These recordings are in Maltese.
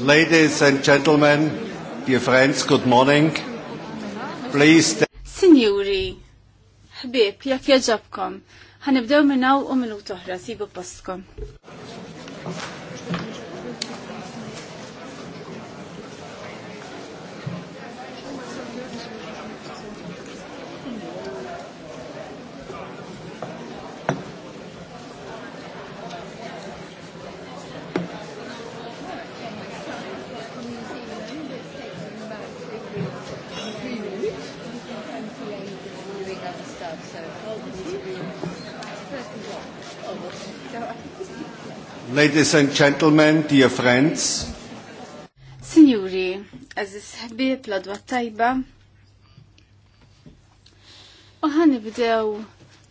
Ladies and gentlemen, dear friends, good morning. Please. Signori, ħbib, jak jaġabkom. Ħanibdew minnaw u minu toħra, sibu postkom. Ladies and gentlemen, dear friends. Signori, aziz ħbib, l-adwa tajba. Uħan nibdew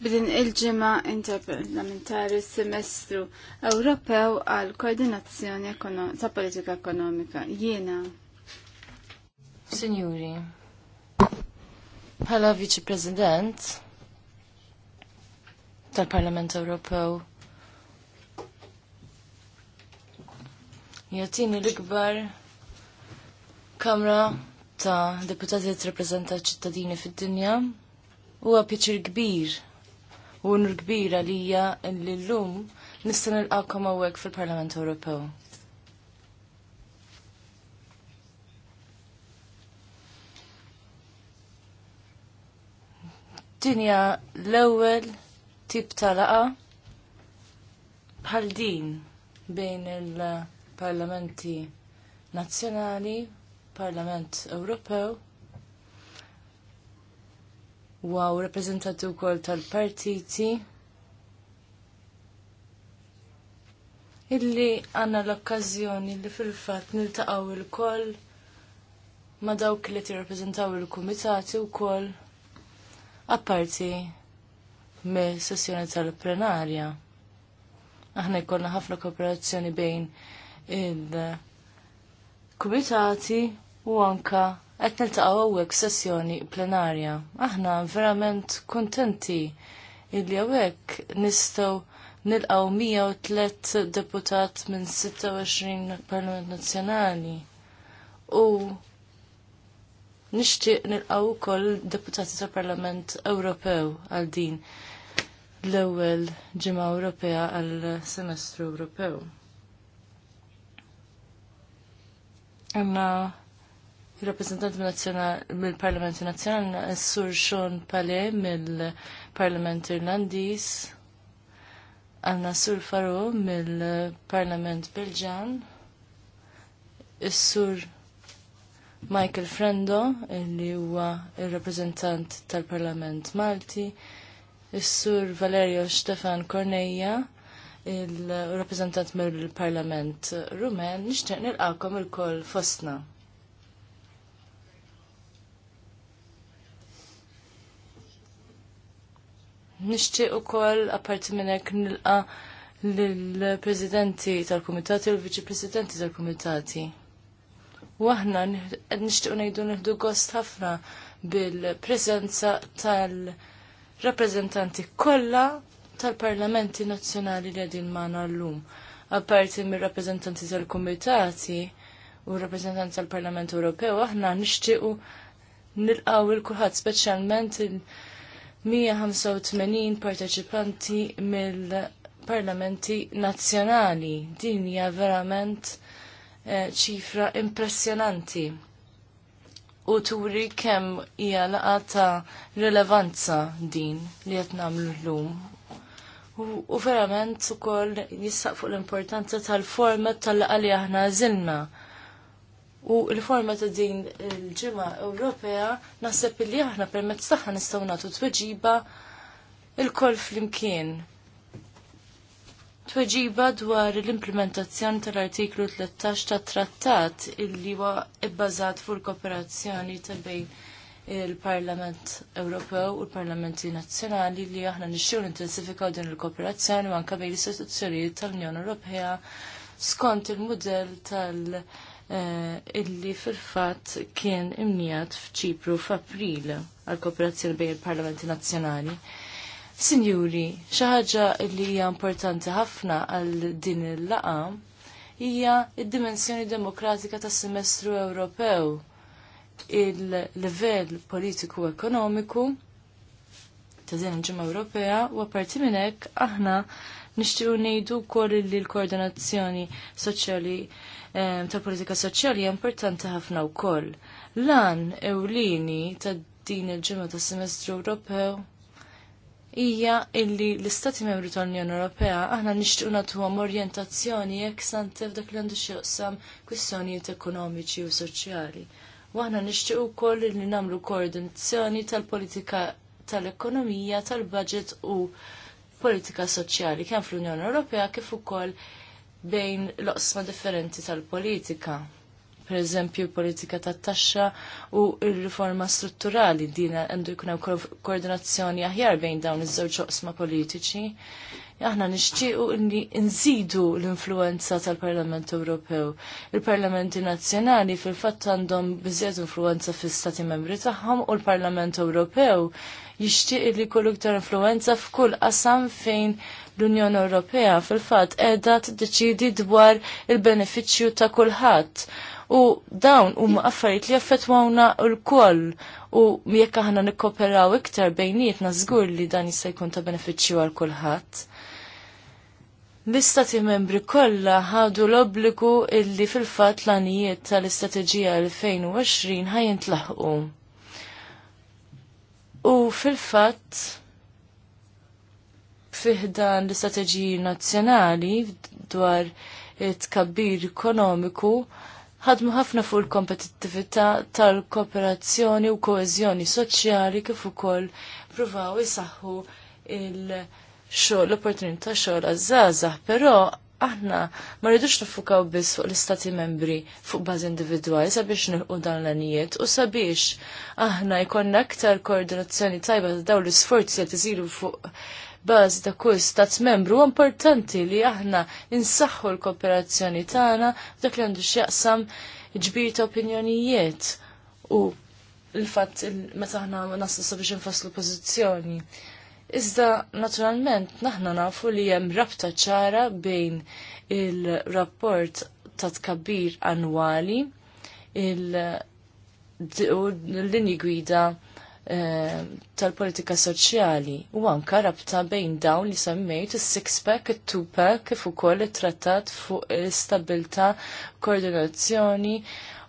bidin il-ġimma interparlamentari semestru Ewropew għal koordinazzjoni ta' politika ekonomika. Jiena. Signori, bħala viċi-president tal-Parlament Ewropew, jatini l-ikbar kamra ta' deputati t-reprezenta ċittadini fid-dinja huwa pjaċir kbir u nur kbir għalija li l-lum il nilqakom għawek fil-Parlament Ewropew. Dinja l-ewwel tip tal laqa bħal din bejn il- parlamenti nazzjonali, Parlament Ewropew, Waw, rappresentanti u kol tal-partiti illi għanna l-okkazjoni li fil-fat niltaqaw il kol ma dawk li ti rappresentaw il-komitati u kol apparti me sessjoni tal-plenarja. Aħna jkollna ħafna kooperazzjoni bejn il-kumitati u anka qed niltaqgħu hawnhekk sessjoni plenarja. Aħna verament kuntenti li hawnhekk nistgħu nilqgħu 103 deputat minn 26 Parlament Nazzjonali. U nixtieq nilqgħu wkoll deputati tal Parlament Ewropew għal din l-ewwel ġimgħa Ewropea għall semestru Ewropew. Għanna il-rappresentant mill-Parlament Nazjonal, s-sur Sean Pale mill-Parlament Irlandiż, għanna s-sur Faro mill-Parlament Belġan, s-sur Michael Frendo, li huwa il-rappresentant tal-Parlament Malti, s-sur Valerio Stefan Corneja, il reprezentant mill-Parlament Rumen, nixtieq nilqakom il-koll fostna. Nixtieq ukoll apparti minn hekk nilqa lill-Presidenti tal-Kumitati u l-Viċi Presidenti tal-Kumitati. Waħna nixtiequ ngħidu nħdu gost ħafna bil-preżenza tal-rappreżentanti kollha tal-parlamenti nazzjonali li għedin maħna l-lum. Apparti mir rappresentanti tal-komitati u rappresentanti tal-Parlament Ewropew, aħna nixtiequ nilqaw il-kulħadd speċjalment il-185 parteċipanti mill-parlamenti nazzjonali. Din hija verament eh, ċifra impressjonanti u turi kemm hija laqata ta' rilevanza din li qed nagħmlu llum u verament ukoll jissaq fuq l-importanza tal-format tal-laqa aħna żilna. U l-forma ta' din il-ġimgħa Ewropea naħseb li aħna permezz tagħha nistgħu nagħtu tweġiba il-koll flimkien. Tweġiba dwar l-implementazzjoni tal-artiklu 13 tat-trattat illi huwa bbażat fuq l kooperazzjoni ta' bejn il-Parlament Ewropew u l-Parlamenti Nazzjonali li aħna nixxew nintensifikaw din il-kooperazzjoni u anke bejn l-istituzzjonijiet tal-Unjoni Ewropea skont il-mudell tal- eh, illi fil-fatt kien imnijat f'Ċipru f'April għal kooperazzjoni bejn il-Parlamenti Nazzjonali. Sinjuri, xi ħaġa li hija importanti ħafna għal din il-laqa hija id-dimensjoni demokratika tas-semestru Ewropew il-livell politiku ekonomiku ta' din il-ġimgħa Ewropea u għaparti minn hekk aħna nixtiequ ngħidu wkoll li l-koordinazzjoni soċjali eh, ta' politika soċjali hija importanti ħafna kol. Lan ewlieni ta' din il-ġimgħa tas semestru Ewropew hija illi l-Istati Membri tal-Unjoni Ewropea aħna nixtiequ nagħtuhom orjentazzjoni jek santef dak li għandu xieqsam kwistjonijiet ekonomiċi u soċjali. Waħna aħna nixtiequ li nagħmlu koordinazzjoni tal-politika tal-ekonomija, tal-budget u politika soċjali kemm fl-Unjoni Ewropea kif ukoll bejn l-oqsma differenti tal-politika. Per eżempju, politika tat-taxxa u r-riforma strutturali din għandu jkun hemm koordinazzjoni aħjar bejn dawn iż-żewġ oqsma politiċi aħna nixtiequ li nżidu l-influenza tal-Parlament Ewropew. Il-Parlamenti Nazzjonali fil-fatt għandhom biżjed influenza fil stati Membri tagħhom u l-Parlament Ewropew jixtieq li jkollu iktar influenza f'kull qasam fejn l-Unjoni Ewropea fil-fatt qiegħda tiddeċiedi dwar il-benefiċċju ta' kulħadd. U dawn huma affarijiet li jaffettwawna l-koll u jekk aħna nikkoperaw iktar bejnietna żgur li dan jista' jkun ta' benefiċċju għal kulħadd l-istati membri kollha ħadu l-obbligu illi fil-fatt l-anijiet tal-istrateġija 2020 ħajent tlaħqu. U fil-fatt fiħdan l-istrateġiji nazzjonali dwar it-kabbir ekonomiku ħadmu ħafna fuq il-kompetittività tal-kooperazzjoni u koezjoni soċjali kif ukoll pruvaw isaħħu il- xogħol l-opportunità xogħol għaż azzazah però aħna ma rridux nifukaw biss fuq l-istati membri fuq bażi individwali sabiex nilqu dan l-anijiet u sabiex aħna jkollna aktar koordinazzjoni tajba ta' dawn l-isforzi li tiżilu fuq bażi ta' kull stat membru u importanti li aħna insaħħu l-kooperazzjoni tagħna dak li għandu x'jaqsam ġbir ta' opinjonijiet u l-fatt meta aħna naslu sabiex nfasslu pożizzjoni. Iżda, naturalment, naħna nafu li hemm rabta ċara bejn il-rapport ta' tkabbir annwali il-linji gwida eh, tal-politika soċjali u anka rabta bejn dawn li semmejt is-six-pack, it-two-pack kif ukoll it-trattat fuq l-istabilta, koordinazzjoni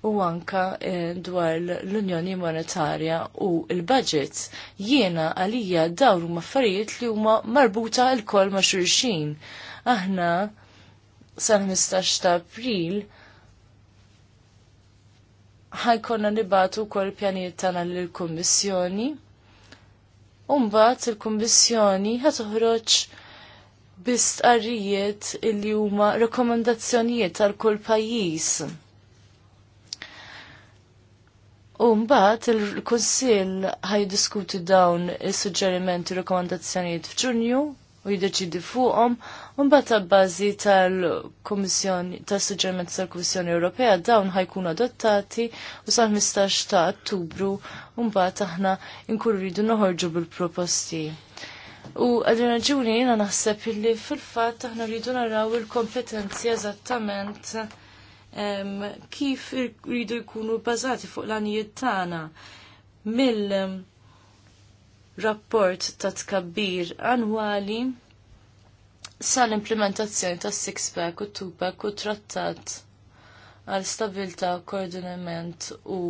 u anka eh, dwar l-Unjoni Monetarja u l-budget. Jiena għalija dawn huma affarijiet li huma marbuta l-kol ma' xulxin. Aħna sal-15 ta' April ħajkonna nibatu kol pjaniet tana l-Kommissjoni. Umbat il-Kommissjoni ħatoħroġ bistqarrijiet li huma rekomendazzjonijiet għal kull pajjiż. U mbagħad il-Kunsill diskuti dawn is-suġġerimenti u rekomandazzjonijiet f'Ġunju u jiddeċidi fuqhom, u ta' bażi tal-Kummissjoni tas-suġġerimenti tal-Kummissjoni Ewropea dawn ħajkunu adottati u sa 15 ta' Ottubru mbagħad aħna nkunu rridu noħorġu bil-proposti. U għadin raġuni jiena naħseb illi fil-fatt aħna rridu naraw il-kompetenzi eżattament kif rridu jkunu bbażati fuq l-anijiet tagħna mill-rapport ta' tkabbir annwali sal-implementazzjoni tas six pack u two pack u trattat għal stabilta koordinament u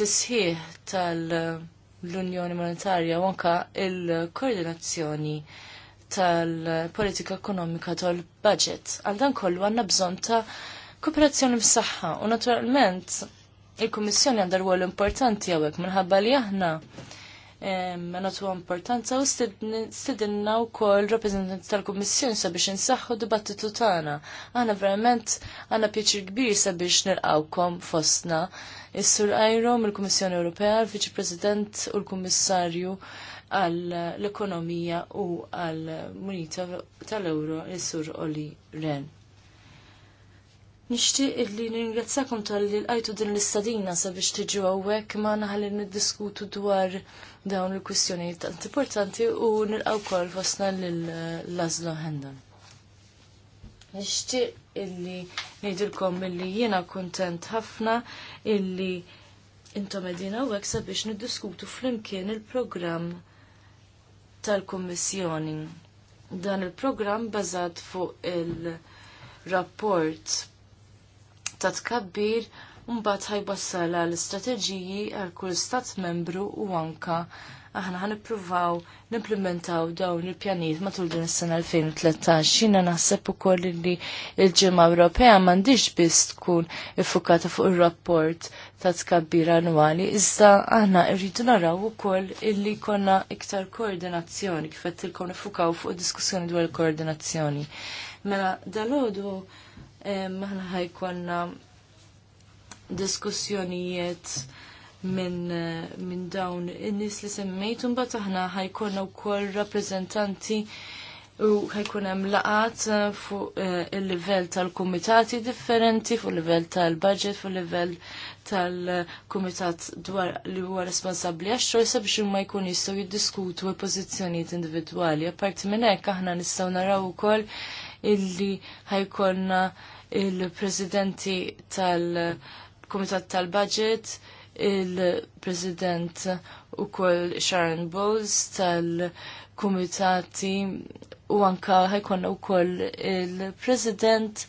tisħiħ tal-Unjoni Monetarja u anka il-koordinazzjoni tal-politika ekonomika tal-budget. Għaldan kollu għanna bżon ta' kooperazzjoni b'saħħa u naturalment il-Kummissjoni għandha rwol importanti għawek minħabba li aħna tu importanza u stidinna u kol rappresentanti tal komissjoni sabiex nsaħħu dibattitu tagħna. Aħna verament għanna pjaċir kbir sabiex kom fostna. Is-Sur Ajrom, il-Kummissjoni Ewropea, il-Viċi President u l-Kummissarju għall-ekonomija u għall-munita tal-euro l-sur Oli Ren. Nixtieq illi ningrazzakom tal-li l-għajtu din l-istadina sabiex tiġu għawek ma naħalli niddiskutu dwar dawn il-kwistjonijiet tant importanti u nil-għaw kol fosna l-Lazlo Hendon. Nixtieq illi ngħidilkom illi jiena kuntent ħafna illi intom edina u sabiex niddiskutu flimkien il-programm tal-Kummissjoni. Dan il-programm bazat fuq il-rapport ta' tkabbir mbagħad ħajbassala l-istrateġiji għal kull stat membru u anka aħna ħan nippruvaw nimplementaw dawn il-pjanijiet matul din is-sena 2013. Xina naħseb ukoll li l-ġimgħa Ewropea m'għandix biss tkun iffukata fuq ir-rapport ta' tkabbir annwali, iżda aħna rridu naraw ukoll illi konna iktar koordinazzjoni, kif qed tilkom nifukaw fuq diskussjoni dwar koordinazzjoni. Mela dalodu aħna ħajkonna diskussjonijiet minn min dawn in-nies li semmejt, mbagħad aħna ħajkonna wkoll rappreżentanti U ħajkun hemm laqat eh, fuq eh, il-livell tal-kumitati differenti, fuq il-livell tal-budget, fuq il-livell tal-Kumitat dwar li huwa responsabbli għax-xorsa biex ma jkun jistgħu jiddiskutu l-pożizzjonijiet individwali. Apparti minn hekk aħna nistgħu naraw ukoll illi ħajkollna il-presidenti tal-Kumitat tal-Budget, il-president ukoll Sharon Bowles tal-Kumitati u anka ħajkollna wkoll il-president il president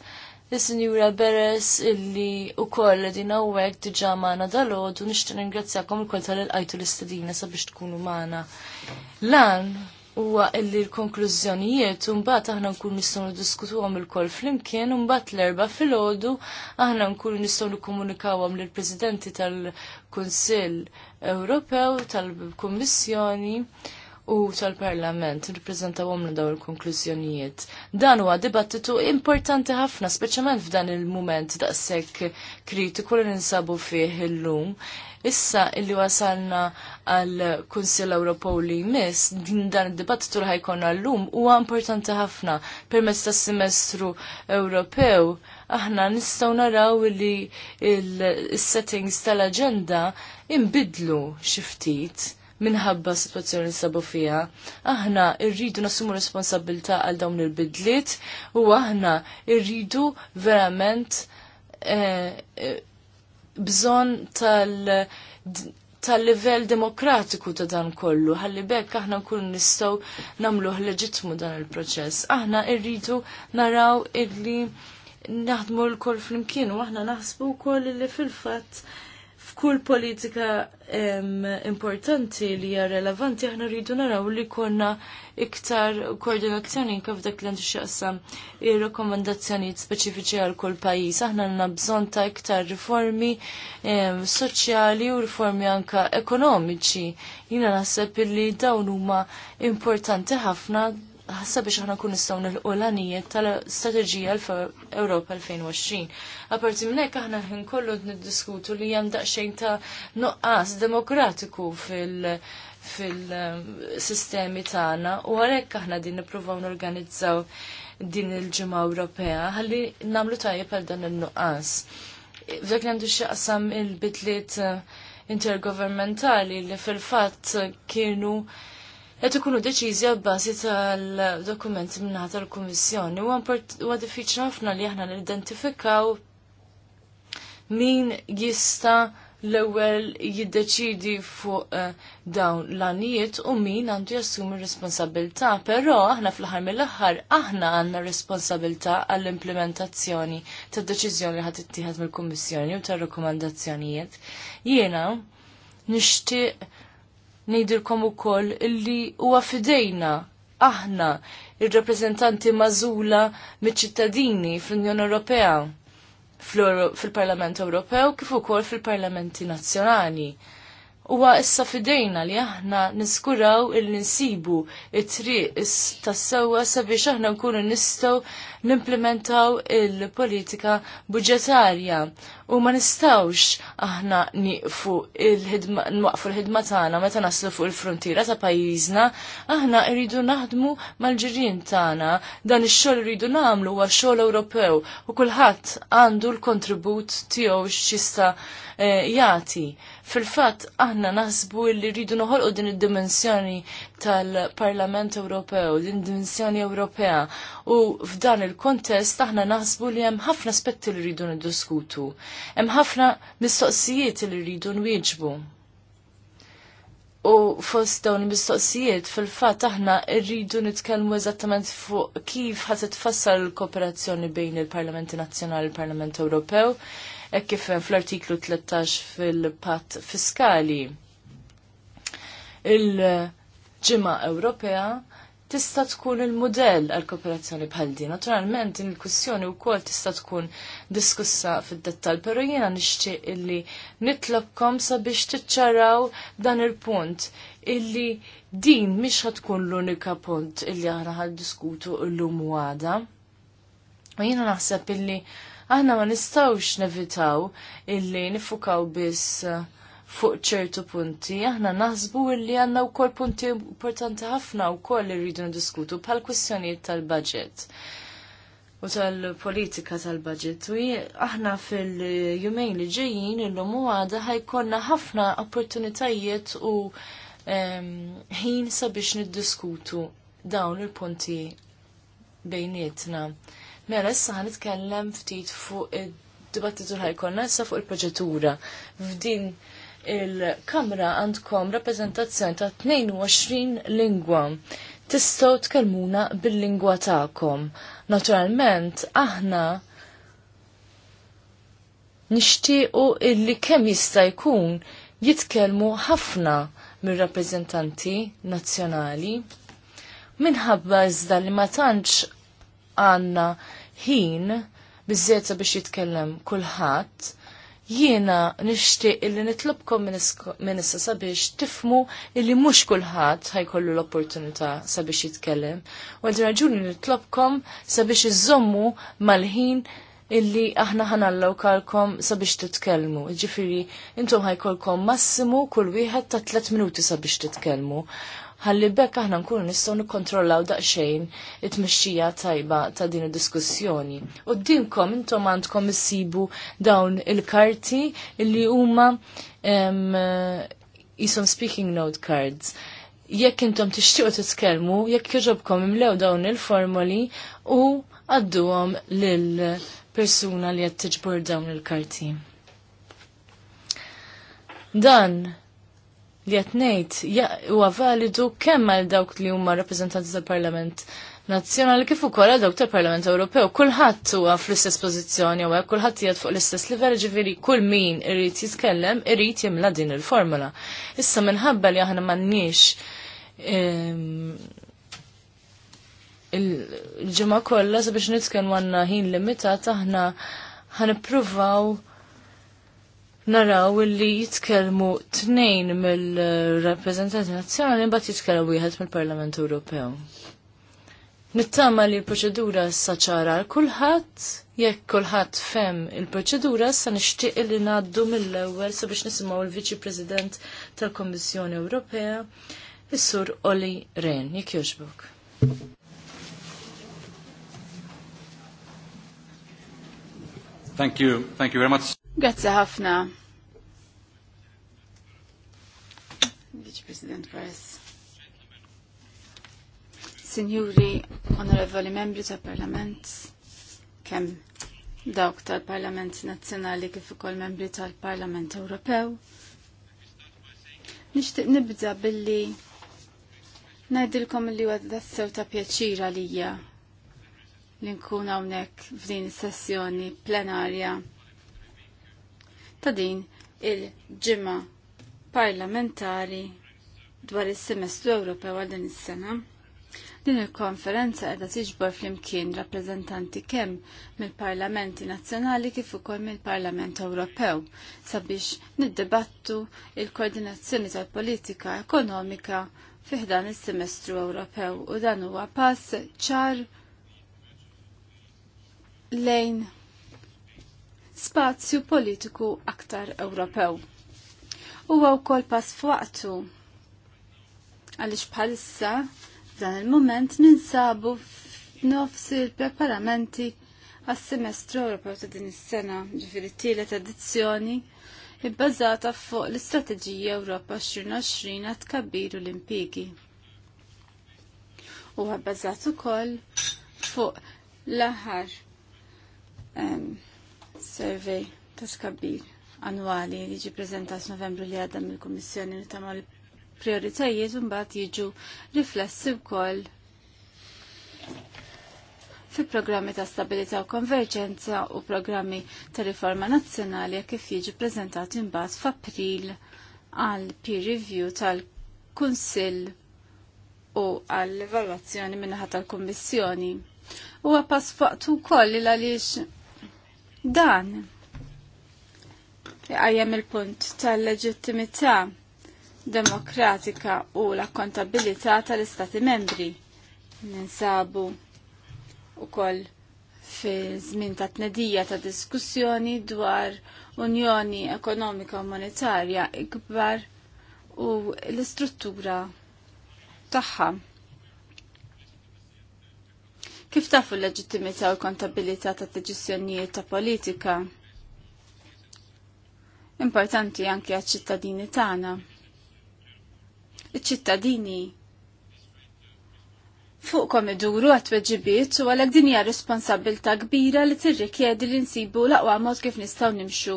il-Sinjura Beres illi u koll din għawek diġa maħna dal-ħod u nishtin ringrazzjakom koll tal ħajtu l-istadina sabiex tkunu maħna. Lan huwa illi l-konklużjonijiet mbagħad aħna nkun nistgħu għam il-koll flimkien u mbagħad l-erba' filgħodu aħna nkunu nistgħu nikkomunikawhom lill-Presidenti tal-Kunsill Ewropew tal-Kummissjoni. tal kummissjoni u tal-Parlament nirrappreżentawhom l dawn il-konklużjonijiet. Dan huwa dibattitu importanti ħafna, speċjalment f'dan il-mument daqshekk kritiku li ninsabu fih illum. Issa illi wasalna għal Kunsill Ewropew li jmiss, din dan id-dibattitu li ħajkonna llum huwa importanti ħafna permezz tas-semestru Ewropew aħna nistaw naraw li il-settings tal-agenda imbidlu xiftit minħabba situazzjoni li sabu fija. Aħna irridu nassumu responsabilta għal dawn il-bidliet u aħna irridu verament eh, eh, bżon tal- tal-livell demokratiku ta' dan kollu, ħalli bekk aħna nkun nistgħu namluħ leġitmu dan il-proċess. Aħna rridu naraw illi naħdmu l-kol flimkien u aħna naħsbu wkoll li fil-fatt f'kull politika importanti li hija relevanti aħna rridu naraw li konna iktar koordinazzjoni kif dak li xaqsam ir rakkomandazzjonijiet speċifiċi għal kull pajjiż. Aħna għandna bżonn ta' iktar riformi soċjali u riformi anka ekonomiċi. Jiena naħseb li dawn huma importanti ħafna ħassa biex ħana kun nistaw nil-qolanijiet tal-strategija l-Europa 2020. Aparti minnek ħana aħna ħin kollu niddiskutu li hemm daqsxejn ta' nuqqas demokratiku fil- fil-sistemi tagħna u għalhekk aħna din nippruvaw norganizzaw din il-ġimgħa Ewropea ħalli nagħmlu tajjeb għal dan il nuqqas F'dak li għandu x'aqsam il-bidliet intergovernmentali li fil-fatt kienu qed ikunu deċiżi bbażi tal-dokumenti minna tal-Kummissjoni. Huwa diffiċli ħafna li aħna l-identifikaw min jista' l-ewwel jiddeċidi fuq eh, dawn l-anijiet u min għandu jassumi responsabilità, però aħna fl-aħħar mill-aħħar aħna għandna responsabilità għall-implementazzjoni tad-deċiżjoni li ħadd ittieħed mill-Kummissjoni u tar-rakkomandazzjonijiet. Jiena nixtieq ngħidilkom ukoll illi huwa fidejna aħna il-reprezentanti mażula miċ-ċittadini fl-Unjoni Ewropea fil-Parlament Ewropew kif ukoll fil-Parlamenti Nazzjonali. Huwa issa fidejna li aħna niskuraw il nsibu it-triq tas-sewwa sabiex aħna nkunu nistgħu nimplementaw il-politika budġetarja u ma nistgħux aħna niqfu il-ħidma nwaqfu l-ħidma tagħna meta naslu fuq il-frontiera ta' pajjiżna, aħna rridu naħdmu mal-ġirien tagħna. Dan ix-xogħol rridu nagħmlu huwa xogħol Ewropew u kulħadd għandu l-kontribut tiegħu x'jista' eh, jagħti. Fil-fatt aħna naħsbu li rridu noħolqu din id-dimensjoni tal-Parlament Ewropew, din id-dimensjoni Ewropea. U f'dan il-kontest aħna naħsbu li hemm ħafna aspetti li rridu niddiskutu. Hemm ħafna mistoqsijiet li rridu nwieġbu. U fost dawn mistoqsijiet fil-fat aħna rridu nitkellmu eżattament fuq kif ħat tfassal l-kooperazzjoni bejn il-Parlamenti Nazzjonali u l-Parlament Ewropew, hekk kif fl-artiklu 13 fil-patt fiskali. Il-ġimgħa Ewropea tista tkun il-modell għal kooperazzjoni bħal din. Naturalment, din il-kussjoni wkoll tista tkun diskussa fid-dettal, pero jiena nixtieq illi nitlobkom sabiex tiċċaraw dan il-punt illi din mhix tkun l-unika punt illi aħna ħad diskutu llum u għada. U jiena naħseb illi Aħna ma nistawx nevitaw illi nifukaw biss eh, fuq ċertu punti, aħna naħsbu illi għanna u kol punti importanti ħafna u kol li rridu diskutu bħal kwistjonijiet tal-budget u tal-politika tal-budget. U aħna fil-jumejn li ġejjin illum u għada ħajkonna ħafna opportunitajiet u ħin sabiex niddiskutu dawn il-punti bejnietna. Mela issa ħanitkellem ftit fuq id-dibattitu ħajkonna issa fuq il proġettura F'din il-kamra għandkom rappresentazzjoni ta' 22 lingwa. Tistgħu tkellmuna bil-lingwa tagħkom. Naturalment aħna nixtiequ illi kemm jista' jkun jitkellmu ħafna mir-rappreżentanti nazzjonali minħabba iżda li ma tantx għanna ħin bizzeta biex jitkellem kulħadd, jiena nixtieq illi nitlobkom minn issa sabiex tifmu illi mhux kulħadd ħajkollu l-opportunità sabiex jitkellem. U għal raġuni nitlobkom sabiex iżommu mal-ħin illi aħna ħanallaw kalkom sabiex titkellmu. Ġifiri, intom ħajkolkom massimu kull wieħed ta' 3 minuti sabiex titkellmu ħalli bekk aħna nkunu nistgħu nikkontrollaw daqsxejn it-tmexxija tajba ta' din id-diskussjoni. U intom għandkom issibu dawn il-karti li huma isom speaking note cards jekk intom tixtiequ titkellmu, jekk jogħġobkom imlew dawn il-formoli u għadduhom lil persuna li qed tiġbor dawn il-karti. Dan li qed ngħid huwa validu kemm għal dawk li huma rappresentanti tal-Parlament nazzjonali kif ukoll għal dawk tal-Parlament Ewropew. Kulħadd huwa fl-istess pożizzjoni u kulħadd qiegħed fuq l-istess livell ġifieri kull min irid jitkellem irid jimla din il-formula. Issa minħabba li aħna m'għandniex ehm, il ġimgħa kollha sabiex nitkellmu għandna ħin limitat aħna ħanippruvaw naraw li jitkellmu tnejn mill-rappresentanti nazzjonali mbagħad jitkellmu wieħed mill-Parlament Ewropew. Nittama li l-proċedura saċara għal kulħadd, jekk kulħadd fem il-proċedura sa nixtieq li ngħaddu mill-ewwel sabiex nisimgħu l-Viċi President tal-Kommissjoni Ewropea, is-Sur Oli Rehn, jekk jogħġbok. Thank you, thank you very much. Grazzi ħafna. Vice President Press. Signori, onorevoli membri tal Parlament, kemm dawk tal-Parlament Nazzjonali kif ukoll membri tal-Parlament Ewropew. Nixtieq nibda billi ngħidilkom li huwa dassew ta' pjaċir għalija li nkun hawnhekk f'din is-sessjoni plenarja ta' din il-ġimma parlamentari dwar il-semestru Ewropew għal din is-sena. Din il-konferenza qiegħda tiġbor flimkien rappreżentanti kemm mill-Parlamenti Nazzjonali kif ukoll mill-Parlament Ewropew sabiex niddibattu il-koordinazzjoni tal-politika ekonomika dan is-semestru Ewropew u dan huwa pass ċar lejn spazju politiku aktar Ewropew. Huwa wkoll pass fuqtu għaliex bħalissa dan il-moment ninsabu f'nofs il-preparamenti għas-semestru Ewropew ta' din is-sena, ġifiri t-tielet edizzjoni ibbażata fuq l-Istrateġija Ewropa 2020 għat kabbiru l-impigi. U għabbażat ukoll fuq l-aħħar survey ta' skabbir annwali li ġi s novembru li għadda mill-Kummissjoni li tamal prioritajiet mbagħad jiġu riflessi wkoll fi programmi ta' stabilità u konverġenza u programmi ta' riforma nazzjonali kif jiġi preżentati mbagħad f'April għal peer review tal-Kunsill u għall evalwazzjoni minnaħat tal-Kummissjoni. Huwa pass waqt ukoll għaliex Dan għajem il-punt tal-leġittimità demokratika u l-akkontabilità tal-Istati membri ninsabu u koll fi żmien ta' tnedija ta' diskussjoni dwar Unjoni Ekonomika u Monetarja ikbar u l-istruttura tagħha. Kif tafu l-leġittimità u kontabilità ta' deċiżjonijiet ta' politika? Importanti anke għaċ-ċittadini tagħna. Iċ-ċittadini fuqkom iduru għat weġibiet u għalek din hija responsabilta kbira li tirrikjedi li nsibu laqwa mod kif nistgħu nimxu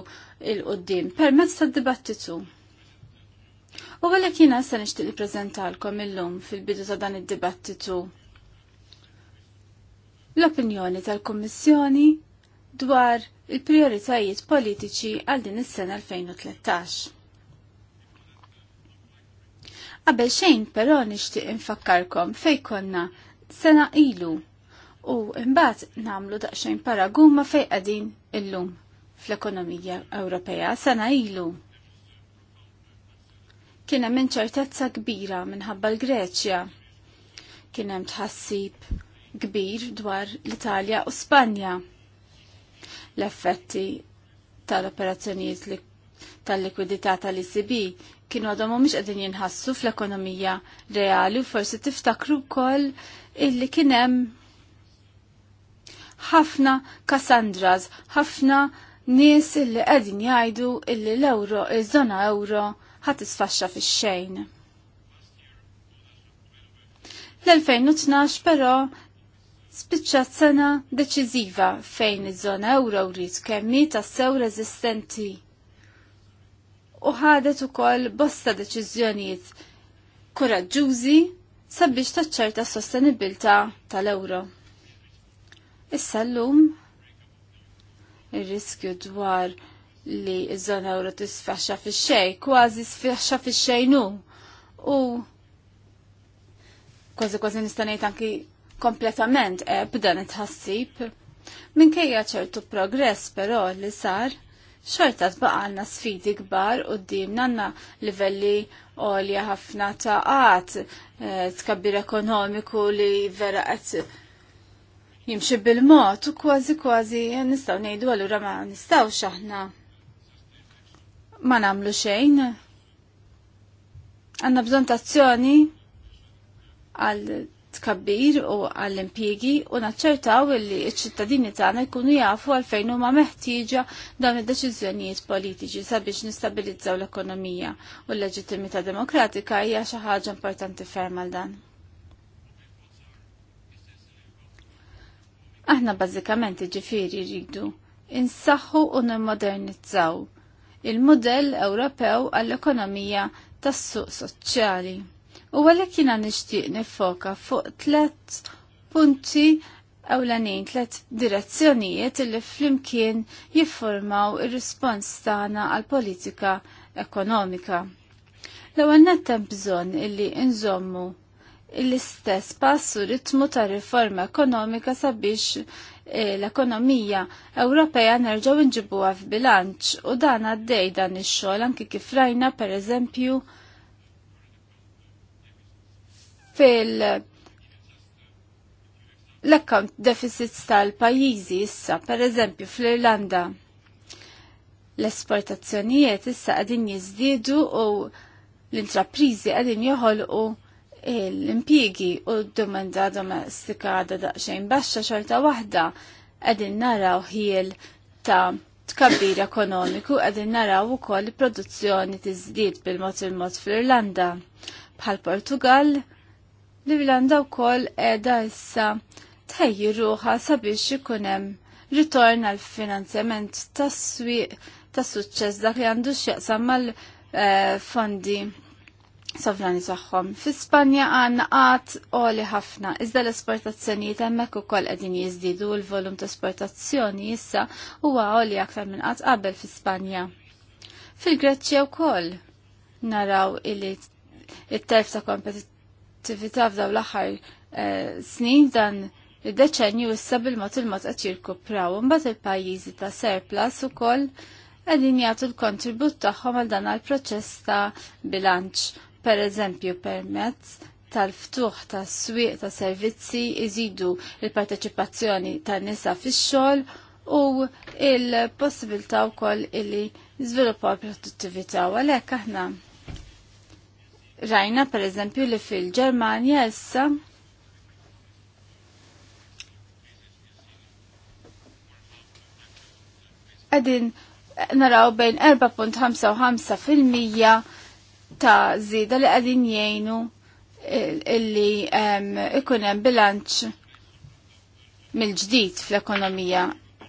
il-qoddim permezz tad-dibattitu. U għalek jina se nixtieq li prezentalkom illum fil-bidu ta' dan id-dibattitu l-opinjoni tal-Kommissjoni dwar il-prioritajiet politiċi għal din is-sena 2013. Qabel xejn però nixtieq infakkarkom fej konna sena ilu u mbagħad nagħmlu daqsxejn paraguma fej qegħdin illum fl-ekonomija Ewropea sena ilu. Kien hemm inċertezza kbira minħabba l-Greċja. Kien hemm tħassib kbir dwar l-Italja u Spanja. L-effetti tal-operazzjonijiet tal-likwidità tal-ECB kienu għadhom mhumiex qegħdin jinħassu fl-ekonomija reali u forsi tiftakru wkoll illi kien hemm ħafna Cassandras, ħafna nies illi qegħdin jgħidu illi l-euro, iż-żona euro ħadd isfaxxa fix-xejn. L-2012 però spiċċat sena deċiżiva fejn iż-żona euro rrid kemmi tassew reżistenti u ħadet ukoll bosta deċiżjonijiet koraġġużi sabiex taċċerta s-sostenibilità tal-euro. Issa llum ir-riskju dwar li iż-żona euro tisfaxxa fix-xejn kważi sfaxxa fix-xejn u kważi kważi nista' ngħid anki kompletament eb dan it-ħassib. Minkejja ċertu progress però li sar, xorta tbaqalna sfidi kbar u d nanna livelli għolja ħafna ta' għat eh, tkabbir ekonomiku li vera għat jimxi bil-mot u kważi kważi nistaw nejdu għallura ma nistaw xaħna ma namlu xejn. Għanna bżon tazzjoni għal tkabbir u għall impiegi u naċċertaw li ċ-ċittadini tagħna jkunu jafu għalfejn huma meħtieġa dawn id-deċiżjonijiet politiċi sabiex nistabilizzaw l-ekonomija u l-leġittimità demokratika hija xi ħaġa importanti ferm għal dan. Aħna bażikament ġifieri rridu insaħħu u nimmodernizzaw il-modell Ewropew għall-ekonomija tas-suq soċjali. U għalhekk jiena nixtieq nifoka fuq tlet punti għawlanin tlet direzzjonijiet li flimkien jiffurmaw ir-rispons tagħna għal politika ekonomika. L-ewwel nettem bżonn illi nżommu l-istess passu ritmu ta' riforma ekonomika sabiex eh, l-ekonomija Ewropea nerġgħu nġibuha f'bilanċ u dan għaddej dan ix-xogħol anki kif rajna pereżempju eżempju fil- l-account deficits tal-pajizi issa, per eżempju fl-Irlanda, l-esportazzjonijiet issa għadin jizdidu u l-intraprizi għadin u l-impiegi u d-domanda domestika għada daqxejn baxxa xorta waħda għadin naraw hiel ta' tkabbir ekonomiku għadin naraw u koll produzzjoni tizdid bil-mod il-mod fl-Irlanda. Bħal Portugal, vilanda u wkoll qiegħda issa tħejji ruħa sabiex ikun hemm ritorn għal finanzjament tas-swieq tas-suċċess dak li għandu x'jaqsam mal-fondi eh, sovrani tagħhom. Fi Spanja għandna qatt għoli ħafna, iżda l-esportazzjonijiet hemmhekk ukoll qegħdin jizdidu l-volum ta' esportazzjoni issa huwa għoli aktar minn qatt qabel fi Spanja. Fil-Greċja wkoll naraw il terf ta' kompetizzjoni attività f'daw l-aħħar eh, snin dan id-deċenju issa bil-mod il-mod jirkupraw imbagħad il-pajjiżi ta' surplus ukoll qegħdin jagħtu l-kontribut tagħhom għal dan għall-proċess ta' bilanċ, pereżempju permezz tal-ftuħ s swieq ta' servizzi iżidu il-parteċipazzjoni tan nisa fix-xogħol u il-possibilità wkoll illi żviluppaw produttività u għalhekk aħna Rajna per eżempju li fil-Ġermanja issa għedin naraw bejn 4.55 mija ta' zida li għedin jgħinu illi ikunem bilanċ mill-ġdid fl-ekonomija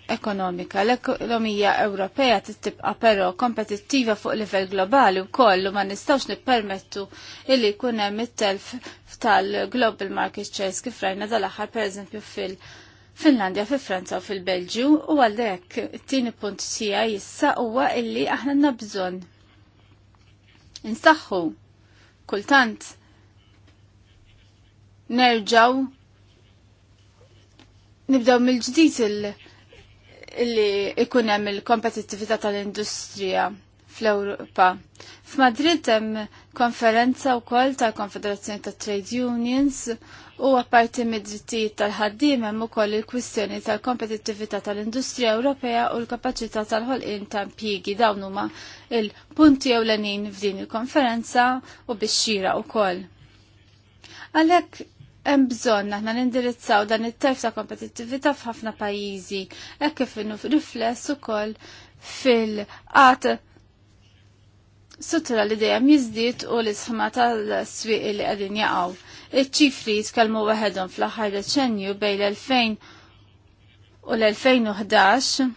ekonomika. L-ekonomija Ewropea tibqa' però kompetittiva fuq livell globali wkoll u ma nistgħux nippermettu illi jkun hemm it-telf tal-global market shares kif rajna dal-aħħar pereżempju fil- Finlandja, fi Franza u fil-Belġju u għalhekk it-tieni punt tiegħi issa huwa illi aħna nabżon. bżonn. kultant nerġaw nibdaw mill-ġdid il- li ikun hemm il kompetitivita tal-industrija fl-Ewropa. F'Madrid hemm konferenza wkoll tal-Konfederazzjoni ta' Trade Unions u għaparti mid-drittijiet tal-ħaddiem hemm ukoll il-kwistjoni tal-kompetittività tal-industrija Ewropea u l-kapaċità tal-ħolqien ta' impjiegi dawn huma il-punti ewlenin f'din il-konferenza u bixxira wkoll. Għalhekk hemm bżonn aħna nindirizzaw dan it tajf ta' kompetittività f'ħafna pajjiżi hekk kif rifless ukoll fil-qat sutra li dejjem jiżdied u l-isħma tal-swieq li qegħdin jaqgħu. Iċ-ċifri jitkellmu waħedhom fl-aħħar deċenju bejn l-2000 u l-2011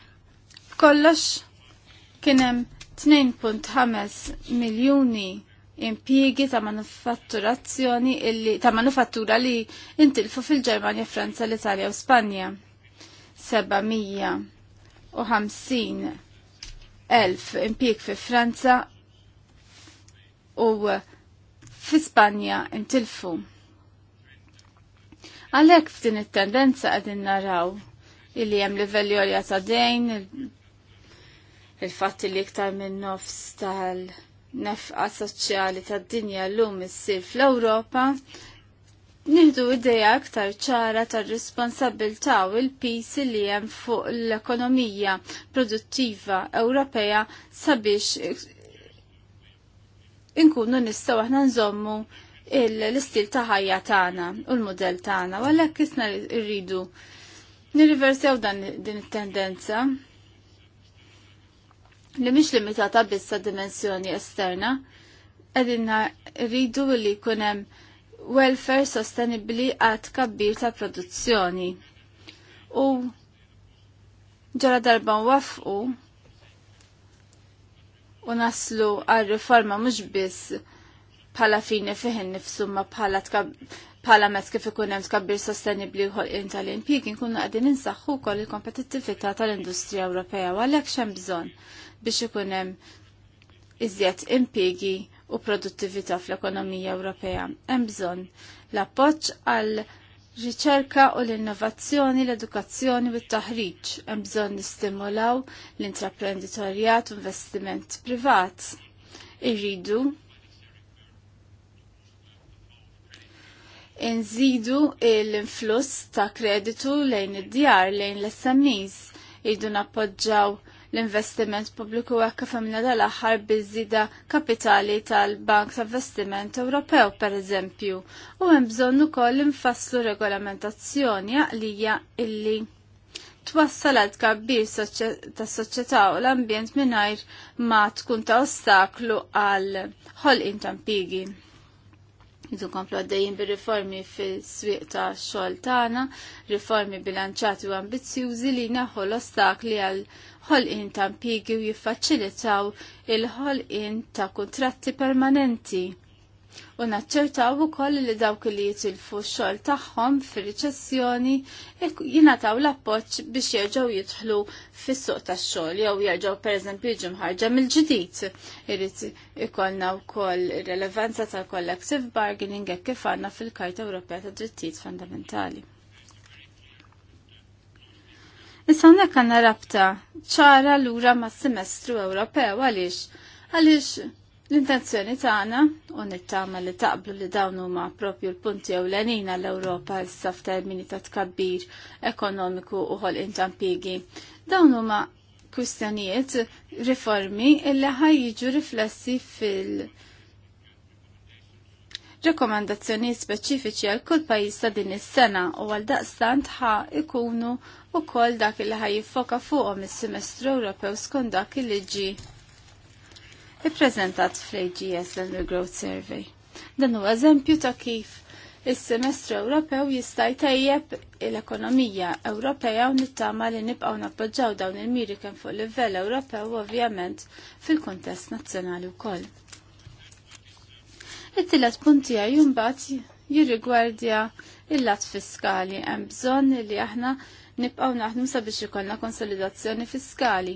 kollox kien hemm 2.5 miljuni impjiegi ta' manufatturazzjoni illi ta' manufattura li intilfu fil-Ġermanja, Franza, l-Italja u Spanja. 750 elf impjieg fi Franza u fi Spanja intilfu. Għalek f'din it-tendenza għadin naraw illi jem livelli għolja ta' dejn, il-fatti li iktar minn nofs tal- nefqa soċjali tad-dinja llum issir fl-Ewropa, nieħdu ideja aktar ċara tar responsabilta u l-pis li hemm fuq l-ekonomija produttiva Ewropea sabiex inkunu nistgħu aħna nżommu l-istil ta' ħajja tagħna u l-mudell tagħna, u għalhekk isna rridu nirriversjaw dan din it-tendenza li mhix limitata biss dimensjoni esterna, qegħdin rridu li jkun hemm welfare sostenibbli għad kabbir ta' produzzjoni. U ġara darba nwafqu u naslu għal riforma mhux biss bħala fini fiħin nifsu ma bħala pala mezz kif ikun hemm tkabbir sostenibbli ħolqien tal-impjieg inkunu qegħdin insaħħu wkoll il-kompetittività tal-Industrija Ewropea u għalhekk x'hemm bżonn biex ikun hemm iżjed impjiegi u produttività fl-ekonomija Ewropea. Hemm bżonn l-appoġġ għal riċerka u l-innovazzjoni, l-edukazzjoni u t-taħriġ hemm bżonn nistimulaw l-intraprenditorjat u investiment privat. Irridu nżidu l-influss ta' kreditu lejn id-djar lejn l-SMEs. Irridu nappoġġaw l-investiment pubbliku hekk kif għamilna dal-aħħar biż kapitali tal-Bank Investiment Ewropew pereżempju. U hemm bżonn ukoll infasslu regolamentazzjoni għalija illi twassal għal tkabbir tas-soċjetà u l-ambjent mingħajr ma tkun ta' ostaklu għal ħolqien tampigi jidu komplu għaddejjim bir riformi fil-swiq ta' xoltana, tana, riformi bilanċati u ambizjużi li naħol ostakli għal ħolqien ta' impjiegi u jiffaċilitaw il-ħolqien ta' kontratti permanenti. U naċċertaw ukoll li dawk li jitilfu x-xogħol tagħhom fir-riċessjoni jingħataw l-appoġġ biex jerġgħu jidħlu fis-suq tax-xogħol jew jerġgħu pereżempju jiġu mħarġa mill-ġdid. Irid ikollna wkoll ir-relevanza tal-collective bargaining hekk kif għandna fil-Karta Ewropea tad Drittijiet Fundamentali. Issa hawnhekk għandna rabta ċara lura mas semestru Ewropew għaliex għaliex l-intenzjoni tagħna u nittama li taqblu li dawn huma propju l-punti ewlenina l ewropa issa f'termini ta' tkabbir ekonomiku u ħolqien ta' impjiegi. Dawn huma kwistjonijiet riformi illi ħajjiġu riflessi fil- rekomandazzjoni speċifiċi għal kull pajjiż ta' din is-sena u għal daqstant ħa ikunu u kol dak il ħaj jiffoka fuqhom is-semestru Ewropew skont dak li ġi ippreżentat fl-AGS l Growth Survey. Dan huwa eżempju ta' kif is-semestru Ewropew jista' jtejjeb l-ekonomija Ewropea u nittama li nibqgħu nappoġġaw dawn il-miri kemm fuq livell Ewropew ovvjament fil-kuntest nazzjonali wkoll. It-tielet punti għaj mbagħad jirrigwardja il-lat fiskali hemm bżonn li aħna nibqaw naħdmu sabiex ikollna konsolidazzjoni fiskali.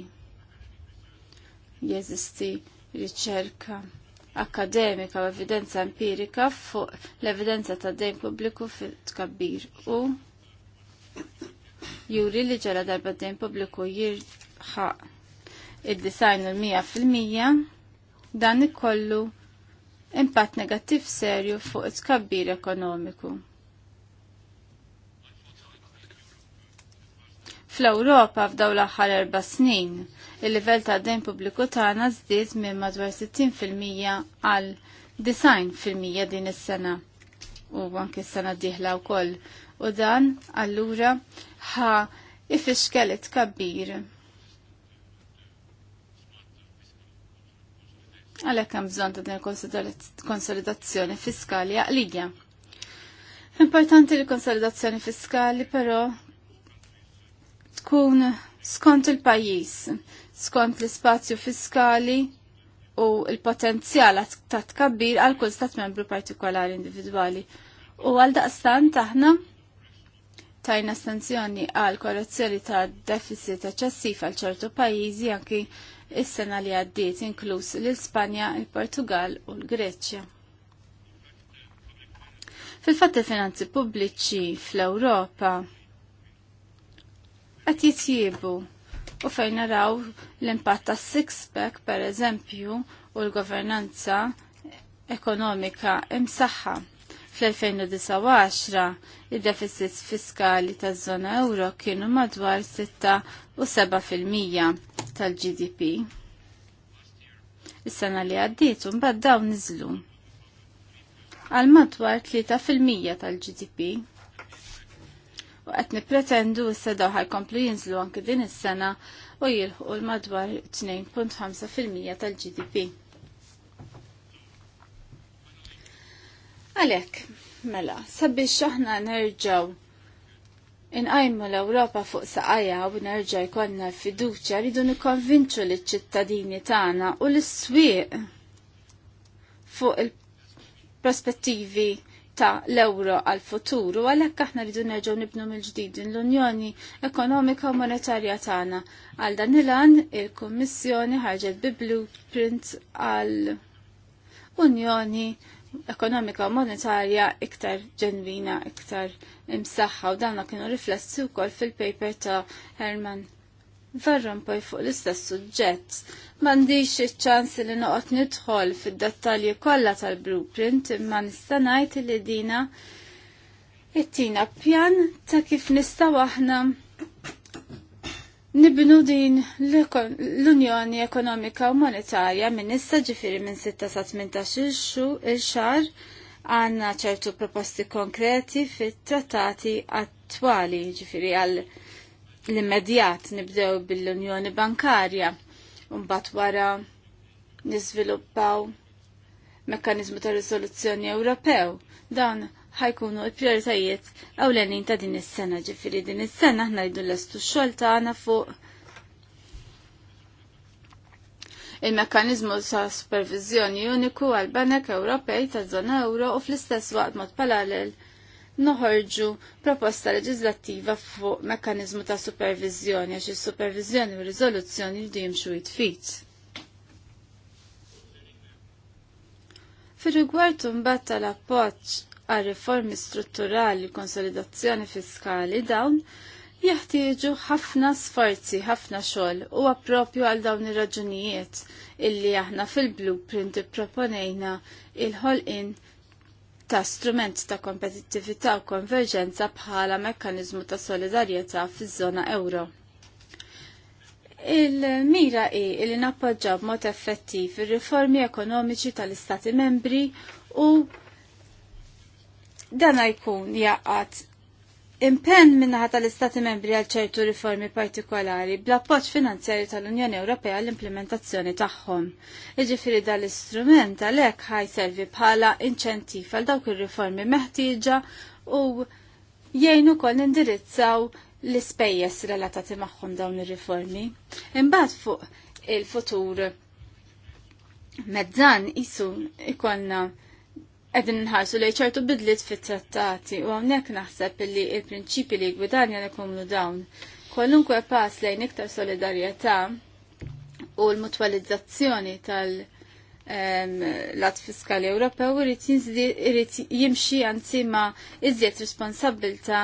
Jeżisti riċerka akademika u evidenza empirika fuq l-evidenza ta' dejn pubbliku fit tkabbir u juri li ġara darba dejn pubbliku jirħaq id-design l-100% dan ikollu impatt negattiv serju fuq it tkabbir ekonomiku. Fl-Ewropa f'daw l-aħħar erba' snin, il-livell ta' dejn pubbliku tagħna żdied minn madwar 60% għal 90% din is-sena u anke s-sena diħla wkoll. U dan allura ħa ifixkelet kabbir. għalhekk hemm bżonn ta' din konsolidazzjoni fiskali għaqlija. Importanti li konsolidazzjoni fiskali però tkun skont il-pajjiż, skont l-ispazju fiskali u l-potenzjal ta' tkabbir għal kull stat membru partikolari individwali. U għal daqstan taħna tajna sanzjoni għal korrezzjoni ta' deficit eċessif għal ċertu pajjiżi anki is-sena li għaddiet inkluż l-Ispanja, il-Portugal u l-Greċja. Fil-fatt il-finanzi pubbliċi fl-Ewropa qed jitjiebu u fejn naraw l-impatt tas six-pack per eżempju u l-governanza ekonomika imsaħħa. Fl-2019 id-deficit fiskali taż-żona euro kienu madwar 6 tal-GDP. Is-sena li għaddiet mbagħad dawn niżlu għal madwar 3% tal-GDP u qed nippretendu issa seda ħajkomplu jinżlu anke din is-sena u jilħu l-madwar 2.5% tal-GDP. Għalek, mela, sabiex aħna nerġaw inqajmu l-Ewropa fuq saqajja u nerġa' jkollna fiduċja rridu nikkonvinċu liċ-ċittadini tagħna u l-swieq fuq il-prospettivi ta' l-euro għal futuru għalhekk aħna rridu nerġgħu nibnu mill-ġdid l-Unjoni Ekonomika u Monetarja tagħna. Għal dan il-għan il-Kummissjoni ħarġet bi blueprint għal Unjoni Ekonomika u Monetarja iktar ġenwina, iktar imsaħħa u dan kienu riflessi wkoll fil-paper ta' Herman Verran poj fuq l-istess suġġett. M'għandix iċ-ċans li noqgħod nidħol fid-dettalji kollha tal-blueprint imma nista' ngħid li dina ittina pjan ta' kif nista' aħna Nibnu din l-Unjoni Ekonomika u Monetarja minn issa ġifiri minn 6 sa 18 il-xar għanna ċertu proposti konkreti fit-trattati attwali ġifiri għall- l-immedjat nibdew bil-Unjoni Bankarja mbagħad wara niżviluppaw mekkanizmu ta' risoluzzjoni Ewropew. dan ħajkunu l-prioritajiet ewlenin ta' din is-sena, ġifieri din is-sena aħna jdu lestu x-xogħol tagħna fuq il-mekkanizmu ta' supervizjoni uniku għal banek Ewropej ta' żona euro u fl-istess waqt mod parallel noħorġu proposta leġislattiva fuq mekkanizmu ta' supervizjoni għax il-supervizjoni u rizoluzzjoni li jimxu jitfit. Fir-rigward imbagħad tal-appoġġ għal riformi strutturali konsolidazzjoni fiskali dawn jeħtieġu ħafna sforzi, ħafna xogħol u appropju għal dawn ir-raġunijiet illi aħna fil-blueprint ipproponejna il-ħolqin ta' strument ta' kompetittività u konverġenza bħala mekkanizmu ta' solidarjetà fiż-żona euro. Il-mira hi li nappoġġa b'mod effettiv ir-riformi ekonomiċi tal-Istati membri u dan jkun jaqgħad Impenn minnaħat tal-Istati membri għal ċertu riformi partikolari bl-appoċ finanzjarju tal-Unjoni Ewropea l-implementazzjoni tagħhom. Iġifieri dal-istrument għalhekk ħajservi bħala inċentiv għal dawk ir-riformi meħtieġa u jgħinu kol nindirizzaw l-ispejjeż relatati magħhom dawn ir-riformi. Imbagħad fuq il-futur mezzan isu ikonna edin nħarsu li ċertu bidliet fit-trattati u għonek naħseb li il-prinċipi li gwidanja nekomlu dawn. Kwalunkwe pass lejn iktar solidarjetà u l-mutualizzazzjoni tal-lat fiskali Ewropew irrid jimxi għanzi ma iżjed responsabilta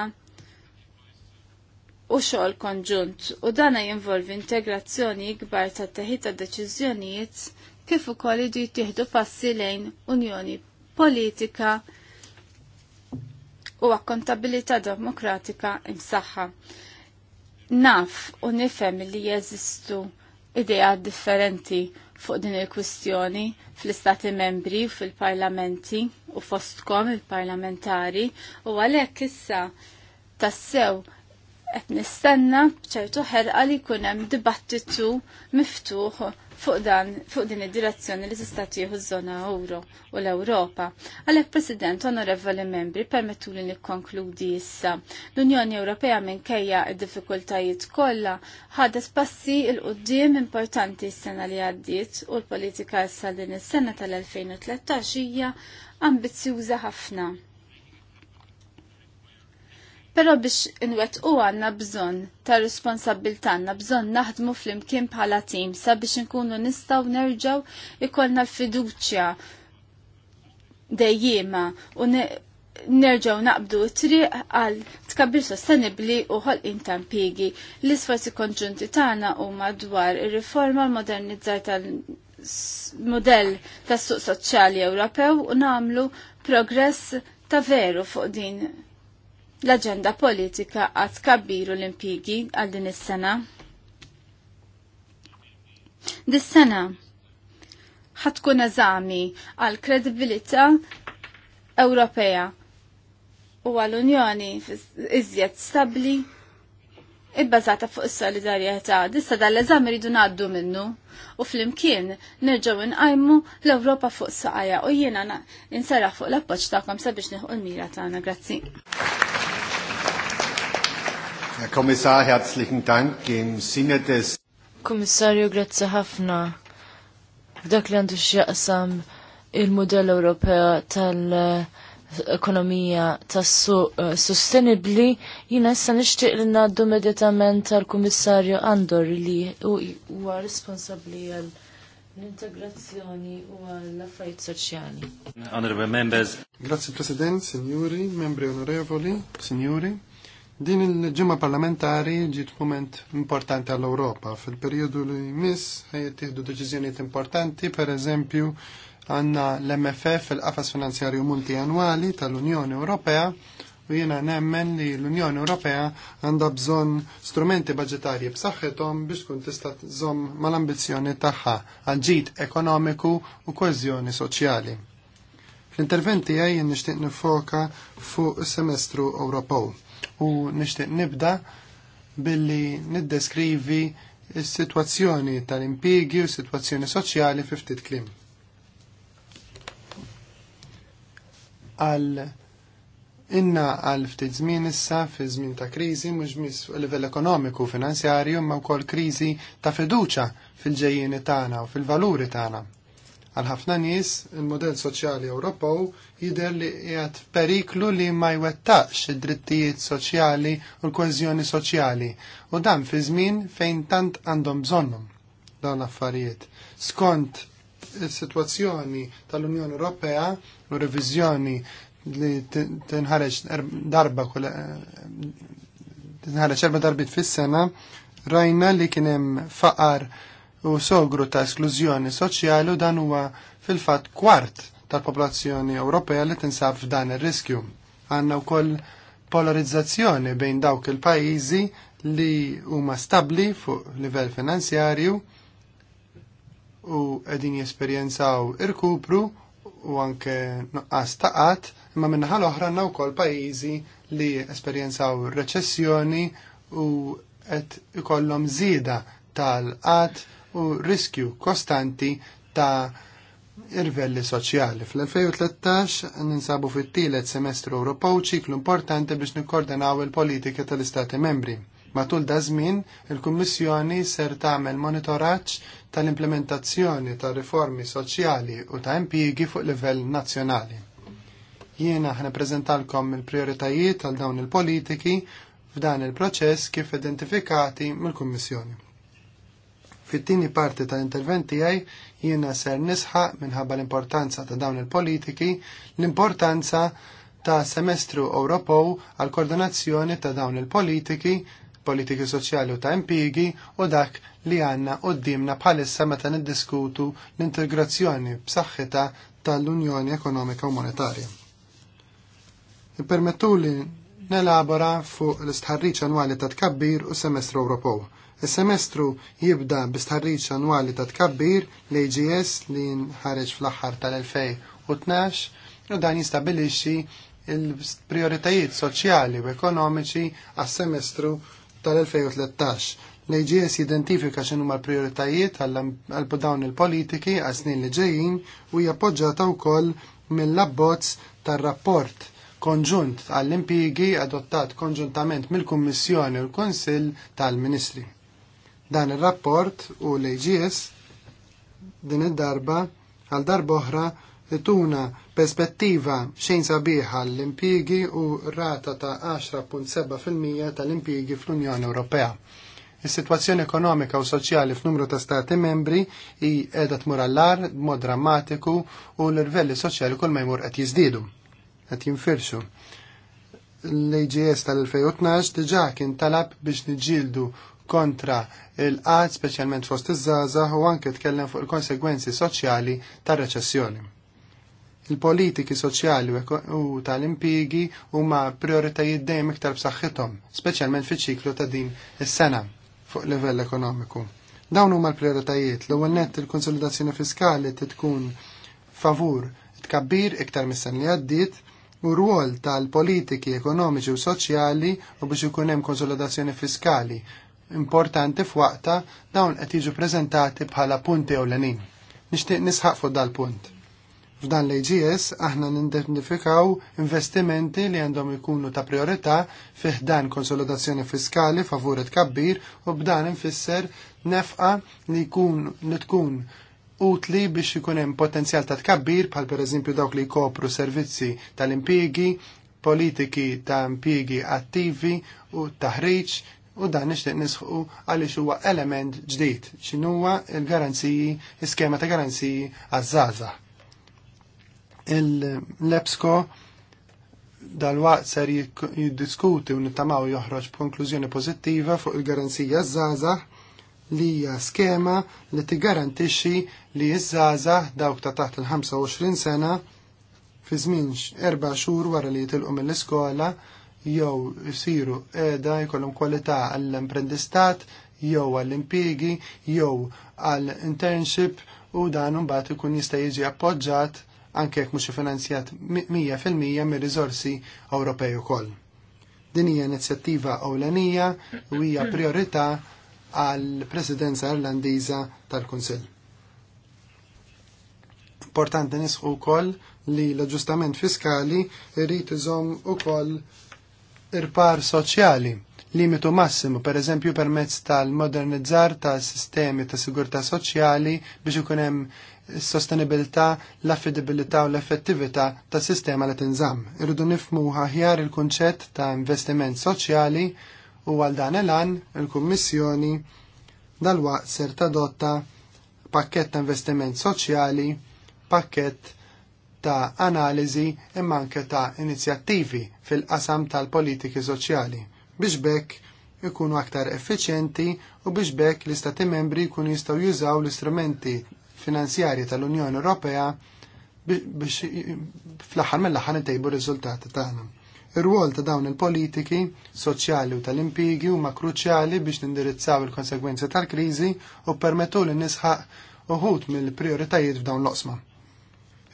u xogħol konġunt u dana jinvolvi integrazzjoni ikbar tat-teħid ta' deċiżjonijiet kif ukoll idu passi lejn Unjoni politika u akkontabilità demokratika imsaħħa. Naf u nifhem li jeżistu ideja differenti fuq din il-kwistjoni fl-istati membri u fil-parlamenti u fostkom il-parlamentari u għalhekk issa tassew qed nistenna b'ċertu ħerqa li jkun hemm dibattitu miftuħ fuq dan fuq din id-direzzjoni li tista' tieħu ż-żona euro u l-Ewropa. Għalhekk President onorevoli membri permettuli nikkonkludi issa. L-Unjoni Ewropea minkejja id diffikultajiet kollha ħadet passi il qoddim importanti s-sena li għaddiet u l-politika s din is-sena tal-2013 hija ambizzjuża ħafna. Pero biex inwet u għanna bżon ta' responsabilta għanna bżon naħdmu fl-imkien bħala tim sabiex nkunu nistaw nerġaw ikolna l-fiduċja dejjima u nerġaw naqbdu triq għal tkabbir sostenibli u ħolqin tampigi. L-isforzi konġunti tagħna u madwar ir-riforma modernizzar tal-modell tas-suq soċjali Ewropew u namlu progress ta' veru fuq din l-agenda politika għad kabbiru l-impigi għal din is-sena. Dis-sena ħatkun eżami għal kredibilità Ewropea u għal Unjoni iżjed stabli ibbażata fuq is-solidarjetà. Dissa dan l-eżami ridu ngħaddu minnu u flimkien nerġgħu nqajmu l-Ewropa fuq saqajja u jiena insara fuq l-appoġġ tagħkom sabiex nieħu l-mira tagħna. Grazzi. Herr Kommissar, herzlichen Dank im Sinne des. Kommissarju, grazie ħafna. Dak li għandu xjaqsam il-modell Ewropea tal-ekonomija tas-suq eh, sostenibli, jina issa nixtieq li ngħaddu immedjatament tal-Kummissarju Andor li huwa responsabbli għal l-integrazzjoni u l-affarijiet soċjali. Honorable members. Grazzi President, Sinjuri, membri onorevoli, Signori. Din il-ġimma parlamentari ġiet moment importanti għall-Ewropa. Fil-periodu li jmiss ħajja jieħdu deċiżjonijiet importanti, per eżempju, għandna l-MFF il-qafas finanzjarju multianwali tal-Unjoni Ewropea u jiena nemmen li l-Unjoni Ewropea għandha bżonn strumenti budgetarji b'saħħithom biex tkun tista' tżomm mal-ambizzjoni tagħha għal ġid ekonomiku u koeżjoni soċjali. fl interventi għaj jien nixtieq nifoka fuq is-semestru Ewropew u nixtieq nibda billi niddeskrivi s-sitwazzjoni tal-impigi u s-sitwazzjoni soċjali fi ftit klim. Għal inna għal ftit żmien issa fi żmien ta' kriżi mhux miss fuq livell ekonomiku u finanzjarju imma wkoll kriżi ta' fiduċa fil-ġejjieni tagħna u fil-valuri tagħna Għal ħafna nies il-modell soċjali Ewropew jidher li qiegħed periklu li ma jwettaqx id-drittijiet soċjali u l-kohezjoni soċjali u dan fi żmien fejn tant għandhom bżonnhom dawn affarijiet. Skont is-sitwazzjoni tal-Unjoni Ewropea u reviżjoni li tinħareġ darba kull tinħareġ erba' darbit fis-sena rajna li kien hemm faqar u sogru ta' esklużjoni soċjali u dan huwa fil-fatt kwart tal-popolazzjoni Ewropea li tinsab f'dan ir-riskju. Għandna wkoll polarizzazzjoni bejn dawk il-pajjiżi li huma stabbli fuq livell finanzjarju u qegħdin jesperjenzaw irkupru u anke nuqqas taqat, imma minnaħa l-oħra għandna wkoll pajjiżi li esperjenzaw reċessjoni u qed ikollhom żieda tal qatt u riskju kostanti ta' irvelli soċjali. Fl-2013 ninsabu fit-tielet semestru Ewropew ċiklu importanti biex nikkoordinaw il-politika tal-Istati membri. Matul da żmien, il-Kummissjoni ser tagħmel monitoraġġ tal-implementazzjoni ta' riformi soċjali u ta' impjiegi fuq livell nazzjonali. Jiena ħna preżentalkom il-prioritajiet għal dawn il-politiki f'dan il-proċess kif identifikati mill-Kummissjoni. Fit-tieni parti tal-intervent tiegħi jiena ser nisħaq minħabba l-importanza ta' dawn il-politiki, l-importanza ta' semestru Ewropew għal koordinazzjoni ta' dawn il-politiki, politiki soċjali u ta' impigi u dak li għanna d-dimna bħalissa meta niddiskutu l-integrazzjoni b'saħħitha tal-Unjoni Ekonomika u Monetarja. Ippermettu li nelabora fuq l-istħarriċ annwali ta' tkabbir u semestru Ewropew. Is-semestru jibda bistħarriċ annwali ta' tkabbir l-AGS li nħareġ fl-aħħar tal-2012 u dan jistabilixxi il-prioritajiet soċjali u ekonomiċi għas-semestru tal-2013. L-AGS jidentifika xinu ma prioritajiet għal dawn il-politiki għas snin li ġejjin u jappoġġata wkoll mill labbozz tar-rapport konġunt għall impigi adottat konġuntament mill-Kummissjoni u l konsil tal-Ministri. Dan ir-rapport u l-AGS din id-darba għal darba oħra tuna perspettiva xejn sabiħa l-impjigi u rata ta' 10.7% tal-impjigi fl-Unjoni Ewropea. Is-sitwazzjoni ekonomika u soċjali f'numru ta' stati membri hi qiegħda tmur allar b'mod drammatiku u l irvelli soċjali kull ma jmur qed jiżdiedu, qed jinfirxu. L-AGS tal-2012 diġà kien talab biex niġġieldu kontra il-qad, speċjalment fost iż żaza u anke tkellem fuq il-konsegwenzi soċjali tar-reċessjoni. Il-politiki soċjali u tal-impigi huma prioritajiet dejjem iktar b'saħħithom, speċjalment fiċ-ċiklu ta' din is-sena fuq livell ekonomiku. Dawn huma l-prioritajiet. L-ewwel nett il-konsolidazzjoni fiskali tkun favur tkabbir iktar mis-sen li għaddiet, u rwol tal-politiki ekonomiċi u soċjali u biex ikun hemm konsolidazzjoni fiskali importanti f'waqta dawn qed jiġu preżentati bħala punti ewlenin. Nixtieq nisħaq fuq dal-punt. F'dan l-AGS aħna nidentifikaw investimenti li għandhom ikunu ta' priorità fih dan konsolidazzjoni fiskali favur kabbir u b'dan infisser nefqa li jkun li tkun utli biex ikun hemm potenzjal ta' tkabbir bħal pereżempju dawk li jkopru servizzi tal-impjiegi, politiki ta' impjiegi attivi u taħriġ u dan nixtieq nisħu għaliex huwa element ġdid x'inhuwa l-garanziji, iskema ta' garanziji għaż-żgħażagħ. Il-Lepsko dal-waqt ser jiddiskuti u nittamaw joħroġ konklużjoni pożittiva fuq il-garanzija għazzaza li hija skema li tigarantixxi li ż-żgħażagħ dawk ta' taħt il-25 sena fi żmien erba' xhur wara li jitilqu mill-iskola jew jisiru edha jkollhom kwalità għall-imprendistat jew għall-impjiegi jew għall-internship u dan mbagħad ikun jista' jiġi appoġġjat anke jekk mhux finanzjat 100% mir-riżorsi Ewropej ukoll. Din hija inizjattiva ewlenija u hija priorità għall presidenza Irlandiża tal-Kunsill. Importanti nisħu wkoll li l-aġġustament fiskali rrid iżomm ukoll irpar soċjali, limitu massimu, per eżempju permezz tal-modernizzar ta' sistemi ta' sigurta soċjali biex ikun hemm sostenibilità, l-affidibilità u l-effettività ta' sistema li tinżamm. Irridu nifmu ħahjar il-kunċett ta' investiment soċjali u għal dan elan il-Kummissjoni dal waqser ta' dotta pakket ta' investiment soċjali, pakket ta' analiżi imma anke ta' inizjattivi fil-qasam tal-politiki soċjali biex bekk ikunu aktar effiċjenti u biex bekk l-istati membri jkunu jistgħu jużaw l-istrumenti finanzjarji tal-Unjoni Ewropea biex fl-aħħar mill-aħħar intejbu riżultati tagħna. Ir-rwol ta' dawn il-politiki soċjali u tal-impigi huma kruċjali biex nindirizzaw il-konsegwenzi tal-kriżi u permettu li nisħaq uħut mill-prioritajiet f'dawn l-oqsma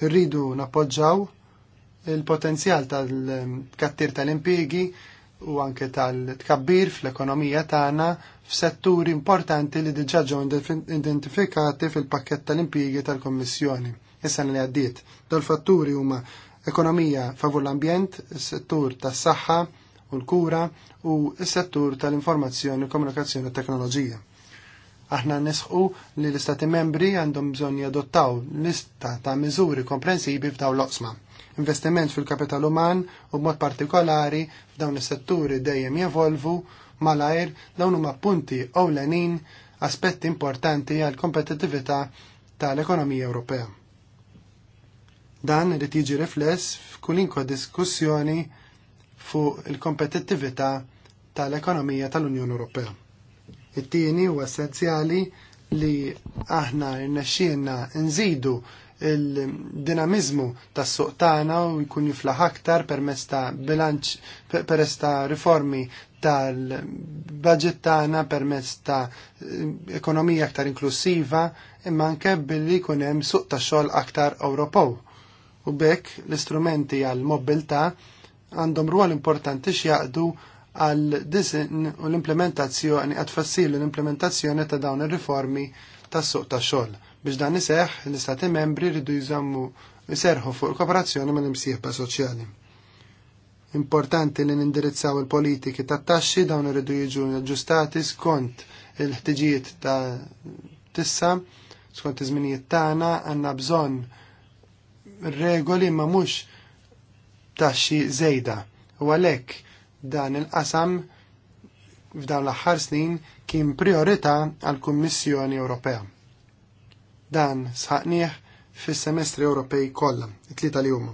rridu nappoġġaw il-potenzjal tal-kattir tal-impigi u anke tal-tkabbir fl-ekonomija tagħna f'setturi importanti li diġà ġew identifikati fil-pakket tal-impigi tal-Kommissjoni. Issa li għaddiet. Dol fatturi huma ekonomija favur l-ambjent, settur tas-saħħa u l-kura u s-settur tal-informazzjoni, komunikazzjoni u teknoloġija. Aħna nisħu li l-Istati membri għandhom bżonn jadottaw lista ta' miżuri komprensibi f'daw l-oqsma. Investiment fil-kapital uman u b'mod partikolari f'dawn is-setturi dejjem jevolvu malajr dawn huma punti ewlenin aspetti importanti għal kompetittività tal-ekonomija Ewropea. Dan irid jiġi rifless f'kulinko diskussjoni fuq il-kompetittività tal-ekonomija tal-Unjoni Ewropea. It-tieni huwa essenzjali li aħna rnexxielna nżidu il-dinamizmu tas suq tagħna u jkun jiflaħ aktar permezz ta' bilanċ peress ta' riformi tal-budget tagħna permezz ta' ekonomija aktar inklusiva imma anke billi jkun hemm suq tax xogħol aktar Ewropew. U bekk l-istrumenti għal mobilta għandhom rwol importanti x'jaqdu għal disin u l-implementazzjoni, għat fassil l-implementazzjoni ta' dawn il-riformi ta' suq ta' xol. Biex dan iseħ, l-istati membri rridu jżammu jiserħu fuq kooperazzjoni ma' l-imsieħba soċjali. Importanti li nindirizzaw il-politiki ta' taxxi dawn irridu jiġu ġustati skont il-ħtiġijiet ta' tissa, skont iż-żminijiet tagħna għandna bżonn regoli ma' mhux taxxi żejda. U għalhekk Dan il-qasam f'dawn l-aħħar snin kien priorità għall-Kummissjoni Ewropea. Dan sħaqnieh fis-semestri Ewropej kollha, it-tlieta li huma.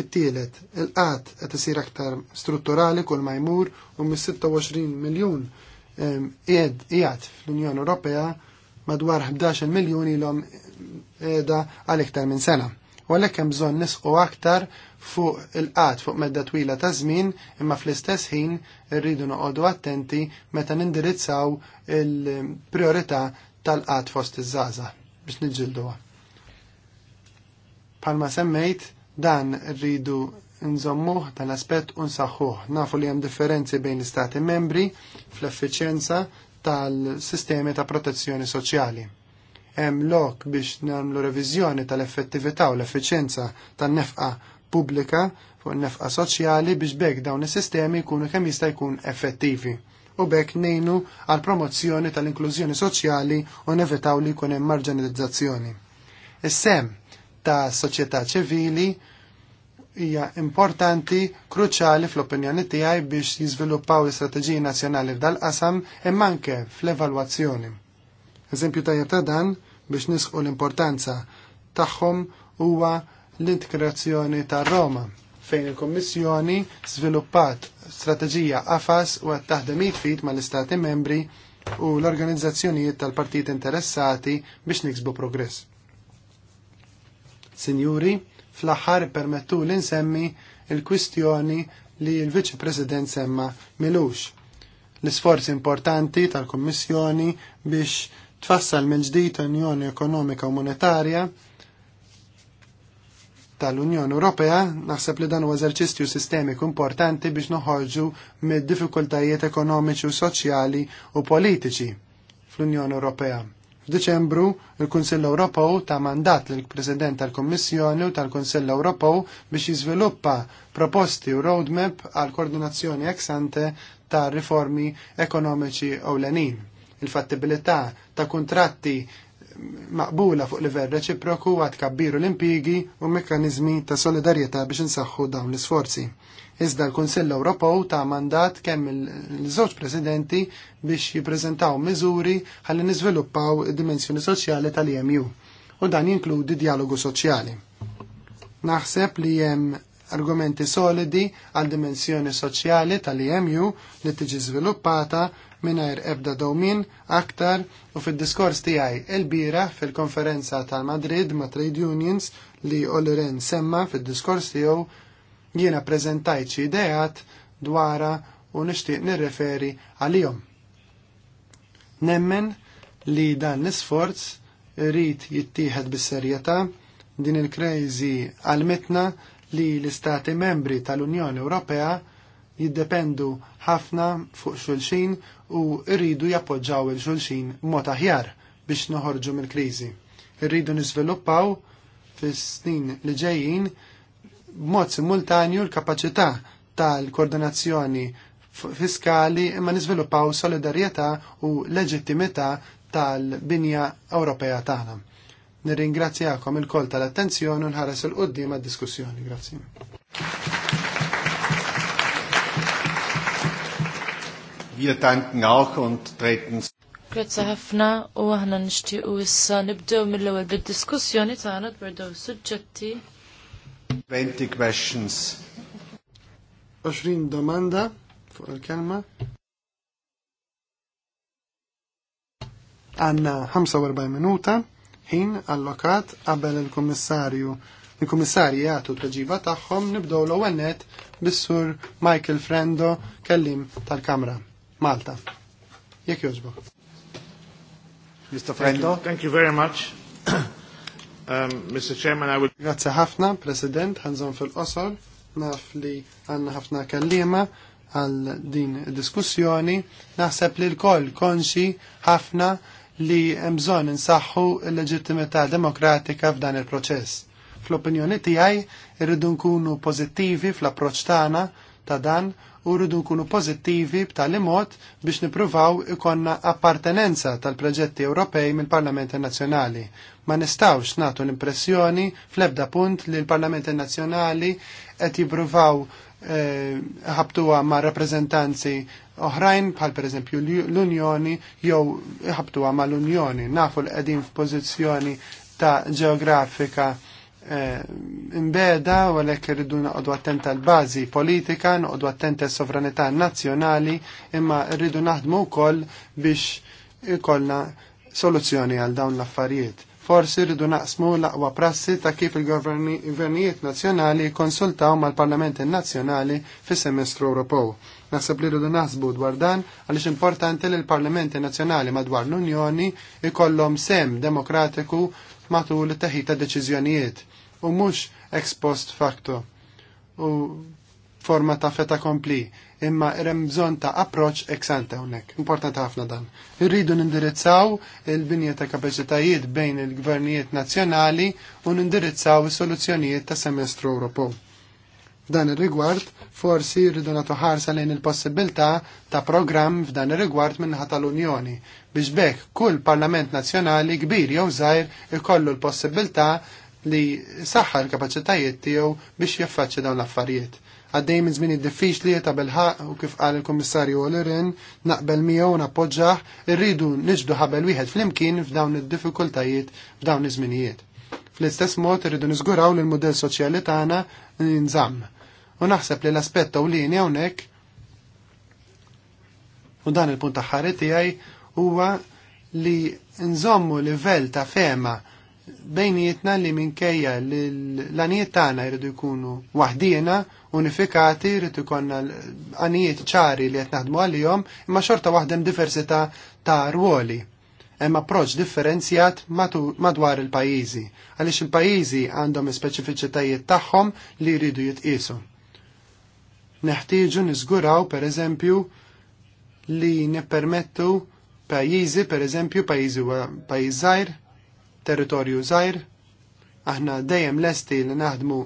It-tielet, il-qat qed isir aktar strutturali kull ma jmur u mis-26 miljun qiegħed fl-Unjoni Ewropea madwar 11 miljun ilhom qiegħda għal iktar minn sena. U għalhekk hemm bżonn nisqu aktar fuq il-qat fuq medda twila ta' żmien, imma fl-istess ħin rridu noqogħdu attenti meta nindirizzaw il-priorità tal-qat fost iż-żaża biex niġġilduha. Palma semmejt, dan rridu nżommuh dan aspett u nsaħħuh. Nafu li hemm differenzi bejn l-istati membri fl-effiċjenza tal-sistemi ta' protezzjoni soċjali. Hemm lok biex nagħmlu reviżjoni tal-effettività u l-effiċjenza tan-nefqa pubblika fuq nefqa soċjali biex bekk dawn is-sistemi jkunu kemm jista' jkun effettivi u bekk nejnu għal promozzjoni tal-inklużjoni soċjali u nevitaw li jkun hemm marġinalizzazzjoni. Is-sem ta' soċjetà ċivili hija importanti, kruċjali fl-opinjoni tiegħi biex jiżviluppaw l-istrateġiji nazzjonali f'dal-qasam imma anke fl-evalwazzjoni. Eżempju tajjeb ta' dan biex nisħu l-importanza tagħhom huwa l-integrazzjoni ta' Roma fejn il-Kommissjoni sviluppat strateġija AFAS u għattaħdem taħdem ma' mal-Istati membri u l-organizzazzjonijiet tal-partit interessati biex niksbu progress. Sinjuri, fl axar permettu l insemmi il-kwistjoni li l-Viċi President semma milux. L-isforzi importanti tal-Kommissjoni biex tfassal minn ġdid Unjoni Ekonomika u Monetarja tal-Unjoni Ewropea, naħseb li dan huwa eżerċistju sistemiku importanti biex noħorġu mid-diffikultajiet ekonomiċi u soċjali u politiċi fl-Unjoni Ewropea. F'Diċembru, il-Kunsill Ewropew ta' mandat lill president tal-Kommissjoni u tal-Kunsill Ewropew biex jiżviluppa proposti u roadmap għal koordinazzjoni ex ante ta' riformi ekonomiċi ewlenin. Il-fattibilità ta' kontratti maqbula fuq livell reċiproku għad kabbiru l-impigi u mekkanizmi ta' solidarieta biex insaħħu dawn l-isforzi. Iżda l-Kunsill Ewropew ta' mandat kemm l-żewġ presidenti biex jippreżentaw miżuri ħalli niżviluppaw id-dimensjoni soċjali tal-EMU u dan jinkludi dialogu soċjali. Naħseb li hemm argumenti solidi għal dimensjoni soċjali tal-EMU li tiġi żviluppata Minajr ebda dawmin aktar u fid-diskors tiegħi il-bira fil-konferenza tal-Madrid ma' trade unions li Oliren semma fid-diskors tiegħu jiena preżentajt xi ideat dwara u nixtieq nirreferi għalihom. Nemmen li dan l-isforz rrit jittieħed bis-serjetà din il-krejzi għalmetna li l-istati membri tal-Unjoni Ewropea jiddependu ħafna fuq xulxin u rridu jappoġġaw il-xulxin mod aħjar biex noħorġu mill-kriżi. Irridu niżviluppaw fis-snin li ġejjin b'mod simultanju l-kapaċità tal-koordinazzjoni fiskali imma niżviluppaw solidarjetà u leġittimità tal-binja Ewropea tagħna. Nirringrazzjakom il-kol tal-attenzjoni u nħares il-qoddim għad-diskussjoni. Grazzi. Wir danken auch und treten. Grazie ħafna u aħna nixtiequ issa nibdew mill-ewwel bid-diskussjoni tagħna dwar dawn suġġetti. 20 questions. 20 domanda fuq il-kelma. Għanna 45 minuta ħin allokat qabel il-kummissarju il-kummissarji jagħtu tweġiba tagħhom nibdew l-ewwel net bis-sur Michael Frendo kellim tal-Kamra. Malta. Jekk jogħġbok. Mr. Frendo. Thank you very much. um, Mr. Chairman, I will... Grazie ħafna, President, ħanżon fil-qosor. Naf li għanna ħafna kallima għal din diskussjoni. Naħseb li l-koll konxi ħafna li mżon nsaħħu l-leġittimità demokratika f'dan il-proċess. Fl-opinjoni tiegħi irridu nkunu pożittivi fl-approċċ tagħna ta' dan u rridu nkunu pożittivi b'tali mod biex nippruvaw ikonna appartenenza tal-proġetti Ewropej mill-Parlament Nazzjonali. Ma nistawx nagħtu l-impressjoni fl-ebda punt li l-Parlament Nazzjonali qed jippruvaw eh, ħabtuha ma' rappreżentanzi oħrajn bħal pereżempju l-Unjoni jew ħabtuha ma' l-Unjoni. Nafu l-qegħdin f'pożizzjoni ta' ġeografika Eh, imbeda u għalhekk irridu naqdu attent l bażi politika, noqogħdu attent s sovranità nazzjonali, imma rridu naħdmu wkoll biex ikollna soluzzjoni għal dawn l-affarijiet. Forsi rridu naqsmu l-aqwa prassi ta' kif il-gvernijiet nazzjonali konsultaw mal-parlamenti nazzjonali fis-semestru Ewropew. Naħseb li rridu naħsbu dwar dan għaliex importanti li l-Parlamenti Nazzjonali madwar l-Unjoni ikollhom sem demokratiku matul it-teħid ta' deċiżjonijiet u mhux ex post facto u forma ta' feta kompli, imma irem bżon ta' approċ ex ante hawnhekk. Importanti ħafna dan. Irridu nindirizzaw il-binja ta' kapaċitajiet bejn il-gvernijiet nazzjonali u nindirizzaw is-soluzzjonijiet ta' semestru Ewropew. F'dan ir-rigward, forsi rridu natu ħarsa lejn il-possibilità ta' programm f'dan ir-rigward minnaħa tal-Unjoni biex bekk kull Parlament Nazzjonali kbir jew żgħir ikollu l-possibilità li saħħa l-kapacitajiet tiegħu biex jaffaċċja dawn l-affarijiet. Għaddej minn żmien diffiċli ta' belħaq u kif qal il-Kummissarju Olerin naqbel miegħu nappoġġah irridu niġdu ħabel wieħed flimkien f'dawn id-diffikultajiet f'dawn iż-żminijiet. Fl-istess mod irridu niżguraw li l-mudell soċjali tagħna nżamm. U naħseb li l-aspett ewlieni hawnhekk u dan il-punt aħħari tiegħi huwa li nżommu livell ta' fema bejnietna li minkejja li l-anijiet tagħna jridu jkunu waħdina unifikati jrid ikollna anijiet ċari li qed naħdmu għalihom imma xorta waħdem diversità ta' rwoli. Hemm approċċ differenzjat madwar il-pajjiżi għaliex il-pajjiżi għandhom ispeċifiċitajiet tagħhom li jridu jitqisu. Neħtieġu niżguraw pereżempju li nippermettu pajjiżi pereżempju pajjiżi pajjiż żgħir territorju żgħir, aħna dejjem lesti li naħdmu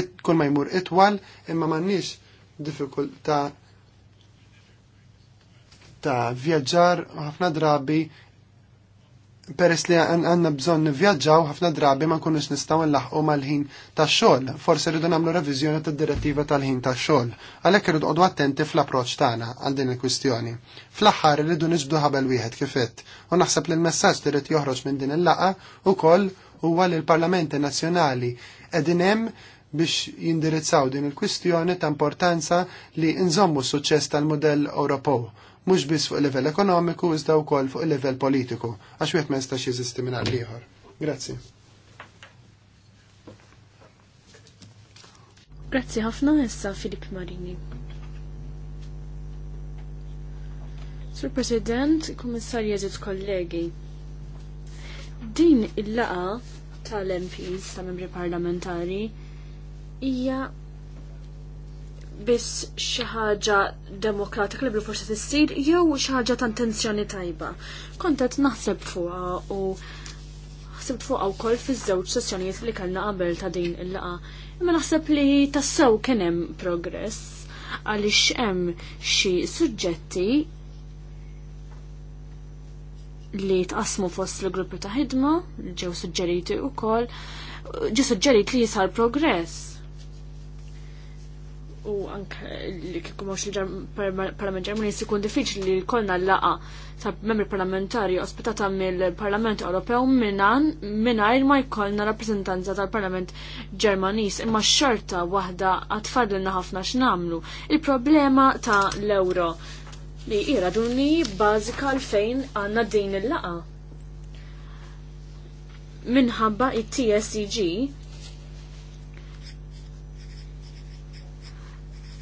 it, kull ma jmur itwal imma m'għandniex diffikultà ta' vjaġġar ħafna drabi peress li għanna bżon nivvjaġġaw ħafna drabi ma nkunux nistgħu nlaħqu mal-ħin tax-xogħol. Forsi rridu nagħmlu reviżjoni tad-direttiva tal-ħin tax-xogħol. Għalhekk irridu qogħdu attenti fl-approċċ tagħna għal din il-kwistjoni. Fl-aħħar irridu niġbdu ħabel wieħed kifett u naħseb li l-messaġġ li rid joħroġ minn din il-laqa ukoll huwa li l-Parlamenti Nazzjonali qegħdin hemm biex jindirizzaw din il-kwistjoni ta' importanza li nżommu s-suċċess tal-modell Ewropew mhux biss fuq il ekonomiku iżda wkoll fuq il-livell politiku għax wieħed ma jistax jeżisti mingħajr ieħor. Grazzi. Grazzi ħafna issa Filip Marini. Sur President, Kummissarji Zit kollegi, din il-laqa tal-MPs, tal-membri parlamentari, hija biss xi ħaġa demokratika li forsi tissir jew xi ħaġa ta' intenzjoni tajba. Kont qed naħseb fuqha u naħseb fuqha wkoll fiż-żewġ sessjonijiet li kellna qabel ta' din il laqgħa Imma naħseb li tassew kien hemm progress għaliex hemm xi suġġetti li tqasmu fost l-gruppi ta' ħidma, ġew suġġeriti wkoll, ġew suġġerit li jisar progress u anke li kieku mhux il-Parlament Ġermani kun diffiċli li jkollna laqa ta' membri parlamentari ospitata mill-Parlament Ewropew mingħajr ma jkollna rappreżentanza tal-Parlament Ġermaniż imma xorta waħda għatfadilna ħafna x'namlu. Il-problema ta' l-euro li hija dunni bażika l fejn għandna din il-laqa. Minħabba it-TSCG e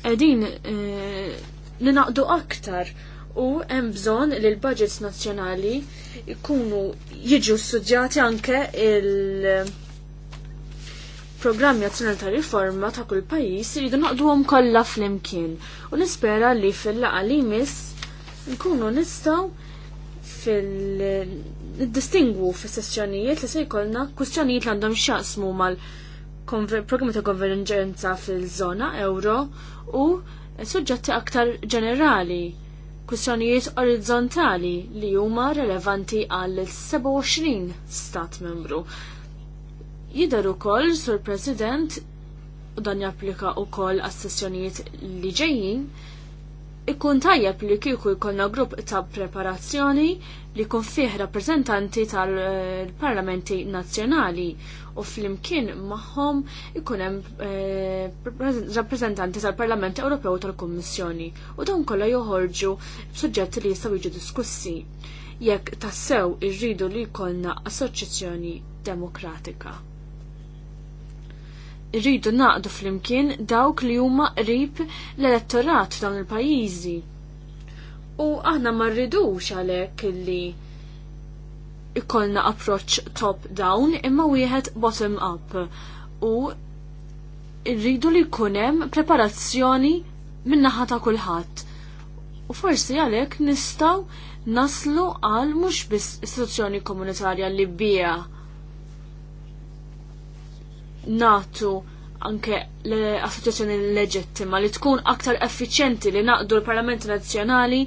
edin eh, ninaqdu aktar u hemm bżonn li l-budgets nazzjonali jkunu jiġu studjati anke il- programmi azzjonali ta' riforma ta' kull pajjiż iridu naqduhom kollha flimkien u nispera li fil-laqa li miss nkunu nistgħu fil- distingu fis-sessjonijiet li se jkollna kwistjonijiet li għandhom x'jaqsmu mal- programmi ta' konverġenza fil-żona euro u suġġetti aktar ġenerali, kwistjonijiet orizzontali li huma relevanti għal 27 stat membru. Jidher ukoll, Sur President, u dan japplika u koll għas-sessjonijiet li ġejjin, ikkun tajjeb li kieku jkollna grupp ta' preparazzjoni li kun fih rappresentanti tal-parlamenti nazzjonali u flimkien magħhom ikun hemm eh, rappresentanti tal-Parlament Ewropew tal-Kummissjoni u dawn kollha joħorġu b'suġġetti li jistgħu jiġu diskussi jekk tassew irridu li jkollna assoċjazzjoni demokratika irridu naqdu flimkien dawk li huma qrib l-elettorat dawn il-pajjiżi. U aħna ma rridux għalhekk illi ikollna approċċ top down imma wieħed bottom up. U rridu li jkun hemm preparazzjoni min-naħa ta' kulħadd. U forsi għalhekk nistgħu naslu għal mhux biss istituzzjoni komunitarja li bija natu anke l-assoċjazzjoni leġittima li tkun aktar effiċenti li naqdu l-Parlament Nazzjonali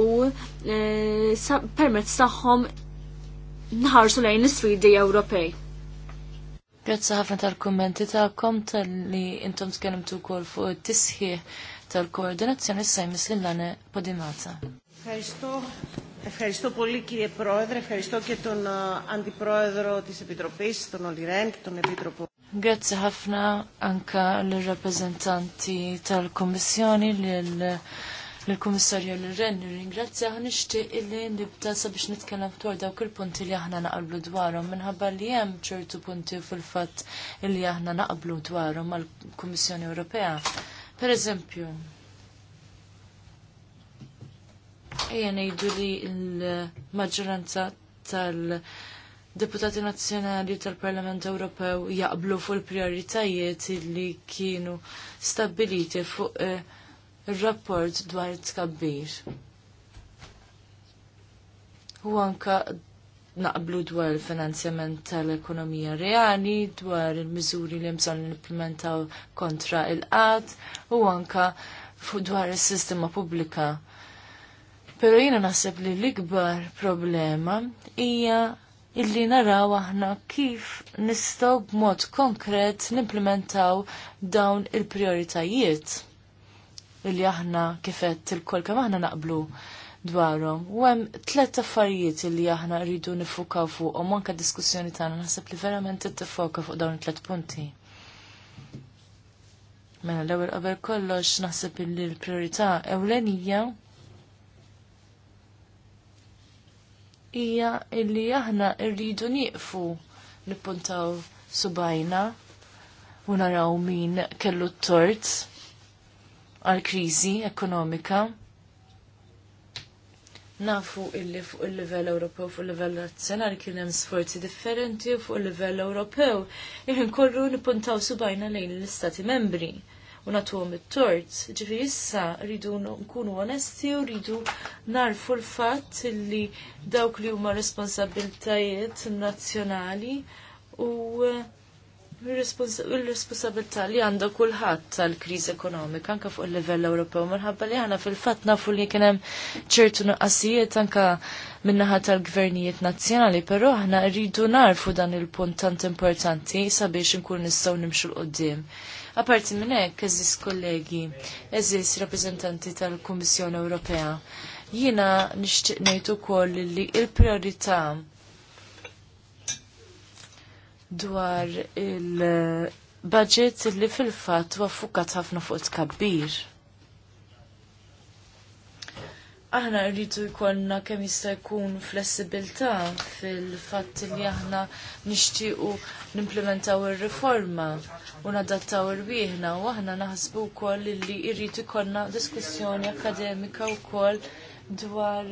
u e, permezz tagħhom nħarsu lejn l-isfidi Ewropej. Grazzi ħafna tal-kummenti tagħkom tal-li intom tkellimtu wkoll fuq it-tisħiħ tal-koordinazzjoni s-sajmis l-lane Podimata. Ευχαριστώ πολύ κύριε Πρόεδρε, ευχαριστώ και τον Αντιπρόεδρο της Επιτροπής, τον Ολιρέν και τον Επίτροπο. Grazzi ħafna anka l-rappresentanti tal-Kommissjoni l-Kommissarju l-Renni. Ringrazzja ħan nixtieq illi nibda sabiex nitkellem dwar dawk il-punti li aħna naqblu dwarhom minħabba li hemm ċertu punti fil-fatt illi aħna naqblu dwarhom mal-Kummissjoni Ewropea. Per eżempju, Ejja ngħidu li l-maġġoranza tal- deputati nazzjonali tal-Parlament Ewropew jaqblu fuq il-prioritajiet li kienu stabiliti fuq eh, il-rapport dwar it-tkabbir. U anka naqblu dwar il-finanzjament tal-ekonomija reali, dwar il-miżuri li mżon implementaw kontra il qad u anka dwar il-sistema pubblika. Pero jina naħseb li l-ikbar problema hija illi naraw aħna kif nistgħu b'mod konkret nimplementaw dawn il-prioritajiet illi aħna kifet il-kol kemm aħna naqblu dwarhom. U hemm tliet affarijiet illi aħna rridu nifukaw fuqhom anke diskussjoni tagħna naħseb li verament tittifoka fuq dawn it-tliet punti. Mela l-ewwel qabel kollox naħseb illi l-priorità ewlenija hija illi aħna rridu nieqfu nippuntaw subajna u naraw min kellu t-tort għal kriżi ekonomika. Nafu illi fuq il-livell Ewropew fuq il-livell nazzjonali kien hemm sforzi differenti fuq il-livell Ewropew irħin kollu nippuntaw subajna lejn l-Istati membri u natuhom it-tort. ġifir issa rridu nkunu onesti u rridu narfu l-fatt li dawk li huma responsabiltajiet nazzjonali u il-responsabilità li għanda kulħadd tal-kriżi ekonomika anke fuq il-livell Ewropew Marħabba li aħna fil-fatt nafu li kien hemm ċertu nuqqasijiet anke minnaħa tal-gvernijiet nazzjonali, però aħna rridu narfu dan il-punt tant importanti sabiex nkun nistgħu nimxu l qoddim Aparti minn hekk, eżis kollegi, eżis rappreżentanti tal-Kummissjoni Ewropea, jiena nixtieq ngħid ukoll li l-priorità dwar il-budget li fil-fatt huwa fukkat ħafna fuq tkabbir aħna rridu jkollna kemm jista' jkun flessibilità fil-fatt li aħna nixtiequ nimplementaw ir-riforma u nadattaw irwieħna, u aħna naħsbu wkoll li rridu jkollna diskussjoni akademika wkoll dwar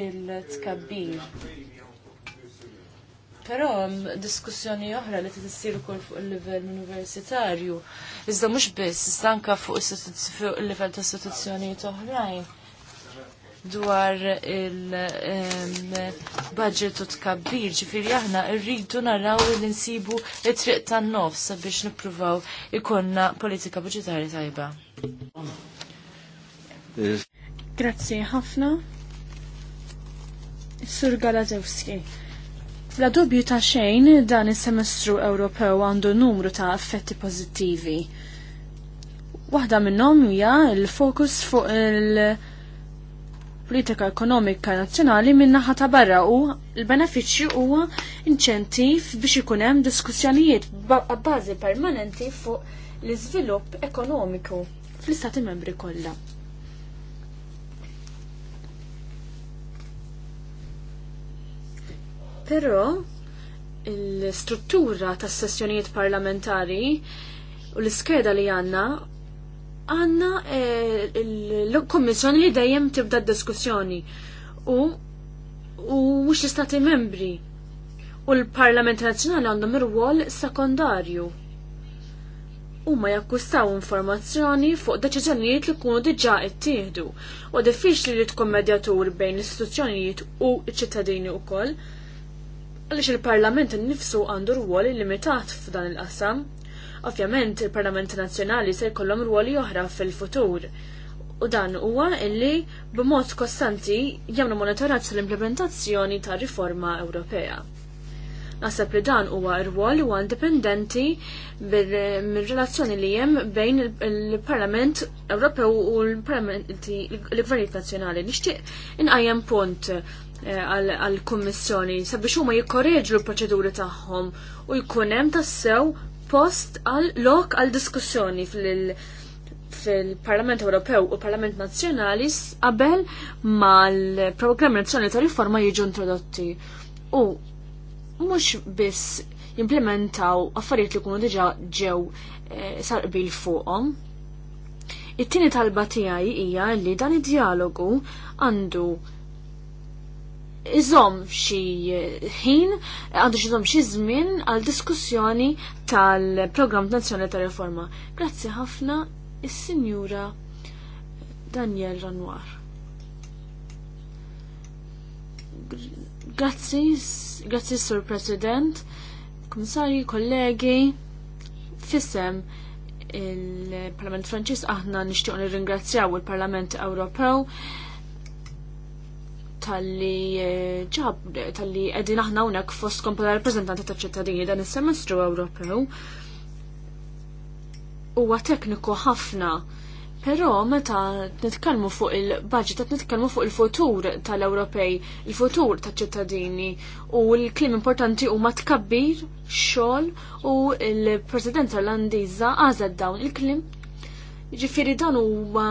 il-tkabbir. Però hemm diskussjoni oħra li issir ukoll fuq il-livell universitarju. Iżda mhux biss, iżda anke fuq il-livell ta' istituzzjonijiet oħrajn dwar il-budget u tkabbir, ġifiri aħna rridu naraw li nsibu it-triq tan-nofs biex nippruvaw ikonna politika budgetarja tajba. Grazzi ħafna. Sur Galazewski. Bla dubju ta' xejn dan is-semestru Ewropew għandu numru ta' effetti pożittivi. Waħda minnhom hija l-fokus fuq il- politika ekonomika nazzjonali min ta' barra u l-benefiċċju huwa inċentiv biex ikun hemm diskussjonijiet b'bażi permanenti fuq l-iżvilupp ekonomiku fl-istati membri kollha. Però l struttura tas sessjonijiet parlamentari u l-iskeda li għanna għanna eh, l-kommissjoni li dejjem tibda diskussjoni u u mux l-istati membri u l-Parlament Nazzjonali għandhom ir-rwol sekondarju. Huma jakkustaw informazzjoni fuq deċiżjonijiet li kunu diġà ittieħdu u diffiċli li tkun medjatur bejn l-istituzzjonijiet u ċ-ċittadini wkoll għaliex il-Parlament innifsu għandu rwol limitat f'dan il-qasam Ovvjament il parlament Nazzjonali se jkollhom rwoli oħra fil-futur. U dan huwa illi b'mod kostanti jagħmlu monitoraġġ l-implementazzjoni ta' riforma Ewropea. Naħseb li dan huwa rwol huwa indipendenti mir-relazzjoni li hemm bejn il-Parlament Ewropew u l-Parlamenti l-Gvernijiet Nazzjonali. Nixtieq inqajjem punt eh, għal kummissjoni sabiex huma jikkoreġu l-proċeduri tagħhom u jkun hemm tassew post għal lok għal diskussjoni fil-Parlament Ewropew u Parlament Nazzjonali qabel mal-Programm Nazzjonali ta' Riforma jiġu introdotti. U mhux biss jimplementaw affarijiet li jkunu diġà ġew eh, sarqbil fuqhom. It-tieni talba tiegħi hija li dan id-dialogu għandu iżom xi ħin, għandu xi xi żmien għal diskussjoni tal-Programm Nazzjonali ta' Reforma. Grazzi ħafna is-Sinjura Daniel Ranwar. Grazzi, grazzi Sur President, Komissarji, kollegi, fissem il-Parlament Franċis aħna nixtieq nirringrazzjaw il-Parlament Ewropew tal-li eh, ġab, tal-li għedin aħna unek fost kompla rappresentanti ta' ċittadini dan il-semestru Ewropew huwa tekniku ħafna. Però meta nitkellmu fuq il-budget, qed nitkellmu fuq il-futur tal-Ewropej, il-futur taċ-ċittadini u l-klim importanti huma tkabbir, xogħol u l-Presidenza Olandiża għażet dawn il-klim. Ġifiri dan huwa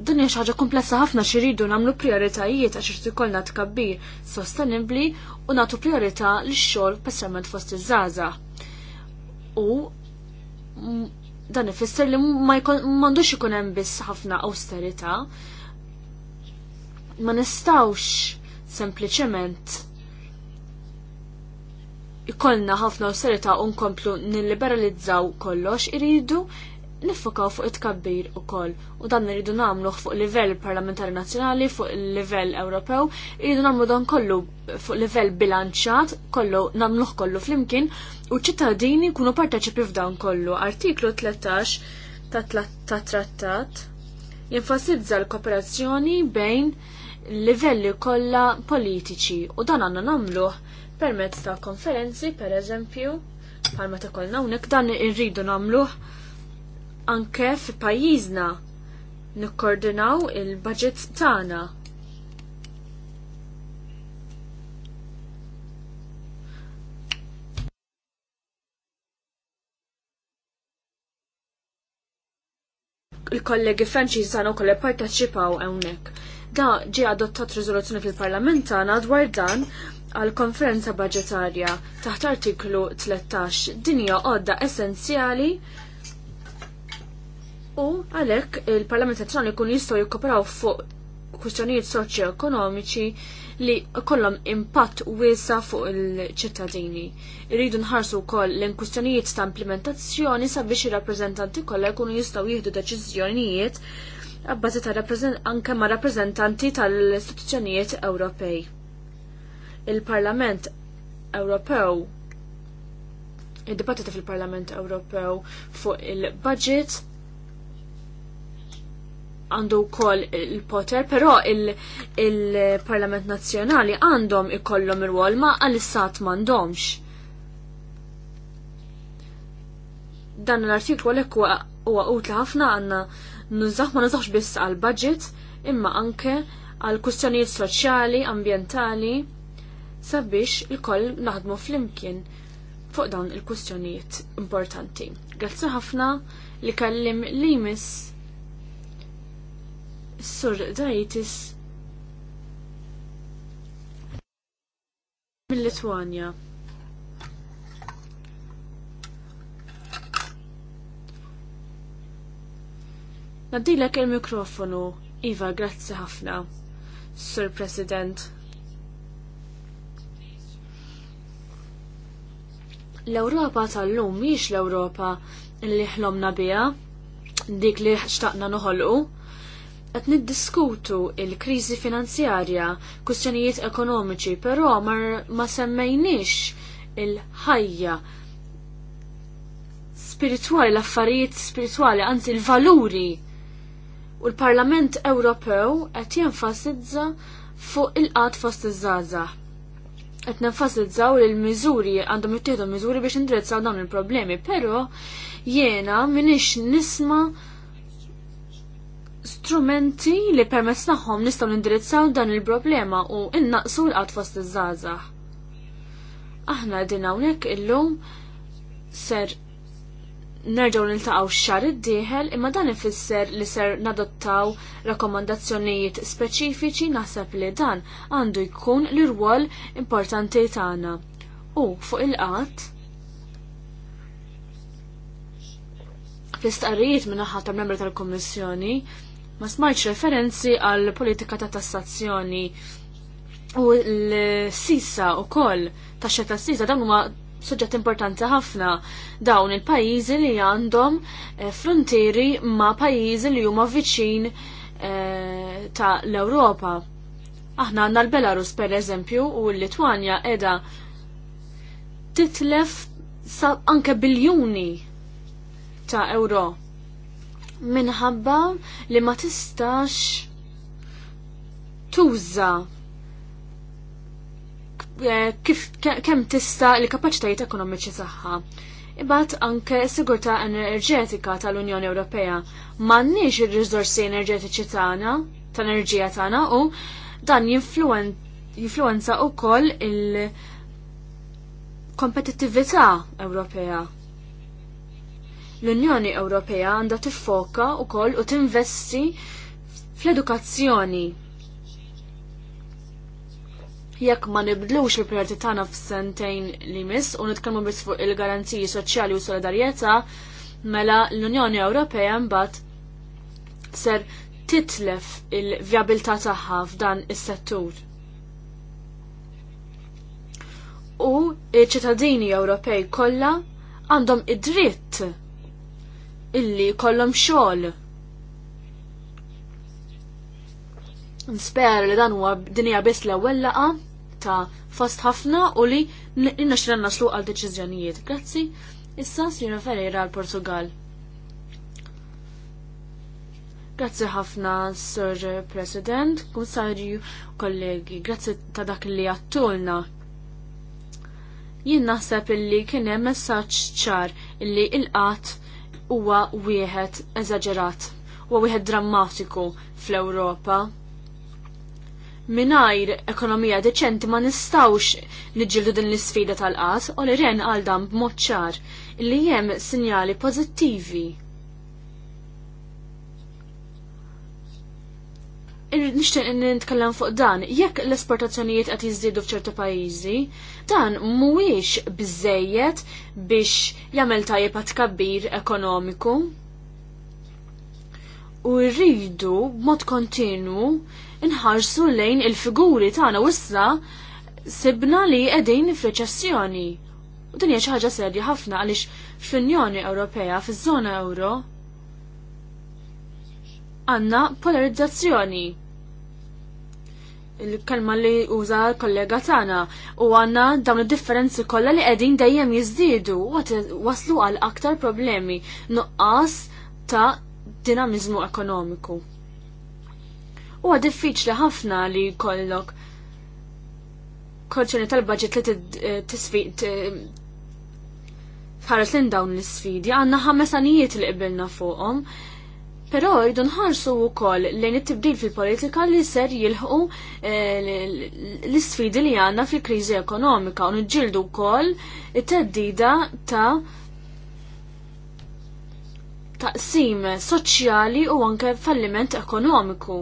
dunja hija ħaġa komplessa ħafna xiridu namlu nagħmlu prioritajiet għax irid ikollna tkabbir sostenibbli u nagħtu priorità li xogħol passament fost iż-żgħażagħ. U dan ifisser li m'għandux ikun hemm biss ħafna austerità. Ma nistawx sempliċement ikollna ħafna austerità u nkomplu nilliberalizzaw kollox iridu niffokaw fuq it-kabbir u koll u dan rridu namluħ fuq livell parlamentari nazjonali, fuq livell Ewropew, rridu namlu dan kollu fuq livell bilanċat, kollu namluħ kollu flimkien u ċittadini kunu parteċipi f'dan kollu. Artiklu 13 ta' trattat jinfasizza l-kooperazzjoni bejn livelli kollha politiċi u dan għanna namluħ permezz ta' konferenzi, per eżempju, palma ta' kollna unek dan irridu namluħ anke fi pajjiżna nikkoordinaw il-budget tagħna. il-kollegi Franċi sanu kolle parteċipaw hawnhekk. Da ġie adottat riżoluzzjoni fil-Parlament tagħna dwar dan għall konferenza budgetarja taħt artiklu 13 dinja għodda essenzjali U għalhekk il-Parlament Nazzjonali jkun jistgħu jikkoperaw fuq kwistjonijiet soċjo-ekonomiċi li kollhom impatt wiesa fuq il-ċittadini. Irridu nħarsu wkoll l kwistjonijiet ta' implementazzjoni sabiex ir-rappreżentanti kollha jkunu jistgħu jieħdu deċiżjonijiet abbażi ta' anke ma' rappreżentanti tal-istituzzjonijiet Ewropej. Il-Parlament Ewropew id dibattita fil-Parlament Ewropew fuq il-budget għandu wkoll il-poter, però il-Parlament il Nazzjonali għandhom ikollhom ir-wol ma għal-istat m'għandhomx. Dan l-artiklu għalhekk huwa utla ħafna għandna nużaħ ma nużax biss għal-budget imma anke għal kustjonijiet soċjali, ambjentali, sabiex il-koll naħdmu flimkien fuq dawn il-kustjonijiet importanti. Grazzi ħafna li kellim li mis Sur Dajtis mill-Litwanja. Naddilek il-mikrofonu, Iva, grazzi ħafna, Sur President. L-Ewropa tal-lum miex l-Ewropa li ħlomna biha, dik li xtaqna noħolqu, qed niddiskutu il-kriżi finanzjarja, kwistjonijiet ekonomiċi, però mar ma semmejniex il-ħajja spirituali, l-affarijiet spirituali, anzi il valuri U l-Parlament Ewropew qed jenfasizza fuq il-qat fost iż żaza Qed nenfasizzaw li l-miżuri għandhom jittieħdu miżuri biex indrezzaw dawn il-problemi, però jiena minix nisma' strumenti li permess naħħom nistaw nindirizzaw dan il-problema u innaqsu l-qat fost iż-żgħażagħ. Aħna din hawnhekk illum ser nerġgħu niltaqgħu x-xahar id-dieħel imma dan ifisser li ser nadottaw rakkomandazzjonijiet speċifiċi naħseb li dan għandu jkun l-irwol importanti tagħna. U fuq il-qatt fl-istqarrijiet minnaħħa tal-membri tal-Kommissjoni ma smajċ referenzi għal politika ta' tassazzjoni u l-sissa u koll ta' ta' sissa dawn huma suġġett importanti ħafna dawn il-pajjiżi li għandhom eh, frontieri ma' pajjiżi li huma viċin eh, ta' l-Ewropa. Aħna għandna l-Belarus per eżempju u l-Litwanja edha titlef anke biljuni ta' euro minħabba li ma tistax tuża eh, kif kemm tista li kapaċitajiet ekonomiċi tagħha. Ibat anke sigurtà enerġetika tal-Unjoni Ewropea m'għandniex ir-riżorsi enerġetiċi tagħna, tal-enerġija tagħna u dan jinfluwenza wkoll il-kompetittività Ewropea L-Unjoni Ewropea għandha tiffoka wkoll u tinvesti fl-edukazzjoni. Jekk ma nibdlux il-prioriti tagħna f'sentejn li miss u nitkellmu biss fuq il-garanziji soċjali u solidarjetà, mela l-Unjoni Ewropea mbagħad ser titlef il-vjabilità tagħha f'dan is-settur u ċittadini Ewropej kollha għandhom id-dritt illi kollom xogħol. Nsper li dan huwa dinja biss l-ewwel laqa ta' fost ħafna u li ninaxra naslu għal deċiżjonijiet. Grazzi, issa Sinjora Ferreira għal Portugal. Grazzi ħafna, Sir President, Kummissarju, kollegi, grazzi ta' dak li għattulna. Jien naħseb illi kien hemm messaġġ ċar illi il-qatt huwa wieħed eżaġerat, huwa wieħed drammatiku fl-Ewropa. Minajr ekonomija deċenti ma nistawx niġġildu din l-isfida tal-qas u li ren għal dan b'mod ċar li hemm sinjali pożittivi nishtiq nitkellem fuq dan, jekk l-esportazzjonijiet qed jiżdiedu f'ċertu pajjiżi, dan mhuwiex biżejjed biex jagħmel tajjeb għat kabbir ekonomiku. U rridu b'mod kontinu inħarsu lejn il-figuri tagħna wissa sibna li qegħdin f'reċessjoni. U din hija xi ħaġa serja ħafna għaliex fl-Unjoni Ewropea, fiż-żona Ewro, għandna polarizzazzjoni il-kelma li uża l-kollega tagħna u għandna dawn id-differenzi kollha li qegħdin dejjem jiżdiedu waslu għal aktar problemi nuqqas ta' dinamiżmu ekonomiku. Huwa diffiċli ħafna li jkollok kolċeni tal-budget li tisfiq eh, tħares lin dawn l-isfidi għandna ħames anijiet li qbilna fuqhom Però ħarsu nħarsu wkoll lejn it-tibdil fil-politika li ser jilħu eh, l-isfidi li għandna fil-kriżi ekonomika u nġildu wkoll it-teddida ta' taqsim soċjali u anke falliment ekonomiku.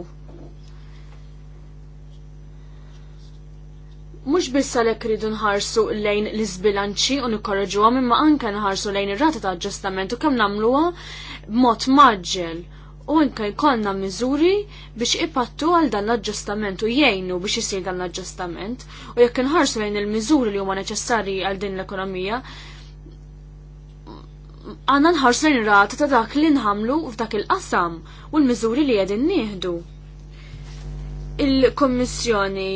Mux bissa lek ridu nħarsu lejn l-izbilanċi u nikorraġu imma anke nħarsu lejn ir-rata ta' aġġustament u kemm nagħmluha b'mod maġġel u anke jkollna miżuri biex ipattu għal dan l-aġġustament u jgħinu biex isir dan l-aġġustament u jekk nħarsu lejn il-miżuri li huma neċessarji għal din l-ekonomija għanna nħarsu lejn rata ta' dak li nħamlu f'dak il-qasam u l-miżuri li qegħdin nieħdu. Il-Kommissjoni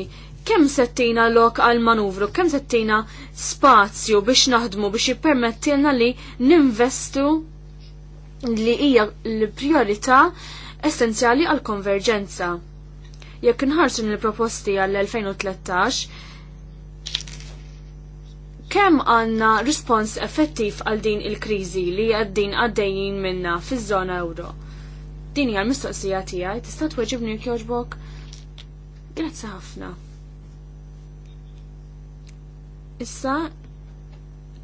kemm settina lok għal manuvru, kemm settina spazju biex naħdmu biex jippermettilna li ninvestu li hija l-priorità essenzjali għal konverġenza. Jekk inħarsu l-proposti għall-2013, kemm għanna rispons effettiv għal din il-kriżi li għaddin għaddejjin minna fiż-żona euro? Din hija l-mistoqsija tiegħi, tista' tweġibni jogħġbok? Grazzi ħafna. Issa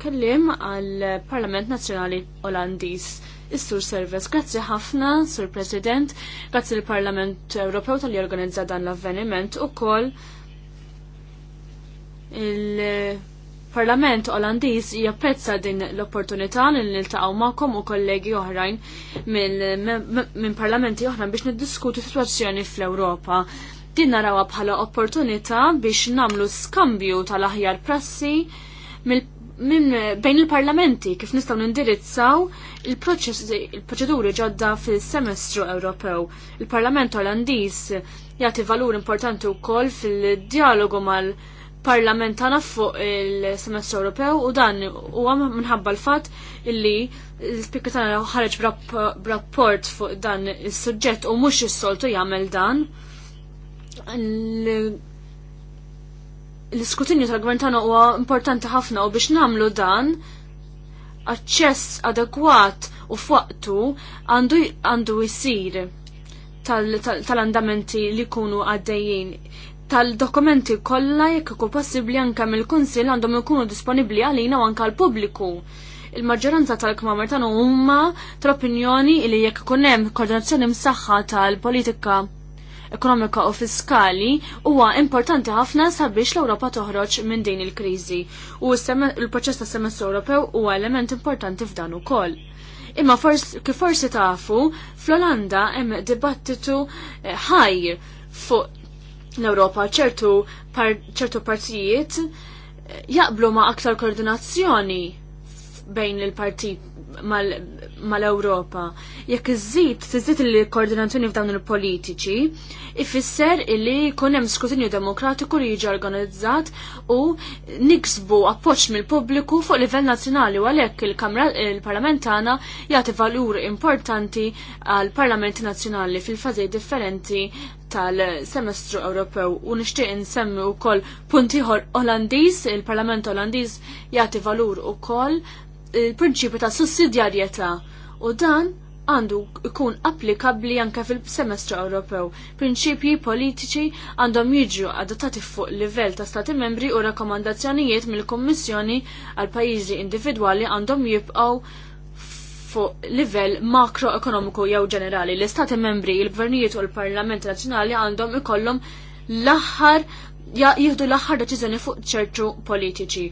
kellim għal Parlament Nazzjonali Olandiż Is-Sur Serves, grazzi ħafna, Sur President, grazzi l-Parlament Ewropew tal-li organizza dan l-avveniment u koll il-Parlament Olandiż japprezza din l-opportunità li niltaqgħu magħkom u kollegi oħrajn minn parlamenti oħra biex niddiskutu sitwazzjoni fl-Ewropa. Din narawha bħala opportunità biex namlu skambju tal-aħjar prassi mill minn bejn il-parlamenti kif nistgħu nindirizzaw il-proċeduri ġodda fil-semestru Ewropew. Il-Parlament Olandiż jagħti valur importanti wkoll fil-dialogu mal-Parlament tagħna fuq il-semestru Ewropew u dan huwa minħabba l-fatt illi l-Speaker tagħna ħareġ b'rapport fuq dan is-suġġett u mhux is-soltu jagħmel dan l-iskrutinju tal-gvern tagħna huwa importanti ħafna u biex nagħmlu dan aċċess adekwat u f'waqtu għandu għandu jsir tal-andamenti li jkunu għaddejjin tal-dokumenti kollha jekk ikun possibbli anke mill-kunsill għandhom ikunu disponibbli għalina u anke għall-pubbliku. Il-maġġoranza tal-kmamer tagħna huma tal-opinjoni li jekk ikun hemm koordinazzjoni msaħħa tal-politika ekonomika u fiskali huwa importanti ħafna sabiex l-Ewropa toħroġ minn din il-kriżi u l-proċess ta' semestru Ewropew huwa element importanti f'dan ukoll. Imma kif forsi tafu, fl-Olanda hemm dibattitu eh, ħaj fuq l-Ewropa ċertu ċertu partijiet eh, jaqblu ma' aktar koordinazzjoni bejn il partijiet mal-Ewropa. Jekk iżid, tiżid il-koordinazzjoni f'dawn il-politiċi, ifisser illi jkun hemm skrutinju demokratiku li jiġi organizzat u niksbu appoġġ mill-pubbliku fuq livell nazzjonali u għalhekk il-Kamra il-Parlament tagħna jagħti valur importanti għal parlamenti nazzjonali fil-fażi differenti tal-semestru Ewropew u nixtieq insemmi wkoll punti Olandiż, il-Parlament Olandiż jagħti valur ukoll il-prinċipju ta' sussidjarjetà u dan għandu ikun applikabli anke fil-semestru Ewropew. Prinċipji politiċi għandhom jiġu adottati fuq livell ta' stati membri u rakkomandazzjonijiet mill-Kummissjoni għal pajjiżi individwali għandhom jibqgħu fuq livell makroekonomiku jew ġenerali. L-Istati membri, il-Gvernijiet u l-Parlament Nazzjonali għandhom ikollhom l-aħħar jieħdu l-aħħar deċiżjoni fuq ċertu politiċi.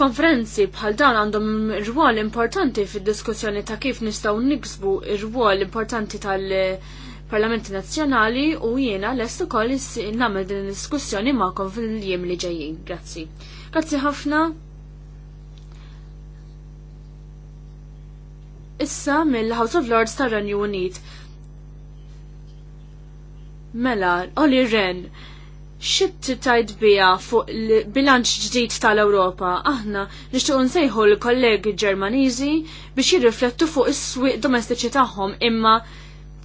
Konferenzi bħal dan għandhom rwol importanti fid-diskussjoni ta' kif nistgħu niksbu rwol importanti tal-Parlamenti Nazzjonali u jiena lest ukoll nagħmel din diskussjoni magħkom fil-jiem li ġejjin. Grazzi. Grazzi ħafna. Issa mill-House of Lords tar-Renju Unit. Mela, Oli Ren, xit tajt bija fuq bilanċ ġdid tal-Ewropa, aħna nixtiequ nsejħu l-kollegi Ġermaniżi biex jirriflettu fuq is-swieq domestiċi tagħhom imma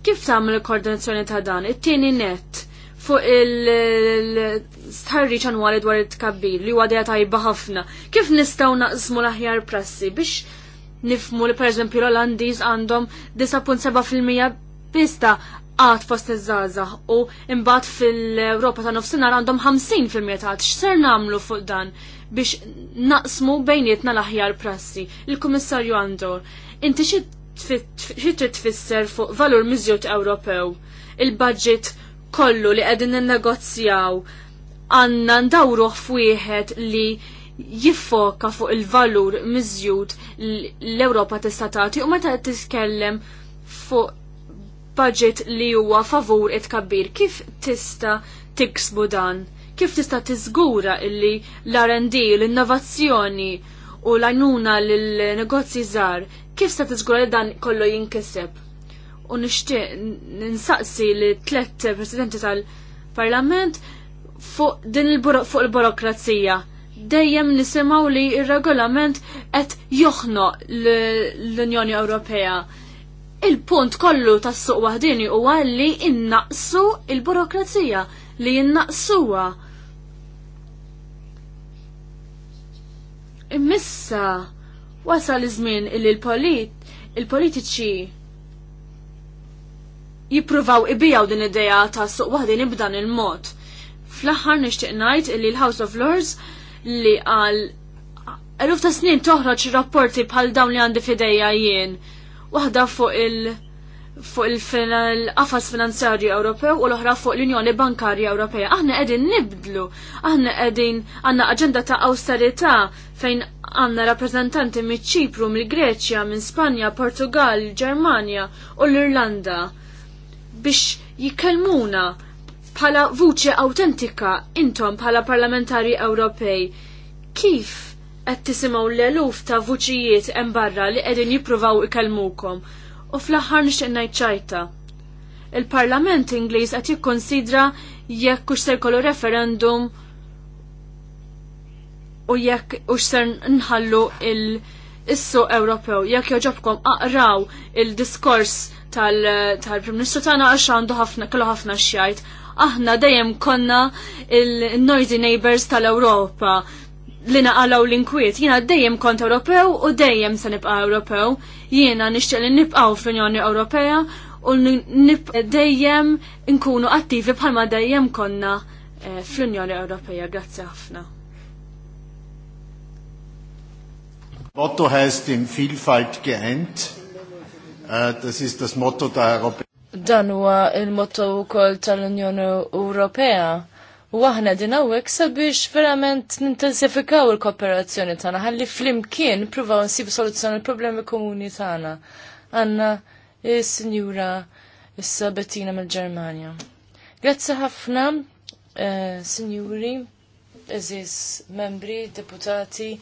kif tagħmel il-koordinazzjoni ta' dan? It-tieni net fuq il starri annwali dwar it-tkabbir li huwa dejja tajba ħafna. Kif nistgħu naqsmu l-aħjar prassi biex nifmu li pereżempju l-Olandiż għandhom 9.7% bista Għad fost iż-żazax u imbagħad fil-Ewropa ta' nofsinhar għandhom 50% fil għad x'ser nagħmlu fuq dan biex naqsmu bejnietna l-aħjar prassi. Il-Kummissarju Andor, inti xi tfisser fuq valur miżjut Ewropew il-budget kollu li qegħdin negozzjaw għandna ndawruħ f'wieħed li jiffoka fuq il-valur mizjut l-Ewropa tista' istatati u meta tiskellem fuq budget li huwa favur it kabbir. Kif tista tiksbu dan? Kif tista tiżgura illi l-R&D, l-innovazzjoni u l-għajnuna l-negozji żgħar, kif sta tiżgura li dan kollu jinkiseb? U nixtieq ninsaqsi li tlet presidenti tal-Parlament fuq din fuq il-burokrazija. Dejjem nisimgħu li r regolament qed joħno l-Unjoni Ewropea il-punt kollu tas-suq wahdini huwa li innaqsu il-burokrazija li jinnaqsuha. Immissa wasal iż-żmien li l-politiċi jippruvaw ibijaw din id-idea ta' suq waħdini b'dan il-mod. Fl-aħħar nixtieq ngħid li l-House of Lords li għal eluf ta' snin toħroġ rapporti bħal dawn li għandi fidejja jien waħda fuq il- fuq il-qafas finanzjarju Ewropew u l-oħra fuq l-Unjoni Bankarja Ewropea. Aħna qegħdin nibdlu, aħna qegħdin għandna aġenda ta' awsterità fejn għandna rappreżentanti miċ ċipru, mill-Greċja, minn Spanja, Portugal, Ġermanja u l-Irlanda biex jikkelmuna bħala vuċi autentika intom bħala parlamentari Ewropej. Kif qed tisimgħu l-eluf ta' vuċijiet hemm barra li qegħdin jippruvaw ikellmukom. U fl-aħħar nixtieq ngħid ċajta. Il-Parlament Ingliż qed jikkonsidra jekk hux se jkollu referendum u jekk hux ser nħallu il- issu Ewropew, jekk joġobkom aqraw il-diskors tal-Prim Ministru tagħna għax għandu ħafna kellu ħafna xjajt. Aħna dejjem konna il-noisy neighbors tal-Ewropa, li naqalaw l-inkwiet. Jiena dejjem kont Ewropew u dejjem se nibqa' Ewropew. Jiena nixtieq li nibqgħu fl-Unjoni Ewropea u dejjem nkunu attivi bħalma dejjem konna eh, fl-Unjoni Ewropea. Grazzi ħafna. Motto heißt in Vielfalt geeint. Äh, das ist das Motto der Europäer. Dan huwa il-motto wkoll tal-Unjoni Ewropea U aħna din hawnhekk sabiex verament nintensifikaw il-kooperazzjoni tagħna ħalli flimkien pruvaw nsib soluzzjoni l-problemi komuni tagħna. Għandna il sinjura issa Bettina mill-Ġermanja. Grazzi ħafna, eh, Sinjuri, eżis membri, deputati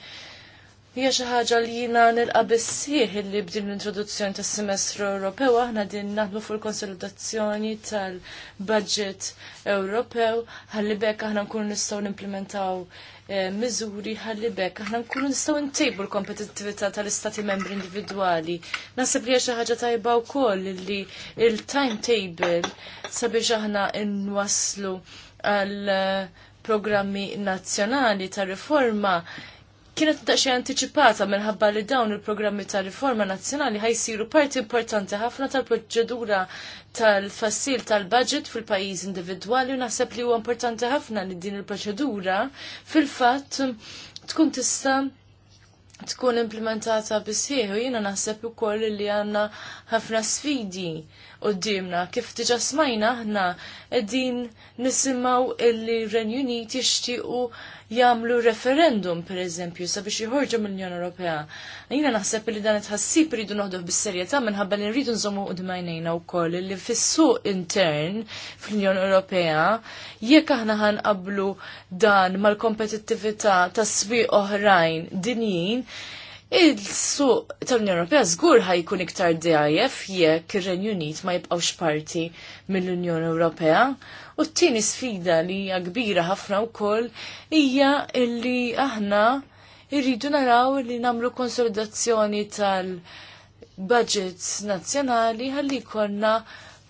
hija xi ħaġa li jiena nilqa' bissieħ illi b'din l-introduzzjoni tas-semestru Ewropew aħna din naħdmu fuq il-konsolidazzjoni tal-budget Ewropew ħalli bekk aħna nkunu nistgħu nimplementaw eh, miżuri ħalli bekk aħna nkunu nistgħu ntejbu l-kompetittività tal-istati membri individwali. Naħseb li xi ħaġa tajba wkoll li il-timetable sabiex aħna nwaslu għal eh, programmi nazzjonali ta' riforma kienet daqxie anticipata minħabba li dawn il-programmi ta' riforma nazzjonali ħajsiru parti importanti ħafna tal-proċedura tal-fassil tal-budget fil-pajjiż individwali u naħseb li huwa importanti ħafna li din il-proċedura fil-fatt tkun tista' tkun implementata bisħieħ u jiena naħseb ukoll li għandna ħafna sfidi qoddimna. Kif diġa smajna aħna qegħdin nisimaw illi Renju Unit jixtiequ jagħmlu referendum pereżempju sabiex jħorġu mill-Unjoni Ewropea. Jiena naħseb li dan it-ħassib rridu noħdu bis-serjetà minħabba li rridu nżommu qudmajnejna wkoll li fis-suq intern fl-Unjoni Ewropea jekk aħna ħanqablu dan mal-kompetittività tas-swieq oħrajn dinjin il-suq tal-Unjoni Ewropea żgur ħajkun iktar DIF jekk ir-Renju Unit ma jibqgħux parti mill-Unjoni Ewropea. U t-tieni sfida li hija kbira ħafna wkoll hija li aħna irridu naraw li nagħmlu konsolidazzjoni tal-budgets nazzjonali ħalli jkollna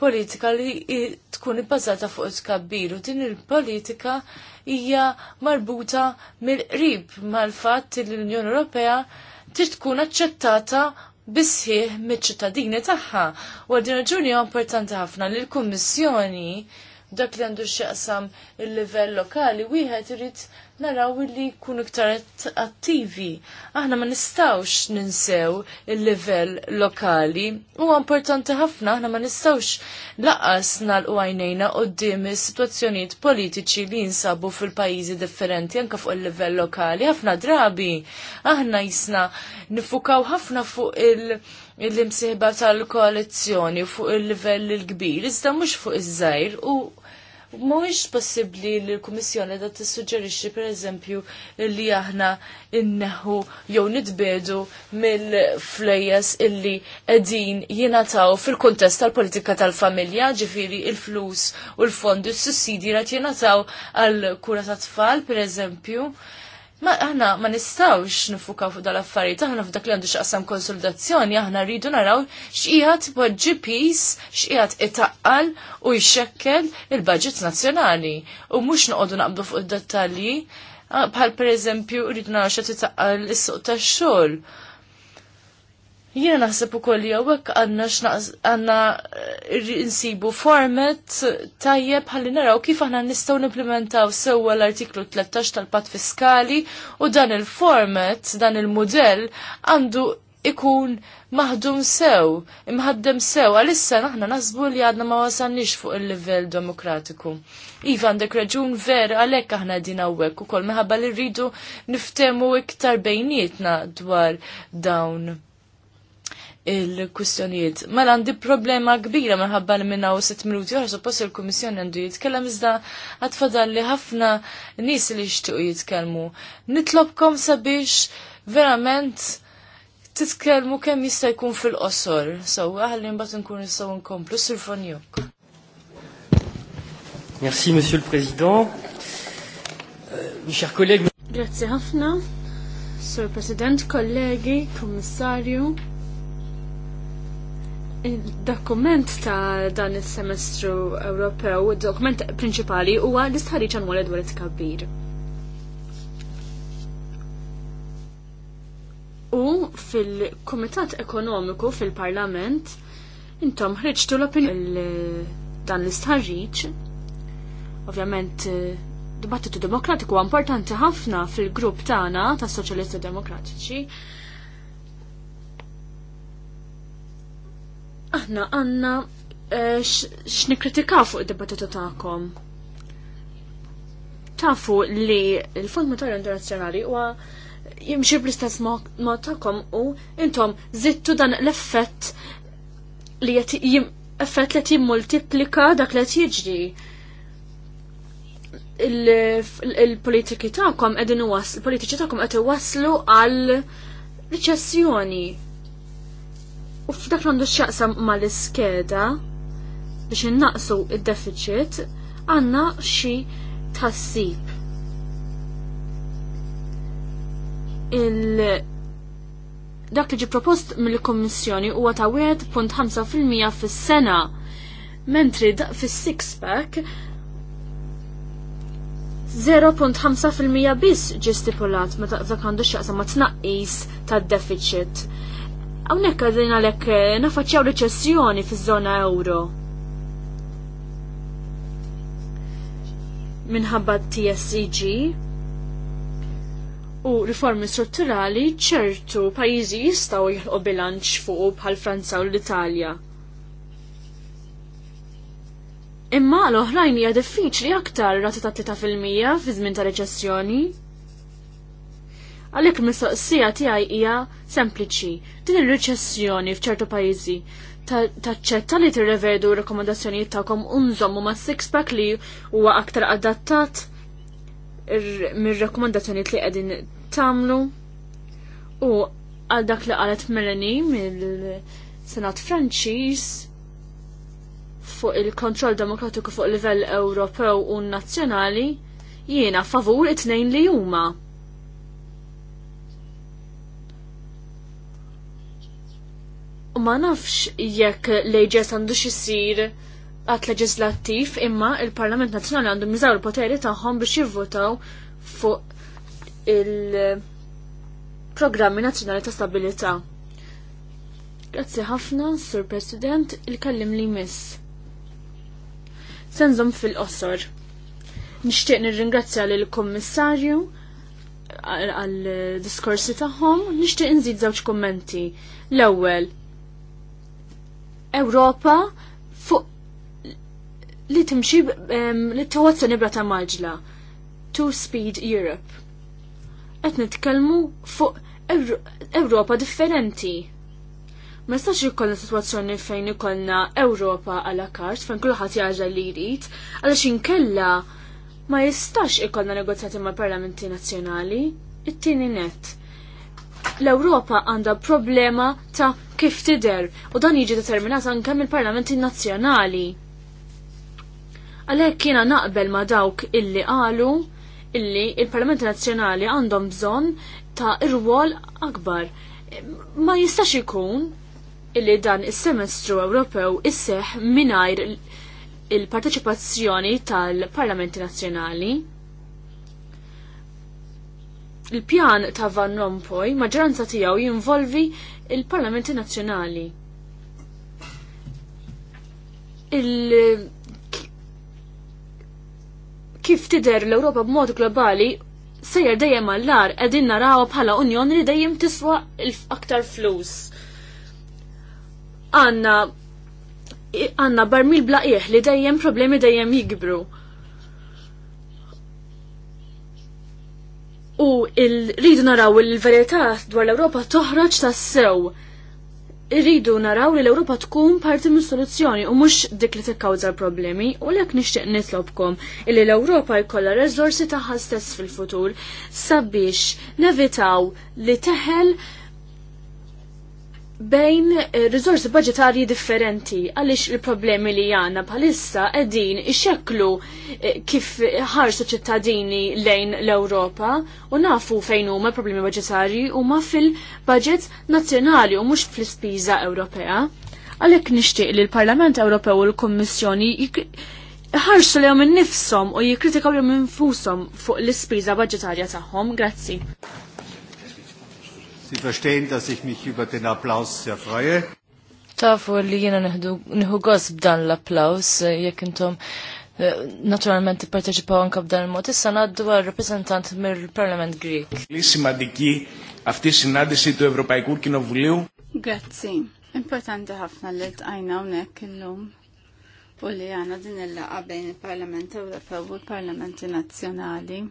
politika li tkun ibbażata fuq it-kabbir u din il-politika hija marbuta mill-qrib mal-fatt li l-Unjoni Ewropea trid tkun aċċettata bisħieħ miċ-ċittadini tagħha. U għadin raġuni importanti ħafna li l-Kummissjoni dak li għandu x'jaqsam il-livell lokali wieħed irid naraw li jkunu iktar attivi. Aħna ma nistawx ninsew il-level lokali. U importanti ħafna aħna ma nistawx laqas nalqu għajnejna qoddim is-sitwazzjonijiet politiċi li jinsabu fil-pajjiżi differenti anke fuq il-level lokali. Ħafna drabi aħna jisna nifukaw ħafna fuq il- il-imsiħba tal-koalizzjoni fuq il-livell il-kbir, iżda mhux fuq iż-żajr u mhuwiex possibbli li l-Kummissjoni da tissuġġerixxi pereżempju li aħna inneħu jew nitbedu mill-flejjes illi qegħdin jingħataw fil-kuntest tal-politika tal-familja, ġifieri il-flus u l-fondi s-sussidi qed jingħataw għal kura tat-tfal pereżempju. eżempju Ma aħna ma nistawx nifukaw fuq dal-affarijiet, aħna f'dak li għandu x'qasam konsultazzjoni, aħna rridu naraw x'qiegħed poġġi peace, x'qiegħed itaqqal u jxekkel il-budget nazzjonali u mhux noqogħdu naqbdu fuq id-dettalji ah, bħal pereżempju rridu naraw x'qed itaqqal is-suq tax-xogħol Jiena naħseb ukoll li hawnhekk għandna għandna eh, insibu format tajjeb ħalli naraw kif aħna nistgħu nimplementaw sewwa l-artiklu 13 tal-Patt Fiskali u dan il-format, dan il-mudell għandu ikun maħdum sew, imħaddem sew, għalissa naħna nasbu li għadna ma wasalniex fuq il-livell demokratiku. Iva għandek raġun ver għalek aħna din hawnhekk ukoll minħabba li rridu niftemu iktar bejnietna dwar dawn il-kustjonijiet. Mela għandi problema kbira minħabba li minna u sitt minuti oħra suppost il komissjoni għandu jitkellem iżda għatfadalli ħafna nies li jixtiequ jitkellmu. Nitlobkom sabiex verament titkellmu kemm jista' jkun fil-qosor. So ħalli mbagħad nkun nistgħu nkomplu sirfonjuk. Merci, Monsieur le Président. Euh, mes chers collègues. Grazie ħafna, Sur President, kollegi, Kommissarju. Il-dokument ta' dan il-semestru Ewropew, il-dokument principali huwa l-istħarriċ annwali dwar it-tkabbir. U fil-Kumitat Ekonomiku fil-Parlament intom ħriġtu l opinju dan l-istħarriċ. Ovvjament dibattitu demokratiku importanti ħafna fil-grupp tagħna tas-Soċjalisti Demokratiċi aħna għanna eh, x'nikkritikaw fuq id-dibattitu tagħkom. Tafu li l-Fond Motorju Internazzjonali huwa jimxi bl-istess mod tagħkom u intom zittu dan l-effett li qed effett li qed jimmultiplika dak li qed jiġri il-politiki tagħkom qegħdin il-politiċi tagħkom qed iwasslu għal riċessjoni U f'dak l-għandu x'jaqsam mal-iskeda biex innaqsu id-deficit għanna xi tassib. Il dak li ġi propost mill-Kommissjoni huwa ta' 1.5% fis-sena, mentri fis-six pack 0.5% biss ġi stipulat meta dak għandu x'jaqsam ma' tnaqqis tad-deficit Hawnhekk għadin għalhekk eh, nafaċċjaw riċessjoni fiż-żona euro. Minħabba TSEG u riformi strutturali ċertu pajjiżi jistgħu jilħqu bilanċ fuq bħal Franza u l-Italja. Imma l-oħrajn hija diffiċli aktar rata ta' 3% fi żmien ta' reċessjoni. Għalhekk mistoqsija tiegħi hija sempliċi. Din ir-riċessjoni f'ċertu pajjiżi taċċetta li tirrevedu rekomendazzjonijiet tagħkom unżommu ma' six pack li huwa aktar adattat mir-rekomendazzjonijiet li qegħdin tagħmlu. U għal dak li qalet Melanie mill-Senat Franċiż fuq il-kontroll demokratiku fuq livell Ewropew u nazzjonali jiena favur it-tnejn li huma. ma nafx jekk lejġes għandux isir għat leġislattiv imma il-Parlament Nazzjonali għandu miżaw il-poteri tagħhom biex jivvotaw fuq il-programmi nazzjonali ta' stabilità. Grazzi ħafna, Sur President, il-kallim li miss. Senżom fil-qosor. Nixtieq nirringrazzja lill kummissarju għal diskorsi tagħhom, nixtieq nżid żewġ kommenti. L-ewwel, Ewropa fuq li timxi li tawazza nibra ta' maġla. Two Speed Europe. Qed nitkellmu fuq Ewropa differenti. Ma stax ikollna sitwazzjoni fejn ikollna Ewropa għala kart fejn kulħadd jaġa li jrid, għaliex inkella ma jistax ikollna negozjati mal parlamenti nazzjonali, it-tieni net l-Ewropa għandha problema ta' kif tidher u dan jiġi determinat anke mill-parlamenti nazzjonali. Għalhekk jiena naqbel ma' dawk illi qalu illi il-Parlamenti Nazzjonali għandhom bżonn ta' irwol akbar. Ma jistax ikun illi dan is-semestru Ewropew isseħ mingħajr il-parteċipazzjoni tal-Parlamenti Nazzjonali. Il-pjan ta' Van Rompuy maġranza tiegħu jinvolvi il-Parlamenti Nazzjonali. Il- kif tider l-Ewropa b'mod globali sejjer dejjem għallar qegħdin naraw bħala Unjoni li dejjem tiswa aktar flus. Għanna għanna barmil blaqieħ li dejjem problemi dejjem jikbru. U rridu naraw il-verjetà dwar l-Ewropa toħroġ tas-sew. Irridu naraw li l-Ewropa tkun parti minn soluzzjoni u mhux dik li tikkawża l-problemi u lek nixtieq nitlobkom illi l-Ewropa jkollha resorsi tagħha stess fil-futur sabiex nevitaw li teħel bejn eh, rizorsi budgetarji differenti għaliex il-problemi li għanna bħalissa edin ixxeklu eh, kif ħarsu ċittadini lejn l-Ewropa u nafu fejn huma problemi budgetarji huma fil-budget nazzjonali u mhux fl-ispiża Ewropea. Għalhekk nixtieq li l-Parlament Ewropew u l-Kommissjoni ħarsu lejhom minn nifsom u jikkritikaw lejhom infushom fuq l-ispiża budgetarja tagħhom. Grazzi. Sie verstehen, dass ich mich über den Applaus sehr freue. Tafu li jena nħu għos b'dan l-applaus, jek intom eh, naturalment parteċipaw anka b'dan il mot Issa naddu għal rappreżentant mill-Parlament Grek. Li simadiki għafti sinadisi tu Ewropajku Kinovuliju? Grazzi. Importanti ħafna li unek il-lum u li għana din il laqgħa bejn il-Parlament Ewropew u il parlamenti Nazjonali.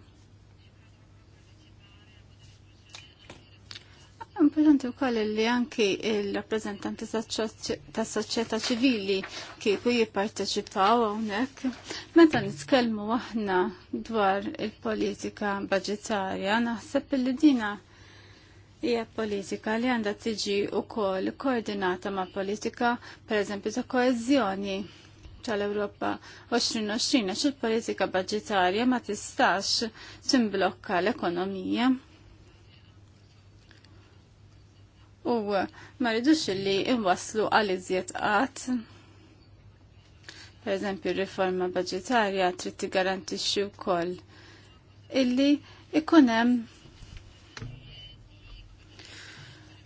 Importanti wkoll li anki il-rappreżentanti tas soċjetà ċivili kieku jipparteċipaw hawnhekk. Meta nitkellmu aħna dwar il-politika budġetarja, naħseb li dina hija politika li għandha tiġi wkoll koordinata ma' politika pereżempju ta' koeżjoni tal ewropa 2020 għax il-politika budġetarja ma tistax timblokka l-ekonomija. u eh, ma rridux li inwaslu għal iżjed qatt. Per eżempju, riforma budgetarja trid tigarantixxi wkoll illi ikun hemm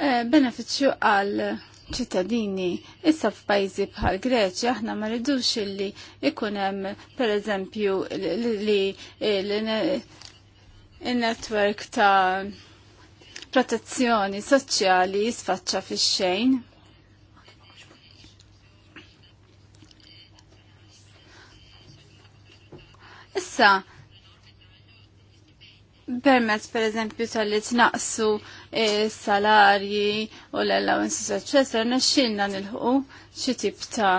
eh, benefiċċju għal ċittadini. Issa f'pajjiżi bħal Greċja aħna ma rridux illi ikun hemm pereżempju li in-netwerk ta' protezzjoni soċjali sfaċċa fix-xejn. Issa, permezz per eżempju tal-li tnaqsu eh, salarji u l-allowances, eccetera, nexxilna nil xi tip ta'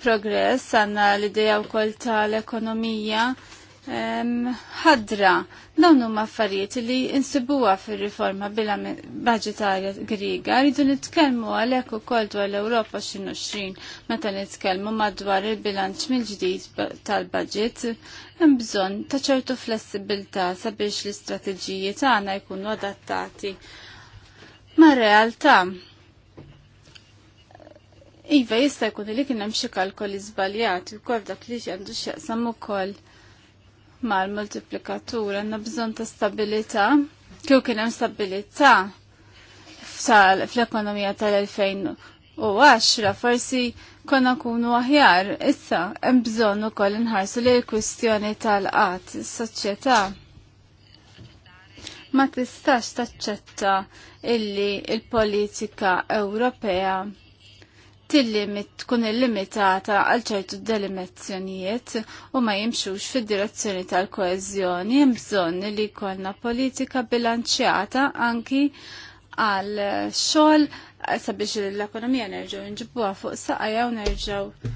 progress għanna l-ideja wkoll tal-ekonomija ħadra dawn huma affarijiet li insibuha fir-riforma bila baġitarja griga rridu nitkellmu għalhekk ukoll dwar l-Ewropa 2020 meta nitkellmu madwar il-bilanċ mill-ġdid tal-baġit hemm bżonn ta' ċertu flessibilità sabiex l-istrateġiji tagħna jkunu adattati ma' realtà. Iva jista' jkun li kien hemm xi kalkoli żbaljati wkoll dak li għandu x'jaqsam ukoll mal-multiplikatur għanna bżon ta' stabilita, kju hemm stabilita fl-ekonomija tal-2010 forsi konna kunu aħjar. Issa, hemm bżonn ukoll inħarsu li l-kwistjoni tal-qatt is-soċjetà ma tistax taċċetta illi il-politika Ewropea tillimit tkun illimitata għal ċertu delimazzjonijiet u ma jimxux fid-direzzjoni tal-koeżjoni hemm bżonn li jkollna politika bilanċjata anki għal xogħol sabiex l-ekonomija nerġgħu nġibbuha fuq saqajja u nerġgħu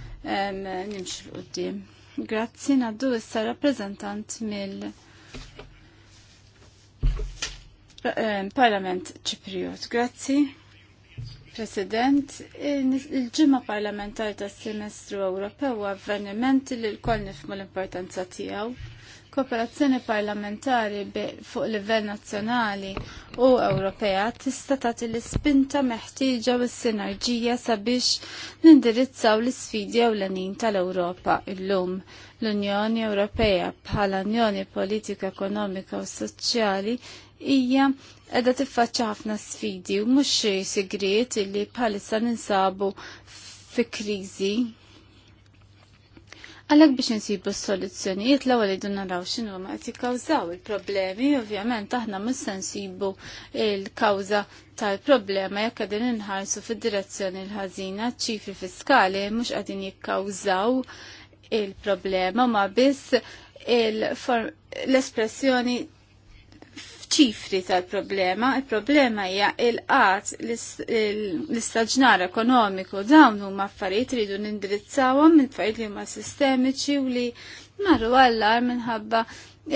nimxu l-qudiem. Grazzi naddu issa rappreżentant mill Parlament Ċipriot. Grazzi. President, il-ġimma parlamentari tas semestru Ewropew avveniment li l-koll nifmu l-importanza tiegħu. Kooperazzjoni parlamentari fuq livell nazzjonali u Ewropea tista' tagħti l-ispinta meħtieġa u s-sinerġija sabiex nindirizzaw l-isfidi ewlenin tal-Ewropa illum l-Unjoni Ewropea bħala Unjoni Politika Ekonomika u Soċjali hija edha tiffaċċa ħafna sfidi u mhux xi sigriet illi bħalissa ninsabu fi kriżi. Għalhekk biex insibu s-soluzzjonijiet l-ewwel idu naraw x'inhu ma qed jikkawżaw il-problemi, ovvjament aħna mhux se nsibu l-kawża tal-problema jekk qegħdin inħarsu fid-direzzjoni l-ħażina, ċifri fiskali mhux qegħdin jikkawżaw il-problema ma biss l-espressjoni ċifri tal-problema, il-problema hija il-qat l-istaġnar ekonomiku dawn huma affarijiet ridu nindirizzawhom minn fajt li huma sistemiċi u li marru allar minħabba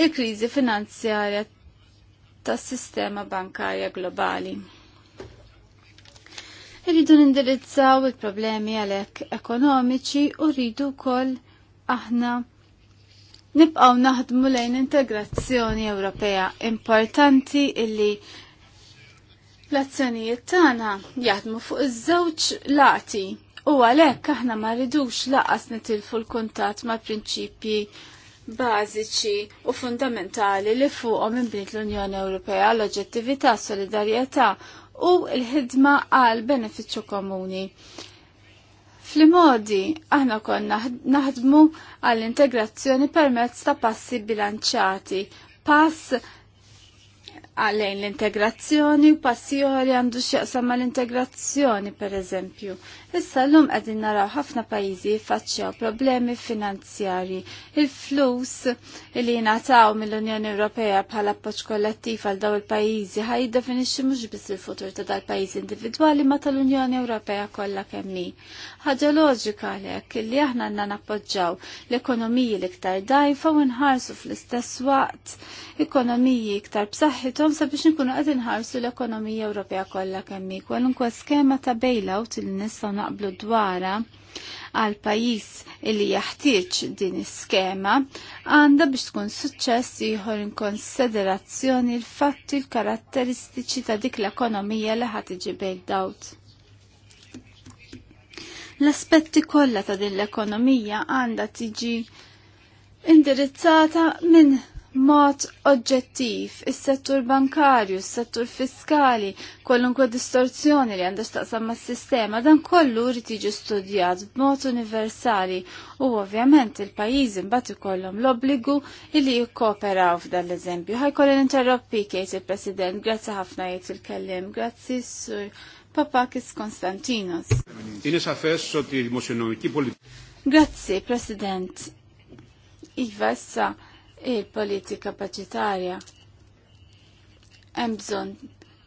il-kriżi finanzjarja tas-sistema bankarja globali. Rridu nindirizzaw il-problemi għalhekk ekonomiċi u rridu wkoll aħna nibqaw naħdmu lejn integrazzjoni Ewropea importanti illi l-azzjonijiet tagħna jaħdmu fuq iż-żewġ lati u għalhekk aħna ma rridux laqas nitilfu l-kuntatt ma' prinċipji bażiċi u fundamentali li fuqhom inbniet l-Unjoni Ewropea l-oġġettività, solidarjetà u l-ħidma għal benefiċċju komuni. Fl-modi, aħna konna naħdmu għall-integrazzjoni permezz ta' passi bilanċati, pass għalejn l-integrazzjoni u passi għalli għandu xieqsam mal integrazzjoni per eżempju. Issa l-lum għadin naraw ħafna pajizi faċċew problemi finanzjari. Il-flus li nataw mill-Unjoni Ewropea bħala appoċ kollettiv għal daw il-pajizi ħaj definixxi mhux biss il-futur ta' dal-pajizi individwali ma tal-Unjoni Ewropea kollha kemmi. Ħaġa loġika għalhekk li aħna għandna nappoġġaw l-ekonomiji l-iktar dajfa u nħarsu fl-istess waqt ekonomiji iktar b'saħħithom sabiex nkunu qed inħarsu l-ekonomija Ewropea kollha kemm hi kwalunkwe skema ta' bailout il nistgħu naqblu dwara għal pajis illi jaħtieġ din iskema għandha biex tkun suċċess ieħor in konsiderazzjoni l-fatti il karatteristiċi ta' dik l-ekonomija li ħad iġibel dawt. L-aspetti kollha ta' din l-ekonomija għandha tiġi indirizzata minn mod oġġettiv is-settur bankarju, is-settur fiskali, kollunkwe distorzjoni li għandha x'taqsam mas-sistema, dan kollu rrid jiġi studjat b'mod universali u ovvjament il-pajjiżi mbagħad ikollhom l-obbligu li jikkoperaw f'dan l-eżempju. Ħajkolli interroppi, kejt il-President, grazzi ħafna jgħid il-kellim, grazzi sur Papakis Konstantinos. Grazzi, President. Iva, il-politika budgetarja. Hemm bżonn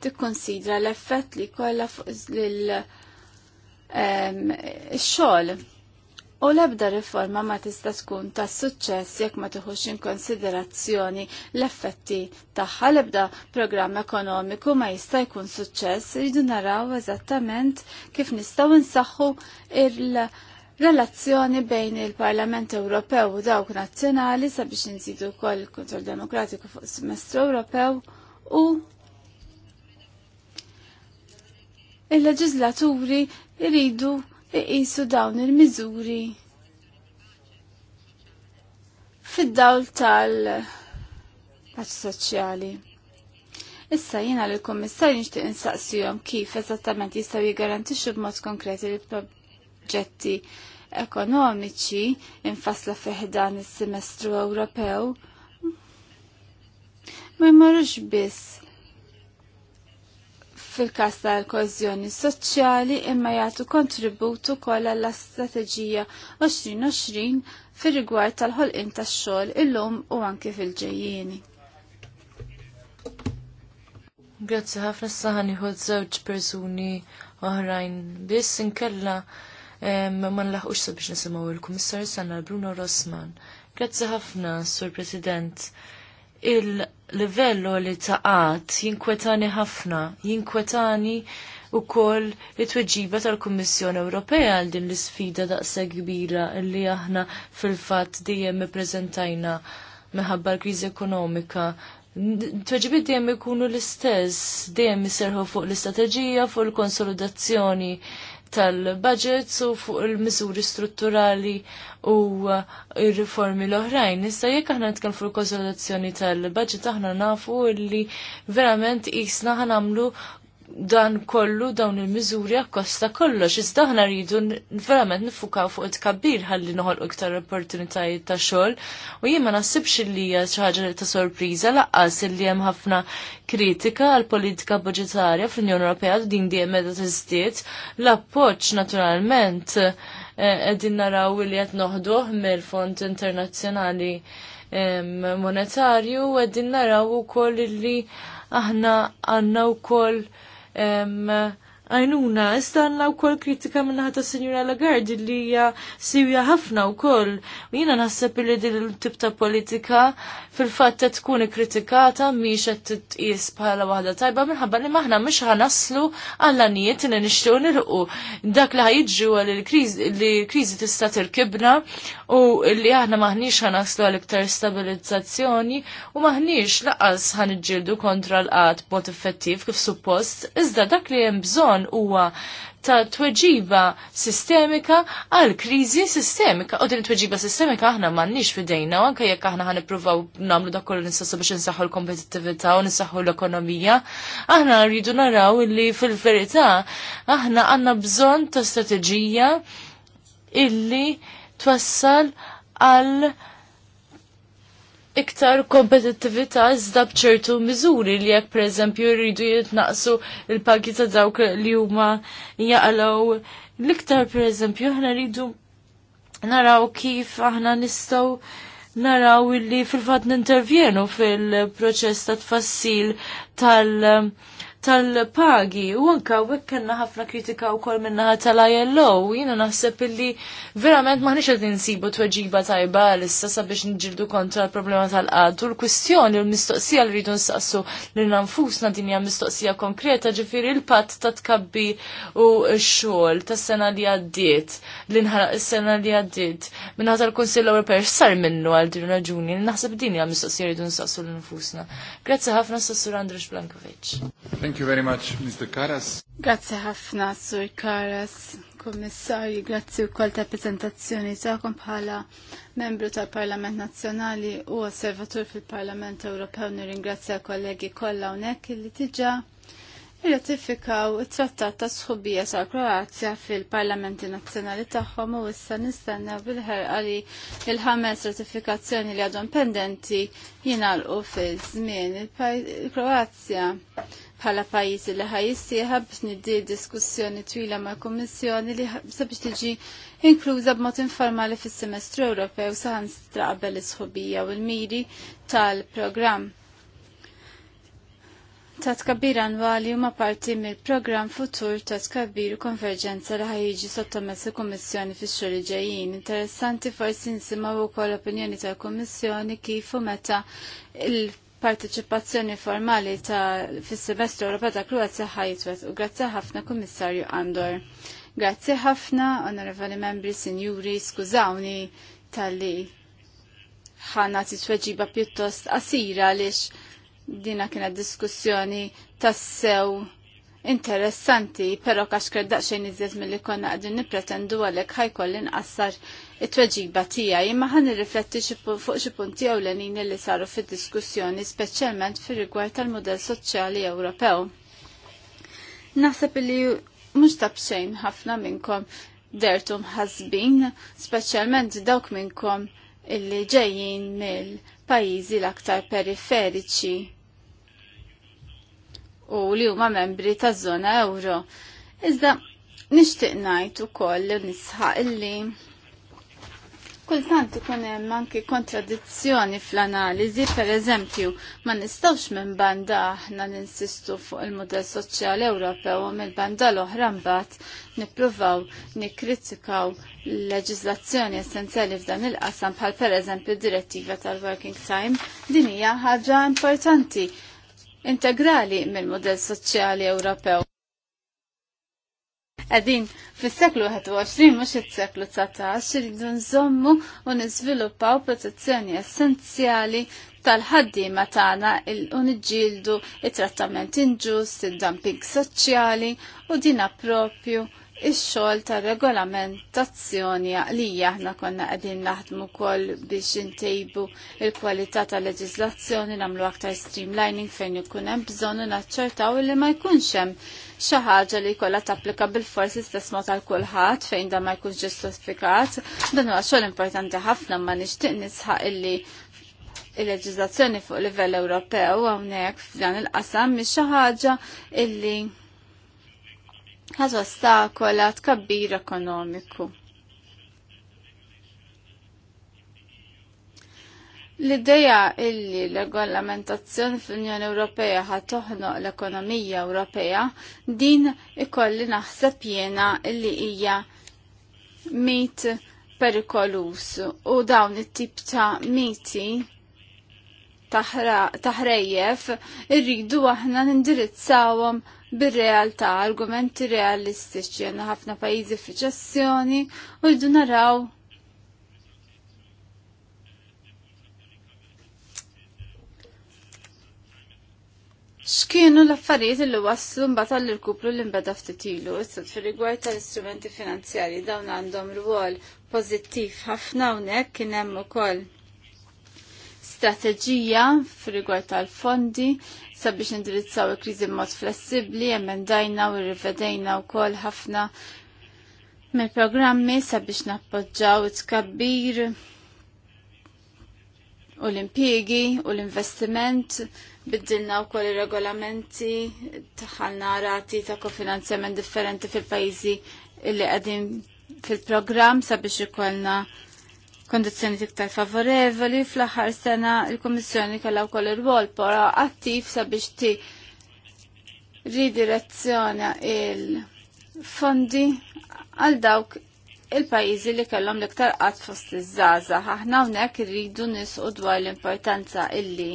tikkonsidra l-effett li kollha fuq lil xogħol. U l-ebda riforma ma tista' tkun ta' suċċess jekk ma tieħux inkonsiderazzjoni l-effetti tagħha l-ebda programm ekonomiku ma jista' jkun suċċess rridu naraw eżattament kif nistgħu nsaħħu il- relazzjoni bejn il-Parlament Ewropew u dawk nazzjonali sabiex insidu wkoll il-kontroll demokratiku fuq semestru Ewropew u il-leġislaturi jridu iqisu dawn il-miżuri fid-dawl tal-paċ soċjali. Issa jiena l-Kummissarju nixtieq insaqsihom kif eżattament jistgħu jiggarantixxu b'mod konkreti li suġġetti ekonomiċi infasla dan is-semestru Ewropew ma jmorrux biss fil-kas tal-kozjoni soċjali imma jagħtu kontributu ukoll għall strategija 2020 fir-rigward tal-ħolqien tax-xogħol illum u anke fil ġejjini Grazzi ħafna saħan iħod żewġ persuni oħrajn biss inkella ma nlaħqux sa biex nisimgħu il kummissarju Sanna Bruno Rossman. Grazzi ħafna, Sur President. Il-livello li taqat jinkwetani ħafna, jinkwetani u koll li tweġiba tal kummissjoni Ewropea għal din l-sfida daqsa kbira li aħna fil-fat dejjem prezentajna meħabba l-kriżi ekonomika. Tweġibi dejjem ikunu l-istess, dejjem iserħu fuq l-istrateġija, fuq l-konsolidazzjoni tal budgets u fuq il-miżuri strutturali u uh, il-riformi l-oħrajn. Issa jekk aħna nitkellmu fuq il-konsolidazzjoni tal-budget aħna nafu li verament qisna ħanamlu dan kollu dawn il-miżuri akkosta kollox. Iżda aħna rridu verament nifukaw fuq it-kabbir ħalli noħolqu iktar opportunitajiet ta' xogħol u jien ma naħsibx li hija xi ħaġa ta' sorpriża laqqas illi hemm ħafna kritika għal politika budġetarja fl-Unjoni Ewropea din dejjem meta tiżdied l-appoġġ naturalment eh, qegħdin naraw li qed noħduh mill-Fond Internazzjonali Monetarju u qegħdin naraw ukoll li aħna għandna wkoll għajnuna, istanna u kol kritika minnaħat ta' Signora Lagarde li hija siwja ħafna u koll. Jina naħseb li dil il-tip ta' politika fil-fatt qed tkun ikkritikata mhix qed titqies bħala waħda tajba minħabba li maħna mhux ħanaslu għal nijiet li nixtiequ nilqu. Dak li ħajġu għal il-kriżi tista' tirkibna u li aħna maħniex ħanaslu għal iktar stabilizzazzjoni u maħniex laqas ħaniġġieldu kontra l-qatt b'mod effettiv kif suppost, iżda dak li hemm bżonn huwa ta' tweġiba sistemika għal kriżi sistemika. U din tweġiba sistemika aħna m'għandniex fidejna u anke jekk aħna ħanippruvaw nagħmlu dak kollu nistgħu biex insaħħu l-kompetittività u nisaħħu l-ekonomija, aħna rridu naraw li fil-verità aħna għandna bżonn ta' strateġija illi twassal għal iktar kompetittività iżda bċertu miżuri li jekk pereżempju jridu jitnaqsu il-pagi ta' dawk li huma jaqalgħu. l-iktar pereżempju aħna rridu naraw kif aħna nistgħu naraw illi fil-fatt nintervjenu fil-proċess ta' tfassil tal- tal-pagi u anka wek kanna ħafna kritika u kol minnaħa tal-ILO u jina naħseb illi verament maħniċ għed nsibu tweġiba tajba l-issa sabiex nġildu kontra l-problema tal u l-kwistjoni l-mistoqsija li rridu nsaqsu li nanfusna dinja mistoqsija konkreta ġifiri l-pat ta' tkabbi u xol ta' sena li għaddiet l-inħaraq sena li għaddiet minnaħa tal-Konsil Ewropew sar minnu għal din raġuni naħseb dinja mistoqsija rridu nsaqsu l-nfusna. Grazzi ħafna s sassur Andrzej Blankovic. Thank you very much, Mr. Karas. Grazie ħafna, Sur Karas, Kommissarju, grazie u kol ta' prezentazzjoni ta'kom bħala membru tal-Parlament Nazzjonali u osservatur fil-Parlament Ewropew nirringrazzja kollegi kollha hawnhekk li tiġa' irratifikaw it-trattat ta' sħubija sa' Kroazja fil-parlamenti nazzjonali tagħhom u issa nistennew bil-ħerqa li il-ħames ratifikazzjoni li għadhom pendenti jingħalqu fi żmien. Il-Kroazja bħala pajjiżi li ħajjissieħab biex niddi diskussjoni twila mal kummissjoni li sabiex tiġi inkluża b'mod informali fis-semestru Ewropew saħan qabel is-sħubija u l-miri tal-programm ta' tkabbir annwali huma parti mill-programm futur ta' tkabbir konverġenza li ħajjiġi sottomess il-Kummissjoni fix-xhur ġejjin. Interessanti forsi nsimgħu wkoll opinjoni tal-Kummissjoni kif u meta il parteċipazzjoni formali ta' fis-semestru Ewropa ta' Kroazja ħajtwet u grazzi ħafna Kummissarju Andor. Grazzi ħafna, onorevoli membri, sinjuri, skużawni tal-li ħana tweġiba pjuttost qasira għaliex Dina kienet diskussjoni tassew interessanti, pero kax kreddaq xejn iżjed mill-li konna għadin nipretendu għalek ħajkoll inqassar it-tweġiba tija, imma ħan nirrifletti fuq xi punti ewlenin li saru fid-diskussjoni, speċjalment fir-rigward tal-modell soċjali Ewropew. Naħseb li mhux tabxejn ħafna minnkom dertum ħasbin, speċjalment dawk minnkom illi ġejjin mill-pajjiżi l-aktar periferiċi u li huma membri taż-żona euro. Iżda nixtieq ngħid ukoll li nisħaq illi Kultant ikun hemm anki kontradizzjoni fl-analiżi, pereżempju, ma nistgħux minn banda aħna ninsistu fuq il-mudell soċjali Ewropew u mill banda l-oħra mbagħad nippruvaw nikkritikaw l-leġiżlazzjoni essenzjali f'dan il-qasam bħal pereżempju d-direttiva tal-working time. Din hija ħaġa importanti integrali mill model soċjali Ewropew. Għadin, fil-seklu 21, mux il-seklu 19, rridu nżommu u nizviluppaw protezzjoni essenzjali tal-ħaddima tagħna u niġġieldu it-trattament inġust, id-dumping soċjali u dina propju Ix-xogħol tar regolamentazzjoni għalija aħna konna qegħdin naħdmu wkoll biex intejbu il-kwalità tal leġiżlazzjoni nagħmlu aktar streamlining fejn ikun hemm bżonn u naċċertaw li ma jkunx hemm xi ħaġa li jkollha tapplika bil-forsi stess mod għal kulħadd fejn dan ma jkunx ġustifikat. Dan huwa xogħol importanti ħafna ma nixtieq nisħaq illi il-leġiżlazzjoni fuq livell Ewropew hawnhekk f'dan il-qasam mhix xi ħaġa illi ħat ostakola tkabbir ekonomiku. L-ideja illi l-regolamentazzjoni fl-Unjoni Ewropea ħat toħnoq l-ekonomija Ewropea din ikolli naħseb jiena illi hija mit perikolus u dawn it-tip ta' miti taħrejjef irridu aħna nindirizzawhom bir-realtà, argumenti realistiċi, għanna ħafna pajizi f'iċessjoni u jiddu naraw X'kienu l-affarijiet li waslu mbagħad għall irkuplu li nbeda ftitilu ilu, issa fir tal-istrumenti finanzjarji dawn għandhom rwol pożittiv ħafna hawnhekk kien hemm ukoll strateġija fil tal-fondi sabiex indirizzaw il-kriżi b'mod flessibbli, emendajna u u wkoll ħafna mill-programmi sabiex nappoġġaw it-kabbir u l-impiegi u l-investiment biddilna u kol regolamenti taħalna rati ta' kofinanzjament differenti fil pajzi illi għadin fil-program sabiex ikollna kondizjoni iktar favorevoli fl-aħħar sena il-Kummissjoni kellha wkoll ir-rwol però attiv sabiex ti ridirezzjona il-fondi għal dawk il-pajizi li kellhom l-iktar qatt fost iż-żaża. Aħna hawnhekk irridu nisqu dwar l-importanza illi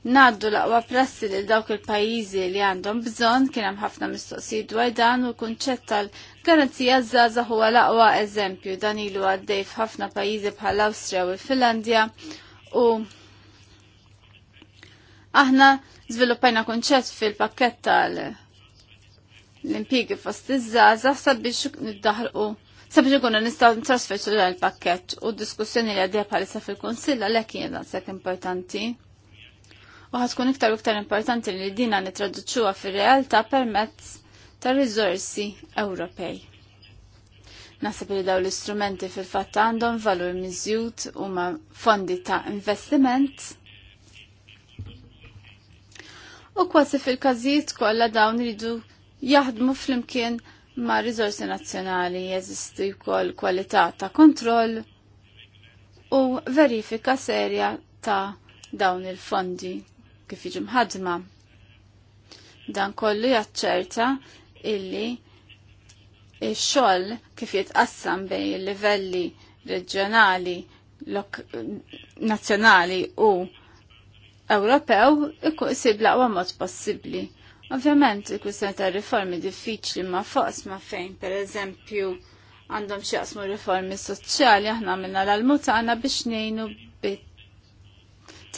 Naddu laqwa prassi lil dawk il-pajizi li għandhom bżonn kien hemm ħafna mistoqsijiet dwar dan u l-kunċett tal- Garanzija żgħażagħ huwa laqwa eżempju dan ilu għaddej f'ħafna pajjiżi bħal Awstrija u l-Finlandja u aħna żviluppajna kunċett fil-pakkett tal l-impjiegi fost iż-żgħażagħ sabiex niddaħrqu sabiex ikunu nistgħu ntrasfertu dan il-pakkett u d-diskussjoni li għaddej bħalissa fil-Kunsilla lekin jien daqshekk importanti u ħatkun iktar u iktar importanti li dina nitraduċuha fir-realtà permezz ta' rizorsi Ewropej. Nasib li daw l-istrumenti fil-fatt għandhom valur miżjut u ma' fondi ta' investiment. U kważi fil-każijiet kollha dawn ridu jaħdmu flimkien ma' rizorsi nazzjonali jeżisti wkoll kwalità ta' kontroll u verifika serja ta' dawn il-fondi kif jiġu mħadma dan kollu jaċċerta illi il-xol kif jitqassam bej il-livelli reġjonali, nazzjonali u Ewropew ikuqsib laqwa mod possibbli. Ovvjament, il-kwistjoni ta' riformi diffiċli ma' foqs ma' fejn, per eżempju, għandhom xieqsmu riformi soċjali, aħna minna l almuta għanna biex nejnu bit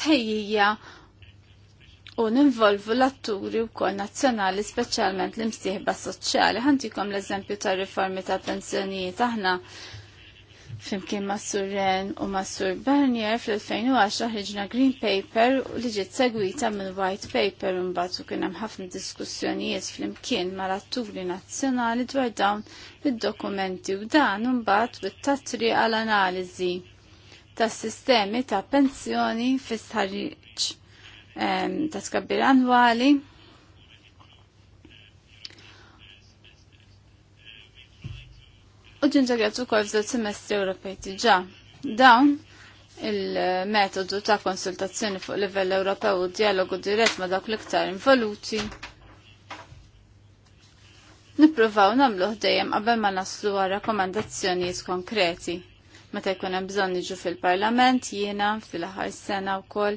tħejjija u ninvolvu l-atturi u kol nazzjonali specialment l-imsieħba soċjali. Għantikom l-eżempju ta' riformi ta' pensjonijiet aħna fimkien Massur Ren u Massur Sur Barnier fl-2010 ħriġna Green Paper u li ġiet segwita minn White Paper imbagħad u kien hemm ħafna diskussjonijiet flimkien ma' l-atturi nazzjonali dwar dawn id-dokumenti u dan imbagħad bit-tatri għal analiżi tas sistemi ta' pensjoni fis-ħarri ta' tkabbir annwali. U ġinġagħat u kol f'żewġ semestri Ewropej diġà. Dawn il-metodu ta' konsultazzjoni fuq livell Ewropew u dialogu dirett ma' dawk l-iktar involuti. Nippruvaw namlu ħdejjem qabel ma naslu għal rakkomandazzjonijiet konkreti. Meta jkun hemm bżonn niġu fil-Parlament jiena fil-aħħar sena wkoll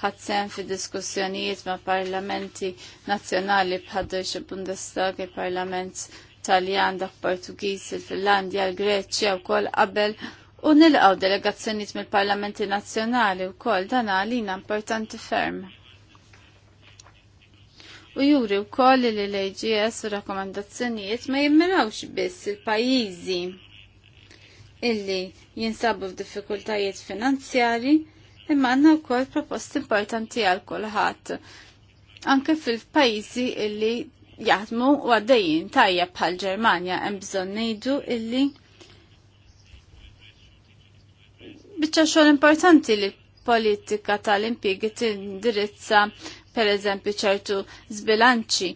ħadsem fi diskussjonijiet ma' parlamenti nazzjonali bħad il Bundestag, il-Parlament Taljan, dak Portugiż, il-Finlandja, il-Greċja u kol qabel u nilqaw delegazzjoniet mill-Parlamenti Nazzjonali u kol dan għalina importanti ferm. U juri u kol li l igs u rakomandazzjonijiet ma jimmirawx biss il-pajizi illi jinsabu f'diffikultajiet finanzjari imma għandna wkoll proposti importanti għal kulħadd. Anke fil-pajjiżi illi jaħdmu u għaddejin tajja bħal Ġermanja hemm bżonn ngħidu illi biċċa xogħol importanti li politika tal-impjiegi tindirizza per eżempju ċertu zbilanċi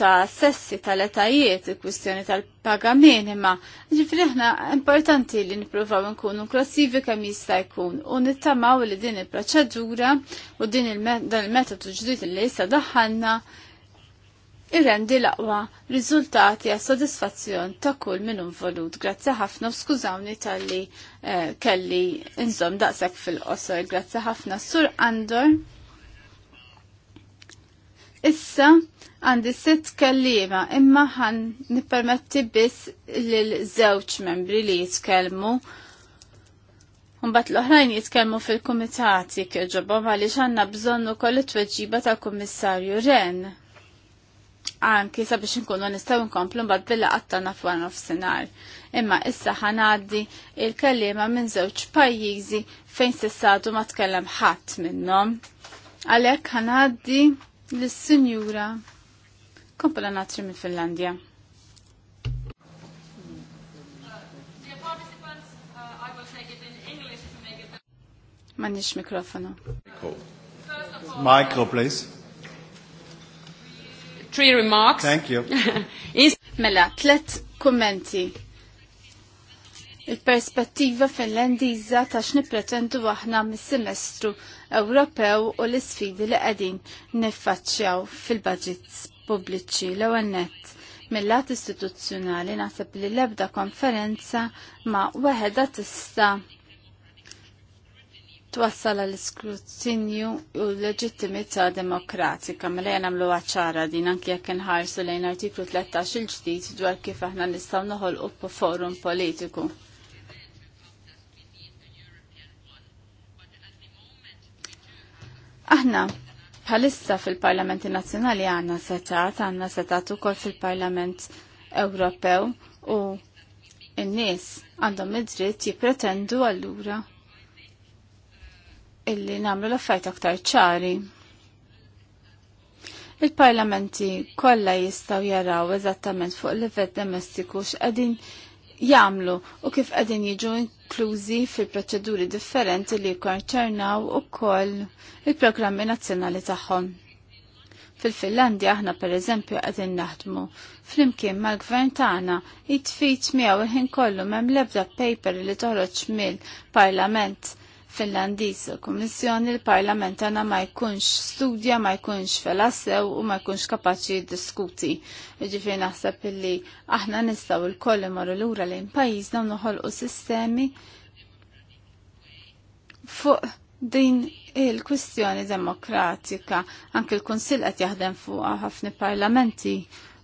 ta' sessi tal-etajiet, kwistjoni tal-paga minima. Ġifri ħna importanti li nipruvaw nkunu klassivi kemm jista' jkun u nittamaw li din il-proċedura u din il-metodu ġdid li jista' daħħalna irrendi l-aqwa riżultati għas sodisfazzjon ta' kull minn involut. Grazzi ħafna u skużawni tal-li eh, kelli inżom daqsek fil-qosor. Grazzi ħafna sur Andor. Issa, Għandi sitt kellima imma ħan nippermetti biss lil żewġ membri li jitkellmu. Umbat l-oħrajn jitkellmu fil-kumitati kieġobhom għaliex għandna bżonn ukoll it-tweġiba tal-Kummissarju Ren. Anki sabiex nkunu nistgħu nkomplu mbagħad billa qattana f'wan nofsinhar. Imma issa ħanaddi il-kellima minn żewġ pajjiżi fejn sissadu ma tkellem ħadd minnhom. Għalhekk ħanaddi lis-Sinjura Kompola natri min Finlandja. Manish mikrofonu. Micro, please. Three remarks. Thank you. mela, tlet kummenti. Il-perspettiva finlandiża ta' x'nippretendu aħna mis-semestru Ewropew u l-isfidi li qegħdin niffaċċjaw fil-budgets pubbliċi l net mill-lat istituzzjonali naħseb li l-ebda konferenza ma weħeda tista twassal l iskrutinju u l-leġittimità demokratika mela jena mlu ċara din anki jekk inħarsu lejn artiklu 13 il-ġdid dwar kif aħna nistgħu noħolqu forum politiku. Aħna Bħalissa fil-Parlamenti Nazzjonali għanna setat, għanna setat ukoll fil-Parlament Ewropew u n-nies għandhom id-dritt jipretendu allura illi namlu l-affajt aktar ċari. Il-parlamenti kollha jistgħu jaraw eżattament fuq livell domestiku x'qegħdin jamlu u kif għadin jiġu inklużi fil-proċeduri differenti li konċernaw u koll il-programmi nazzjonali tagħhom. Fil-Finlandja aħna per eżempju għadin naħdmu fl-imkien mal-gvern tagħna jitfit miegħu il-ħin kollu mem l-ebda paper li toħroġ mill-Parlament Finlandis u kummissjoni l-Parlament għana ma jkunx studja, ma jkunx felassew u ma jkunx kapaċi diskuti. Ġifiri naħseb illi aħna nistaw il-koll marru l-ura lejn pajizna u noħolqu sistemi fuq din il-kwistjoni demokratika. Anke l-Kunsill qed jaħdem fuq ħafna parlamenti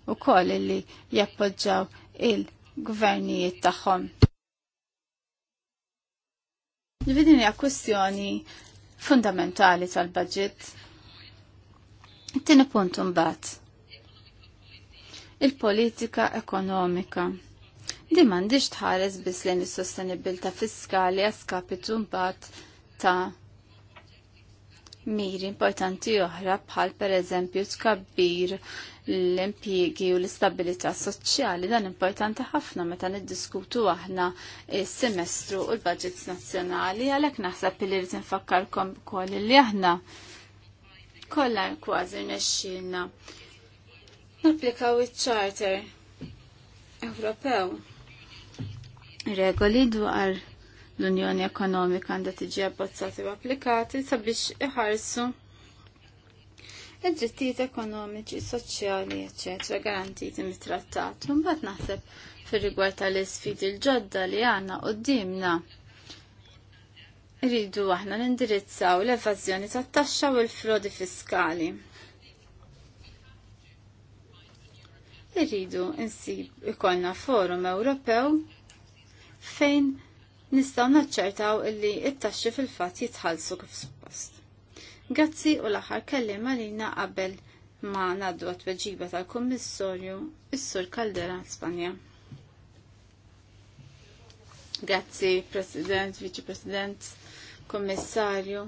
u koll illi jappoġġaw il-gvernijiet tagħhom. Dividini hija kwestjoni fundamentali tal-budget. Tieni punt bat. Il-politika ekonomika. Di m'għandix tħares biss lejn is-sostenibilità fiskali għaskapitu mbagħad ta' miri importanti oħra bħal pereżempju tkabbir l-impjiegi u l-istabilità soċjali dan importanti ħafna meta niddiskutu aħna s-semestru u l-budgets nazzjonali għalhekk naħseb li rid infakkarkom ukoll li aħna kollha kważi nexxilna napplikaw iċ-charter Ewropew regoli dwar l-Unjoni Ekonomika għandha tiġi abbozzati u applikati sabiex iħarsu id-drittijiet ekonomiċi, soċjali, ecc. garantiti mit-trattat. Mbagħad naħseb fir-rigward tal-isfidi l-ġodda li għandna qudiemna. Rridu aħna nindirizzaw l-evażjoni tat-taxxa u l-frodi fiskali. Irridu insib ikollna forum Ewropew fejn nistgħu naċċertaw illi t taxxi fil-fatt jitħallsu kif Gazzi u l-aħħar kellim għalina qabel ma naddu għat-tweġiba tal-Kommissorju is-Sur Caldera Spanja. Grazzi, President, Vice President, Kommissarju.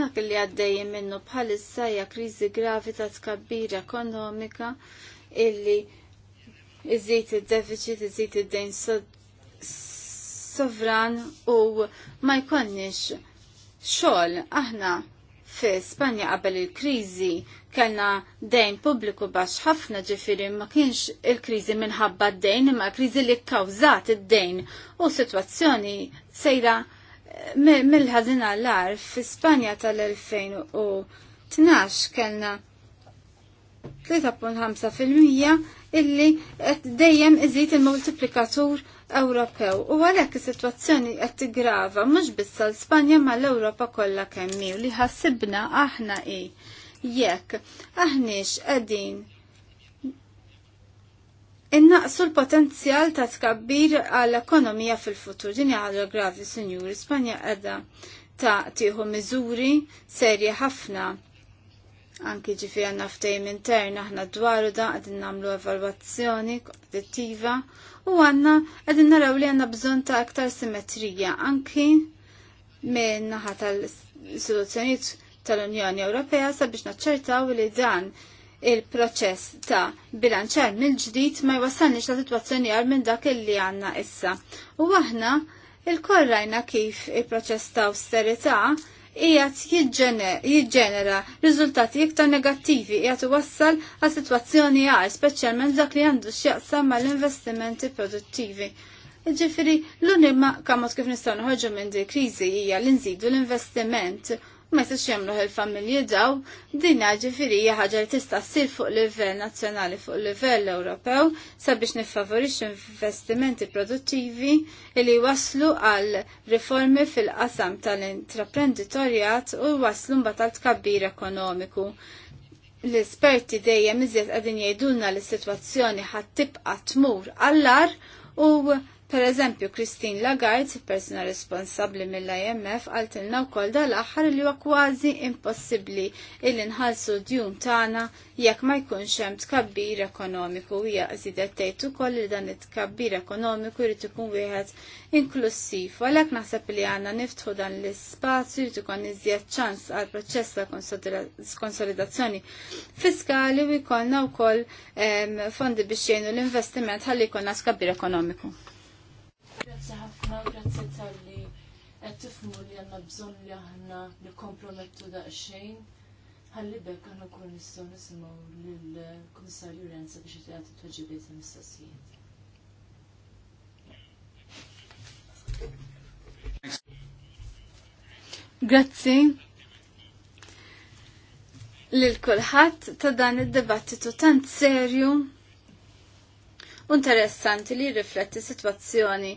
Dak li għaddejjem minnu bħalissa hija kriżi gravi ta' tkabbir ekonomika illi iżid id-deficit, iżid id-dejn sovran u ma jkollniex xogħol aħna fi Spanja qabel il-kriżi kellna dejn pubbliku baxx ħafna ġifiri ma kienx il-kriżi minħabba d-dejn imma kriżi li kkawżat id-dejn u situazzjoni sejra eh, mill-ħażina l-ar fi Spanja tal-2012 kellna 3.5% illi dejjem iżid il-multiplikatur Ewropew u għalhekk is-sitwazzjoni qed tigrava mhux biss l-Spanja ma l-Ewropa kollha kemm u li ħassibna aħna i jekk aħniex qegħdin innaqsu l-potenzjal ta' tkabbir għall-ekonomija fil-futur. Din ħaġa gravi, sinjuri Spanja qiegħda ta' tieħu miżuri serji ħafna anki ġifi għanna ftejm intern aħna dwaru da' għadin namlu evalwazzjoni kompetittiva u għanna għedin naraw li għanna bżon ta' aktar simetrija anki minn naħa tal-istituzzjoniet tal-Unjoni Ewropea sabiex naċċertaw li dan il-proċess ta' bilanċar mill-ġdid ma jwassalniex ta' situazzjoni għal minn dak li għanna issa. U aħna il-korrajna kif il-proċess ta' austerita' ijat jiġġenera riżultati iktar negattivi u iwassal għal sitwazzjoni għar, speċjalment dak li għandu x'jaqsam mal-investimenti produttivi. Ġifiri, l unima kamot kif nistgħu nħoġu minn di kriżi hija li nżidu l-investiment ma jistax jemluħ il-familji daw, din ġifieri hija ħaġa li tista' ssir fuq livell nazzjonali fuq livell Ewropew sabiex niffavorixxu investimenti produttivi li waslu għal riformi fil-qasam tal-intraprenditorjat u waslu mbagħad tkabbir ekonomiku. L-esperti dejjem iżjed qegħdin jgħidulna li s-sitwazzjoni ħadd tibqa' tmur għallar u Per eżempju, Christine Lagarde, persuna responsabli mill-IMF, għaltilna u koll dal aħħar li huwa kważi impossibli il d djum tagħna jekk ma jkunx hemm tkabbir ekonomiku hija żidet tgħid ukoll li dan it-tkabbir ekonomiku jrid ikun wieħed inklusiv. Għalhekk naħseb li għandna niftħu dan l-ispazju jrid ikun iżjed ċans għal proċess ta' konsolidazzjoni fiskali u jkollna wkoll ehm, fondi biex jgħinu l-investiment ħalli jkollna tkabbir ekonomiku. Grazzi ħafna, grazzi tal-li qed tifhmu li għandna bżonn li aħna da' xejn Ħalli bekk għanna kun nistaw nisimgħu lill-Kummissarju Renza biex t tweġibiet mistoqsijiet. Grazzi lil kulħadd ta' dan id-dibattitu tant serju interessanti li rifletti situazzjoni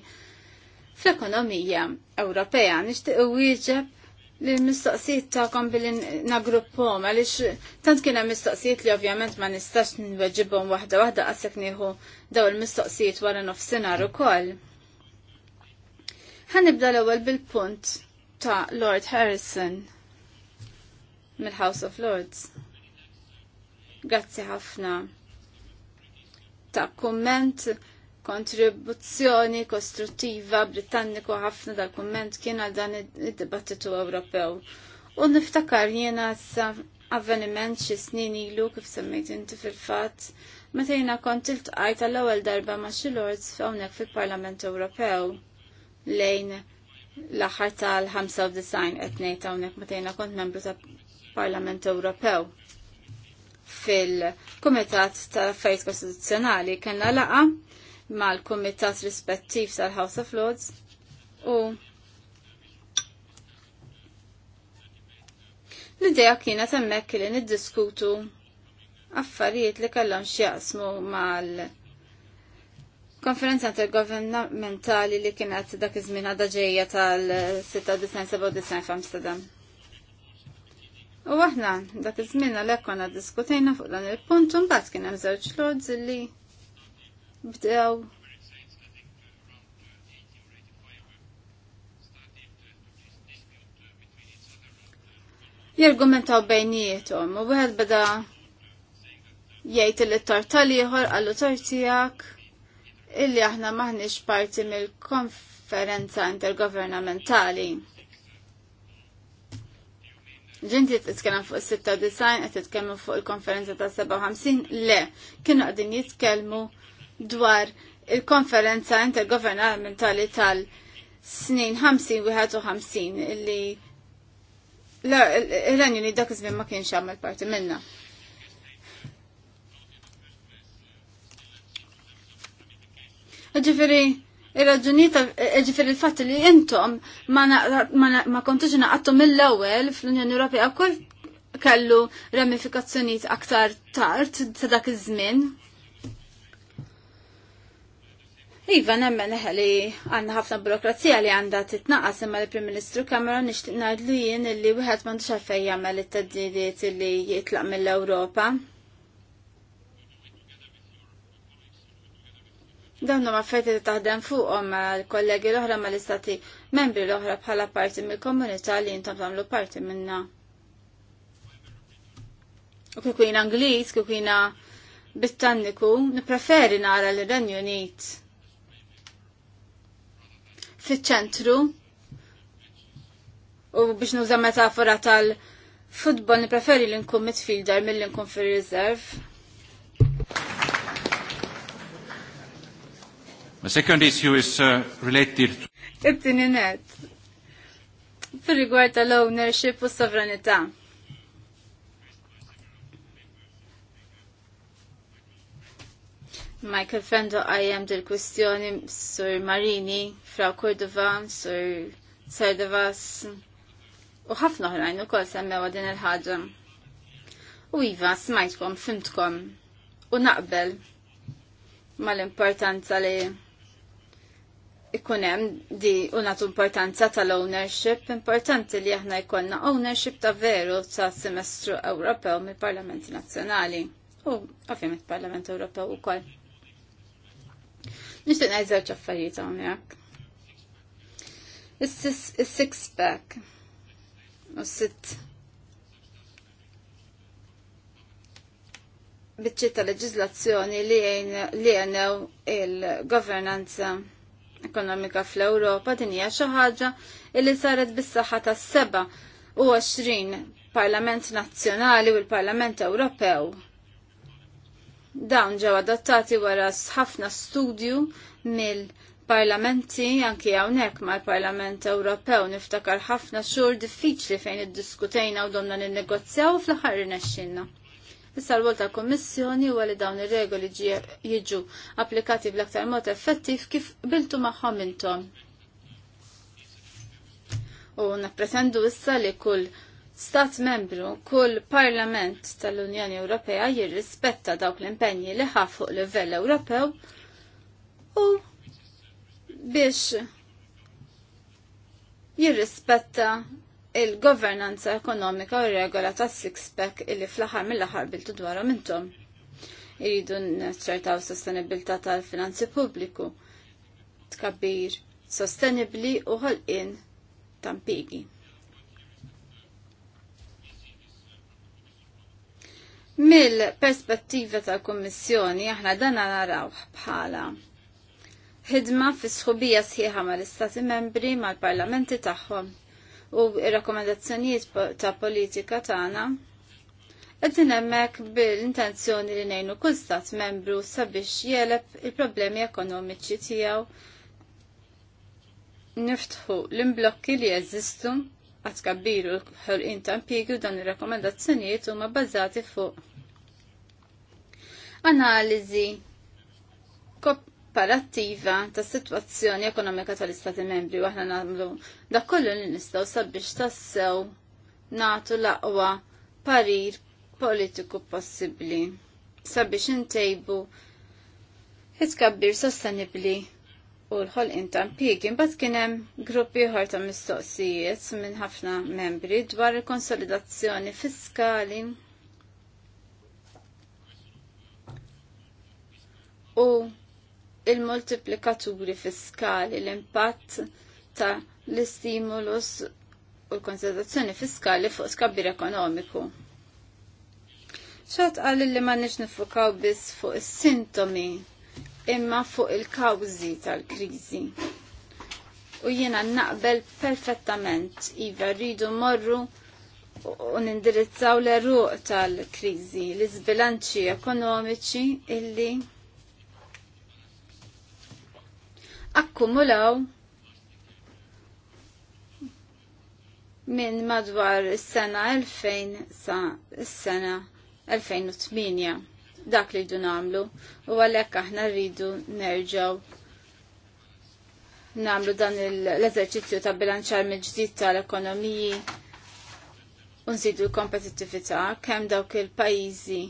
fl-ekonomija Ewropea. Nixtieq wieġeb li l-mistoqsijiet tagħkom billi nagruppom għaliex tant kien hemm mistoqsijiet li ovvjament ma nistax nweġibhom waħda waħda qassek nieħu daw il-mistoqsijiet wara nofsinhar ukoll. nibda l-ewwel bil-punt ta' Lord Harrison mill-House of Lords. Grazzi ħafna ta' komment kontribuzzjoni kostruttiva Britanniku ħafna dal komment kien għal dan id-dibattitu Ewropew. U niftakar jiena sa avveniment xi snin ilu kif semmejt inti fil-fatt meta jiena kont iltqaj tal-ewwel darba ma' xi lords f'hawnhekk fil-Parlament Ewropew lejn l-aħħar tal-95 qed ngħid hawnhekk meta jiena kont membru ta' Parlament Ewropew fil-Kumitat tal-Affarijiet Kostituzzjonali kellna laqa mal-Kumitat rispettiv tal-House of Lords u l-idea kienet hemmhekk li niddiskutu affarijiet li kellhom x'jaqsmu mal konferenza intergovernamentali li kienet dak iż-żmien għadha ġejja tal-96 f'Amsterdam. U aħna dak iż-żmien għalhekk konna diskutejna fuq dan il-punt u mbagħad kien hemm żewġ lords li bdew jargumentaw bejnietom u wieħed beda jgħid li t-tort tal-ieħor għallu tortijak illi aħna maħniex parti mill-konferenza intergovernamentali. Ġinti t-tkellem fuq 96, design t titkellmu fuq il-konferenza ta' 57, le, kienu għadin jitkellmu dwar il-konferenza intergovernamentali tal-snin 50-51 illi l li. dak iżmin ma kienx il parti minna. Ġifiri, Ir-raġuni ta' e, ġifir il-fatt li intom ma kontux naqattu mill-ewwel fl-Unjoni Ewropea wkoll kellu ramifikazzjonijiet aktar tard ta' dak iż-żmien. Iva, nemmen eħe li għanna ħafna burokrazija li għanda titnaqas imma li Prim-Ministru Cameron nixtieq najdlu jien li wieħed m'għandux għalfejn jagħmel it-teddidiet li jitlaq mill-Ewropa. Dawn ma fejti li taħdem fuqhom l kollegi l-oħra mal-istati membri l-oħra bħala parti mill-komunità li jintom tagħmlu parti minna. U kif Anglis, Angliż, Bittanniku, nipreferi nippreferi nara l renju Unit fiċ-ċentru u biex nuża metafora tal-futbol nippreferi li nkun midfielder mill inkum nkun fir-reserve. The second issue is uh, related to... Ibtini net. Fil-rigward tal-ownership u sovranità. Michael Fendo għajem del kwistjoni sur Marini, Fra Cordova, sur Sardavas u ħafna oħrajn ukoll semmewa din il-ħaġa. U iva, smajtkom, fimtkom u naqbel mal-importanza li ikunem di unat importanza tal-ownership, importanti li aħna jkonna ownership ta' veru ta' semestru Ewropew mill parlamenti nazzjonali u ovvijament parlament Ewropew u koll. Nishtiq najżewġ affarijiet hawnhekk. Is-six pack u sitt biċċiet ta' leġiżlazzjoni li għenew il-governanza il il governanza ekonomika fl-Ewropa din hija xi ħaġa li saret bis-saħħa tas-seba' u Parlament Nazzjonali u l-Parlament Ewropew. Dawn ġew adottati wara ħafna studju mill-parlamenti anki hawnhekk mal-Parlament Ewropew niftakar ħafna xhur diffiċli fejn iddiskutejna u domna ninnegozjaw fl-aħħar irnexxinna. Issa l-wol ta' kommissjoni huwa li dawn ir-regoli jiġu applikati bl-aktar mod effettiv kif biltu maħħom intom. U napprezendu issa li kull stat membru, kull parlament tal-Unjoni Ewropea jirrispetta dawk l impegni li ħaf fuq livell Ewropew u biex jirrispetta il-governanza ekonomika u regola ta' six-pack illi fl-aħħar mill ħar biltu dwarhom mintom. Iridu naċċertaw sostenibilità tal-finanzi pubbliku, tkabbir sostenibli u ħolqien tampigi. Mill-perspettiva tal-Kommissjoni aħna dana naraw bħala ħidma fi sħubija sħiħa mal-Istati membri mal-parlamenti tagħhom u r-rakkomandazzjonijiet ta' politika tagħna. Għeddin emmek bil-intenzjoni li nejnu kustat membru sabiex jeleb il-problemi ekonomiċi tijaw niftħu l-imblokki li jazzistu għat kabbiru l-ħolqin ta' impjegi dan il-rekomendazzjonijiet ma bazzati fuq analizi kop komparattiva tas sitwazzjoni ekonomika tal-Istati membri u aħna nagħmlu dak kollu li nistgħu sabiex tassew nagħtu l-aqwa parir politiku possibbli sabiex intejbu jitkabbir sostenibli u l ħol ta' impjiegi. bat kien hemm gruppi ieħor ta' mistoqsijiet minn ħafna membri dwar il-konsolidazzjoni fiskali u il-multiplikaturi fiskali, l-impatt ta' l-istimulus u l-konservazzjoni fiskali fuq skabbir ekonomiku. ċat għalli li ma nix nifukaw bis fuq is-sintomi imma fuq il-kawzi tal-krizi. U jiena naqbel perfettament, iva rridu morru u nindirizzaw l-eruq tal-krizi, l-izbilanċi ekonomiċi illi akkumulaw minn madwar is-sena 2000 sa s sena 2008 dak li jdu namlu u għalek aħna rridu nerġgħu namlu dan l-eżerċizzju ta' bilanċar mill-ġdid tal-ekonomiji u nżidu l-kompetittività kemm dawk il-pajjiżi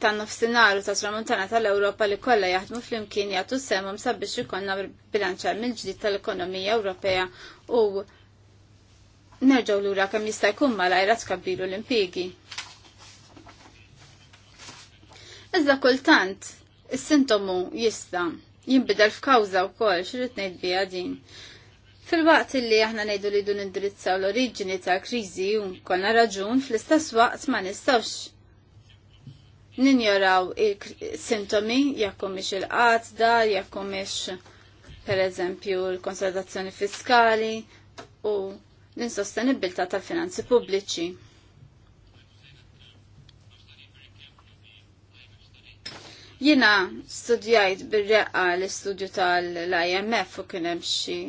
ta' nofsinaru ta' tramontana tal-Ewropa li kollha jaħdmu fl-imkien jagħtu semhom sabiex ikollna bilanċar mill-ġdid tal-ekonomija Ewropea u nerġgħu lura kemm jista' jkun malajra tkabbilu l impigi Iżda kultant is-sintomu jista' jinbidel f'kawża wkoll x'rid ngħid biha din. Fil-waqt li aħna ngħidu li dun indirizzaw l-oriġini tal-kriżi u konna raġun fl-istess waqt ma nistawx ninjoraw il-sintomi, jekkom ix il-qazda, jekkom ix per eżempju l-konsolidazzjoni fiskali u l-insostenibilità tal-finanzi pubbliċi. Jina studjajt bil-reqqa l-istudju tal-IMF u kienem xie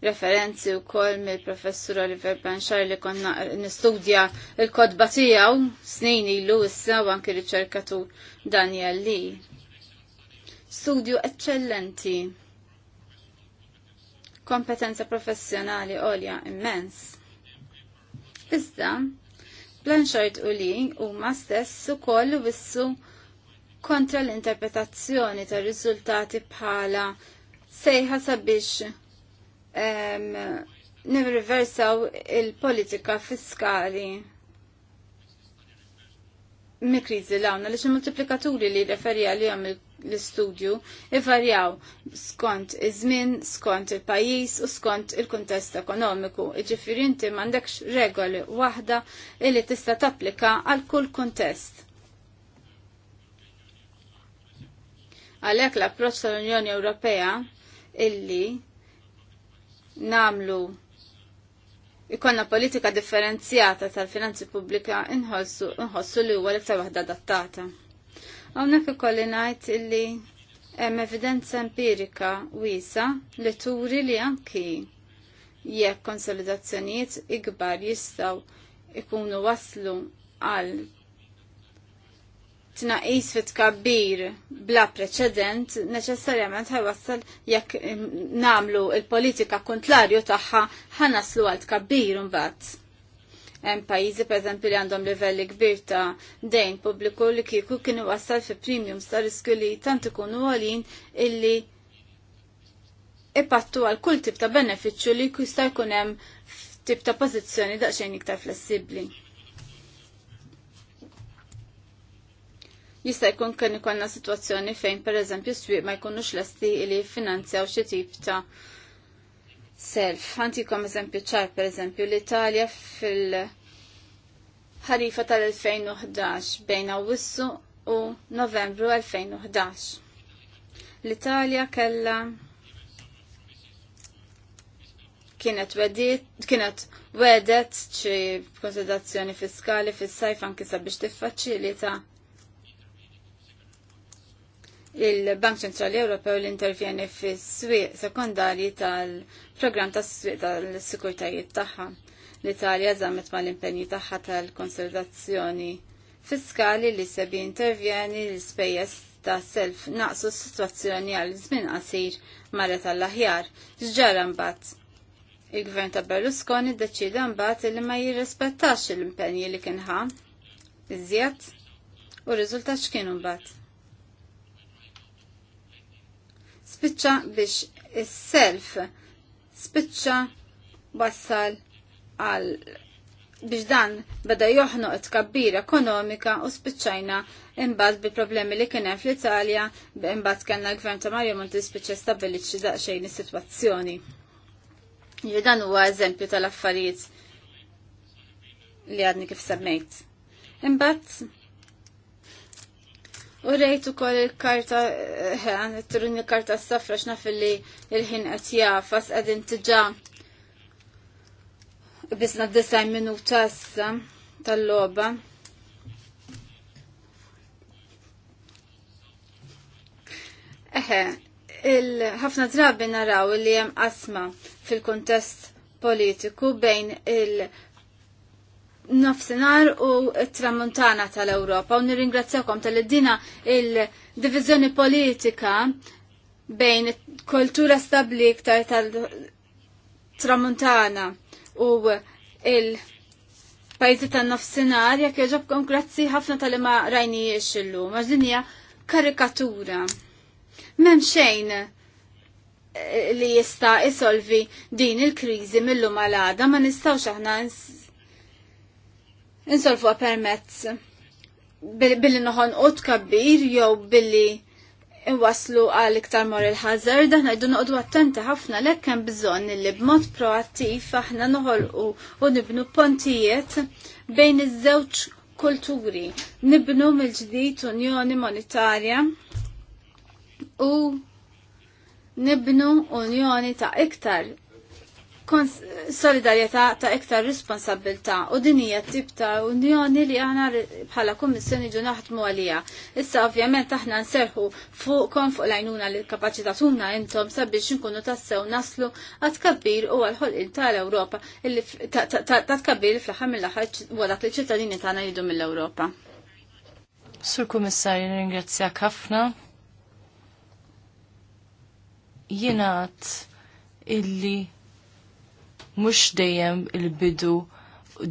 referenzi u koll mill professur Oliver Banxar li konna nistudja il-kodba tijaw snin ilu issa u anki riċerkatu Daniel Lee. Studju eccellenti, kompetenza professjonali olja immens. Iżda, Blanchard u li huma stess ukoll wissu kontra l-interpretazzjoni tar riżultati bħala sejħa sabiex nirriversaw il-politika fiskali mikrizi l-għawna li multiplikaturi li referi għal-jom l-istudju ivarjaw skont iż-żmien, skont il-pajjiż u skont il-kuntest ekonomiku. Iġifieri inti m'għandekx regoli waħda li tista' tapplika għal kull kuntest. Għalhekk l-approċċ tal-Unjoni Ewropea illi namlu ikonna politika differenzjata tal-finanzi pubblika inħossu, inħossu li huwa l-iktar waħda adattata. Hawnhekk ikolli ngħid illi hemm evidenza empirika wiesa li turi li anki jekk konsolidazzjonijiet ikbar jistgħu ikunu waslu għal tnaqis fit kabbir bla preċedent neċessarjament ħajwassal jekk namlu il-politika kontlarju tagħha ħanaslu għal tkabbir mbagħad. Hemm pajjiżi pereżempju li għandhom livelli kbir ta' dejn pubbliku li kieku kienu wassal fi premium star risku li tant ikunu għalin illi ipattu għal kull tip ta' benefiċċju li jista' jkun hemm tip ta' pożizzjoni daqsxejn iktar flessibbli. Jista' jkun kien ikollna sitwazzjoni fejn pereżempju swieq ma jkunux lesti li jiffinanzjaw xi tip ta' self. Ħantikom eżempju ċar pereżempju l-Italja fil- ħarifa tal-2011 bejn Awwissu u Novembru 2011. L-Italja kella kienet wedit, kienet wedet ċi konsultazzjoni fiskali fis-sajf anki sabiex tiffaċilita il-Bank Ċentrali Ewropew li intervjeni fis-swieq sekondarji tal-programm tas-swieq tal-sikurtajiet tagħha. L-Italja żammet mal-impenji tagħha tal konservazzjoni fiskali li sebi intervjeni l-ispejjeż ta' self naqsu s-sitwazzjoni għal żmien qasir mara tal-aħjar. X'ġara mbagħad? Il-gvern ta' Berlusconi ddeċida mbagħad li ma jirrispettax l-impenji li kien ħa iżjed u r-riżultat x'kienu mbagħad spiċċa biex is-self spiċċa wassal għal biex dan beda joħnoq tkabbir ekonomika u spiċċajna imbagħad bi problemi li kien hemm fl-Italja imbagħad kellna l-gvern ta' Mario Monti spiċċa stabbilixxi daqsxejn is-sitwazzjoni. Jiġi dan huwa eżempju tal-affarijiet li għadni kif semmejt. Imbagħad U rejt ukoll il-karta, eh, għan karta s-safra fil li il-ħin qed jafas qegħdin ġa bisna d-design minuta issa tal-logħba. Eħe, ħafna drabi naraw li hemm qasma fil-kuntest politiku bejn il- nofsinar u tramontana tal-Europa u nirringrazzjakom tal-dina il-divizjoni politika bejn kultura stabli iktar tal-tramontana u il-pajzi tal-nofsinar jek joġobkom grazzi ħafna tal-ma rajni jiexillu maġdinja karikatura. Mem xejn eh, li jista' isolvi din il-kriżi mill-lum għal ma nistgħux aħna insolfu permezz billi noħon ut tkabbir jew billi waslu għal iktar moral hazard, daħna jdu noqdu attenti ħafna lek hemm bżonn li b'mod proattiv aħna noħolqu u nibnu pontijiet bejn iż-żewġ kulturi, nibnu mill-ġdid unjoni monetarja u nibnu unjoni ta' iktar solidarieta ta' iktar responsabilta u dinija tip ta' unjoni li għana bħala kommissjoni ġu naħdmu għalija. Issa ovvjament aħna nserħu kon fuq lajnuna li kapacitatuna intom sabiex nkunu tassew naslu għat kabbir u għal l europa ta' tkabbir fl-ħam mill-ħar wadak li ċittadini tagħna jidu mill-Europa. Sur Kummissarju, ringrazzjak ħafna. għat illi mhux dejjem il-bidu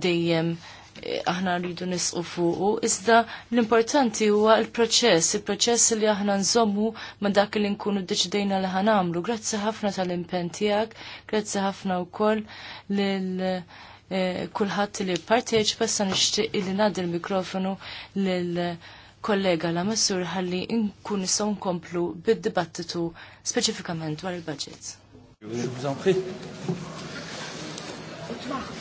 dejjem eh, aħna rridu nisqu fuqu, iżda l-importanti huwa l-proċess, il-proċess li aħna nżommu ma dak li nkunu deċidejna li ħanamlu. Grazzi ħafna tal-impen tiegħek, grazzi ħafna wkoll lil eh, kulħadd li parteċipa sa nixtieq li ngħaddi l-mikrofonu lil kollega la Massur ħalli nkun nistgħu nkomplu bid-dibattitu speċifikament dwar il-budget magħhom.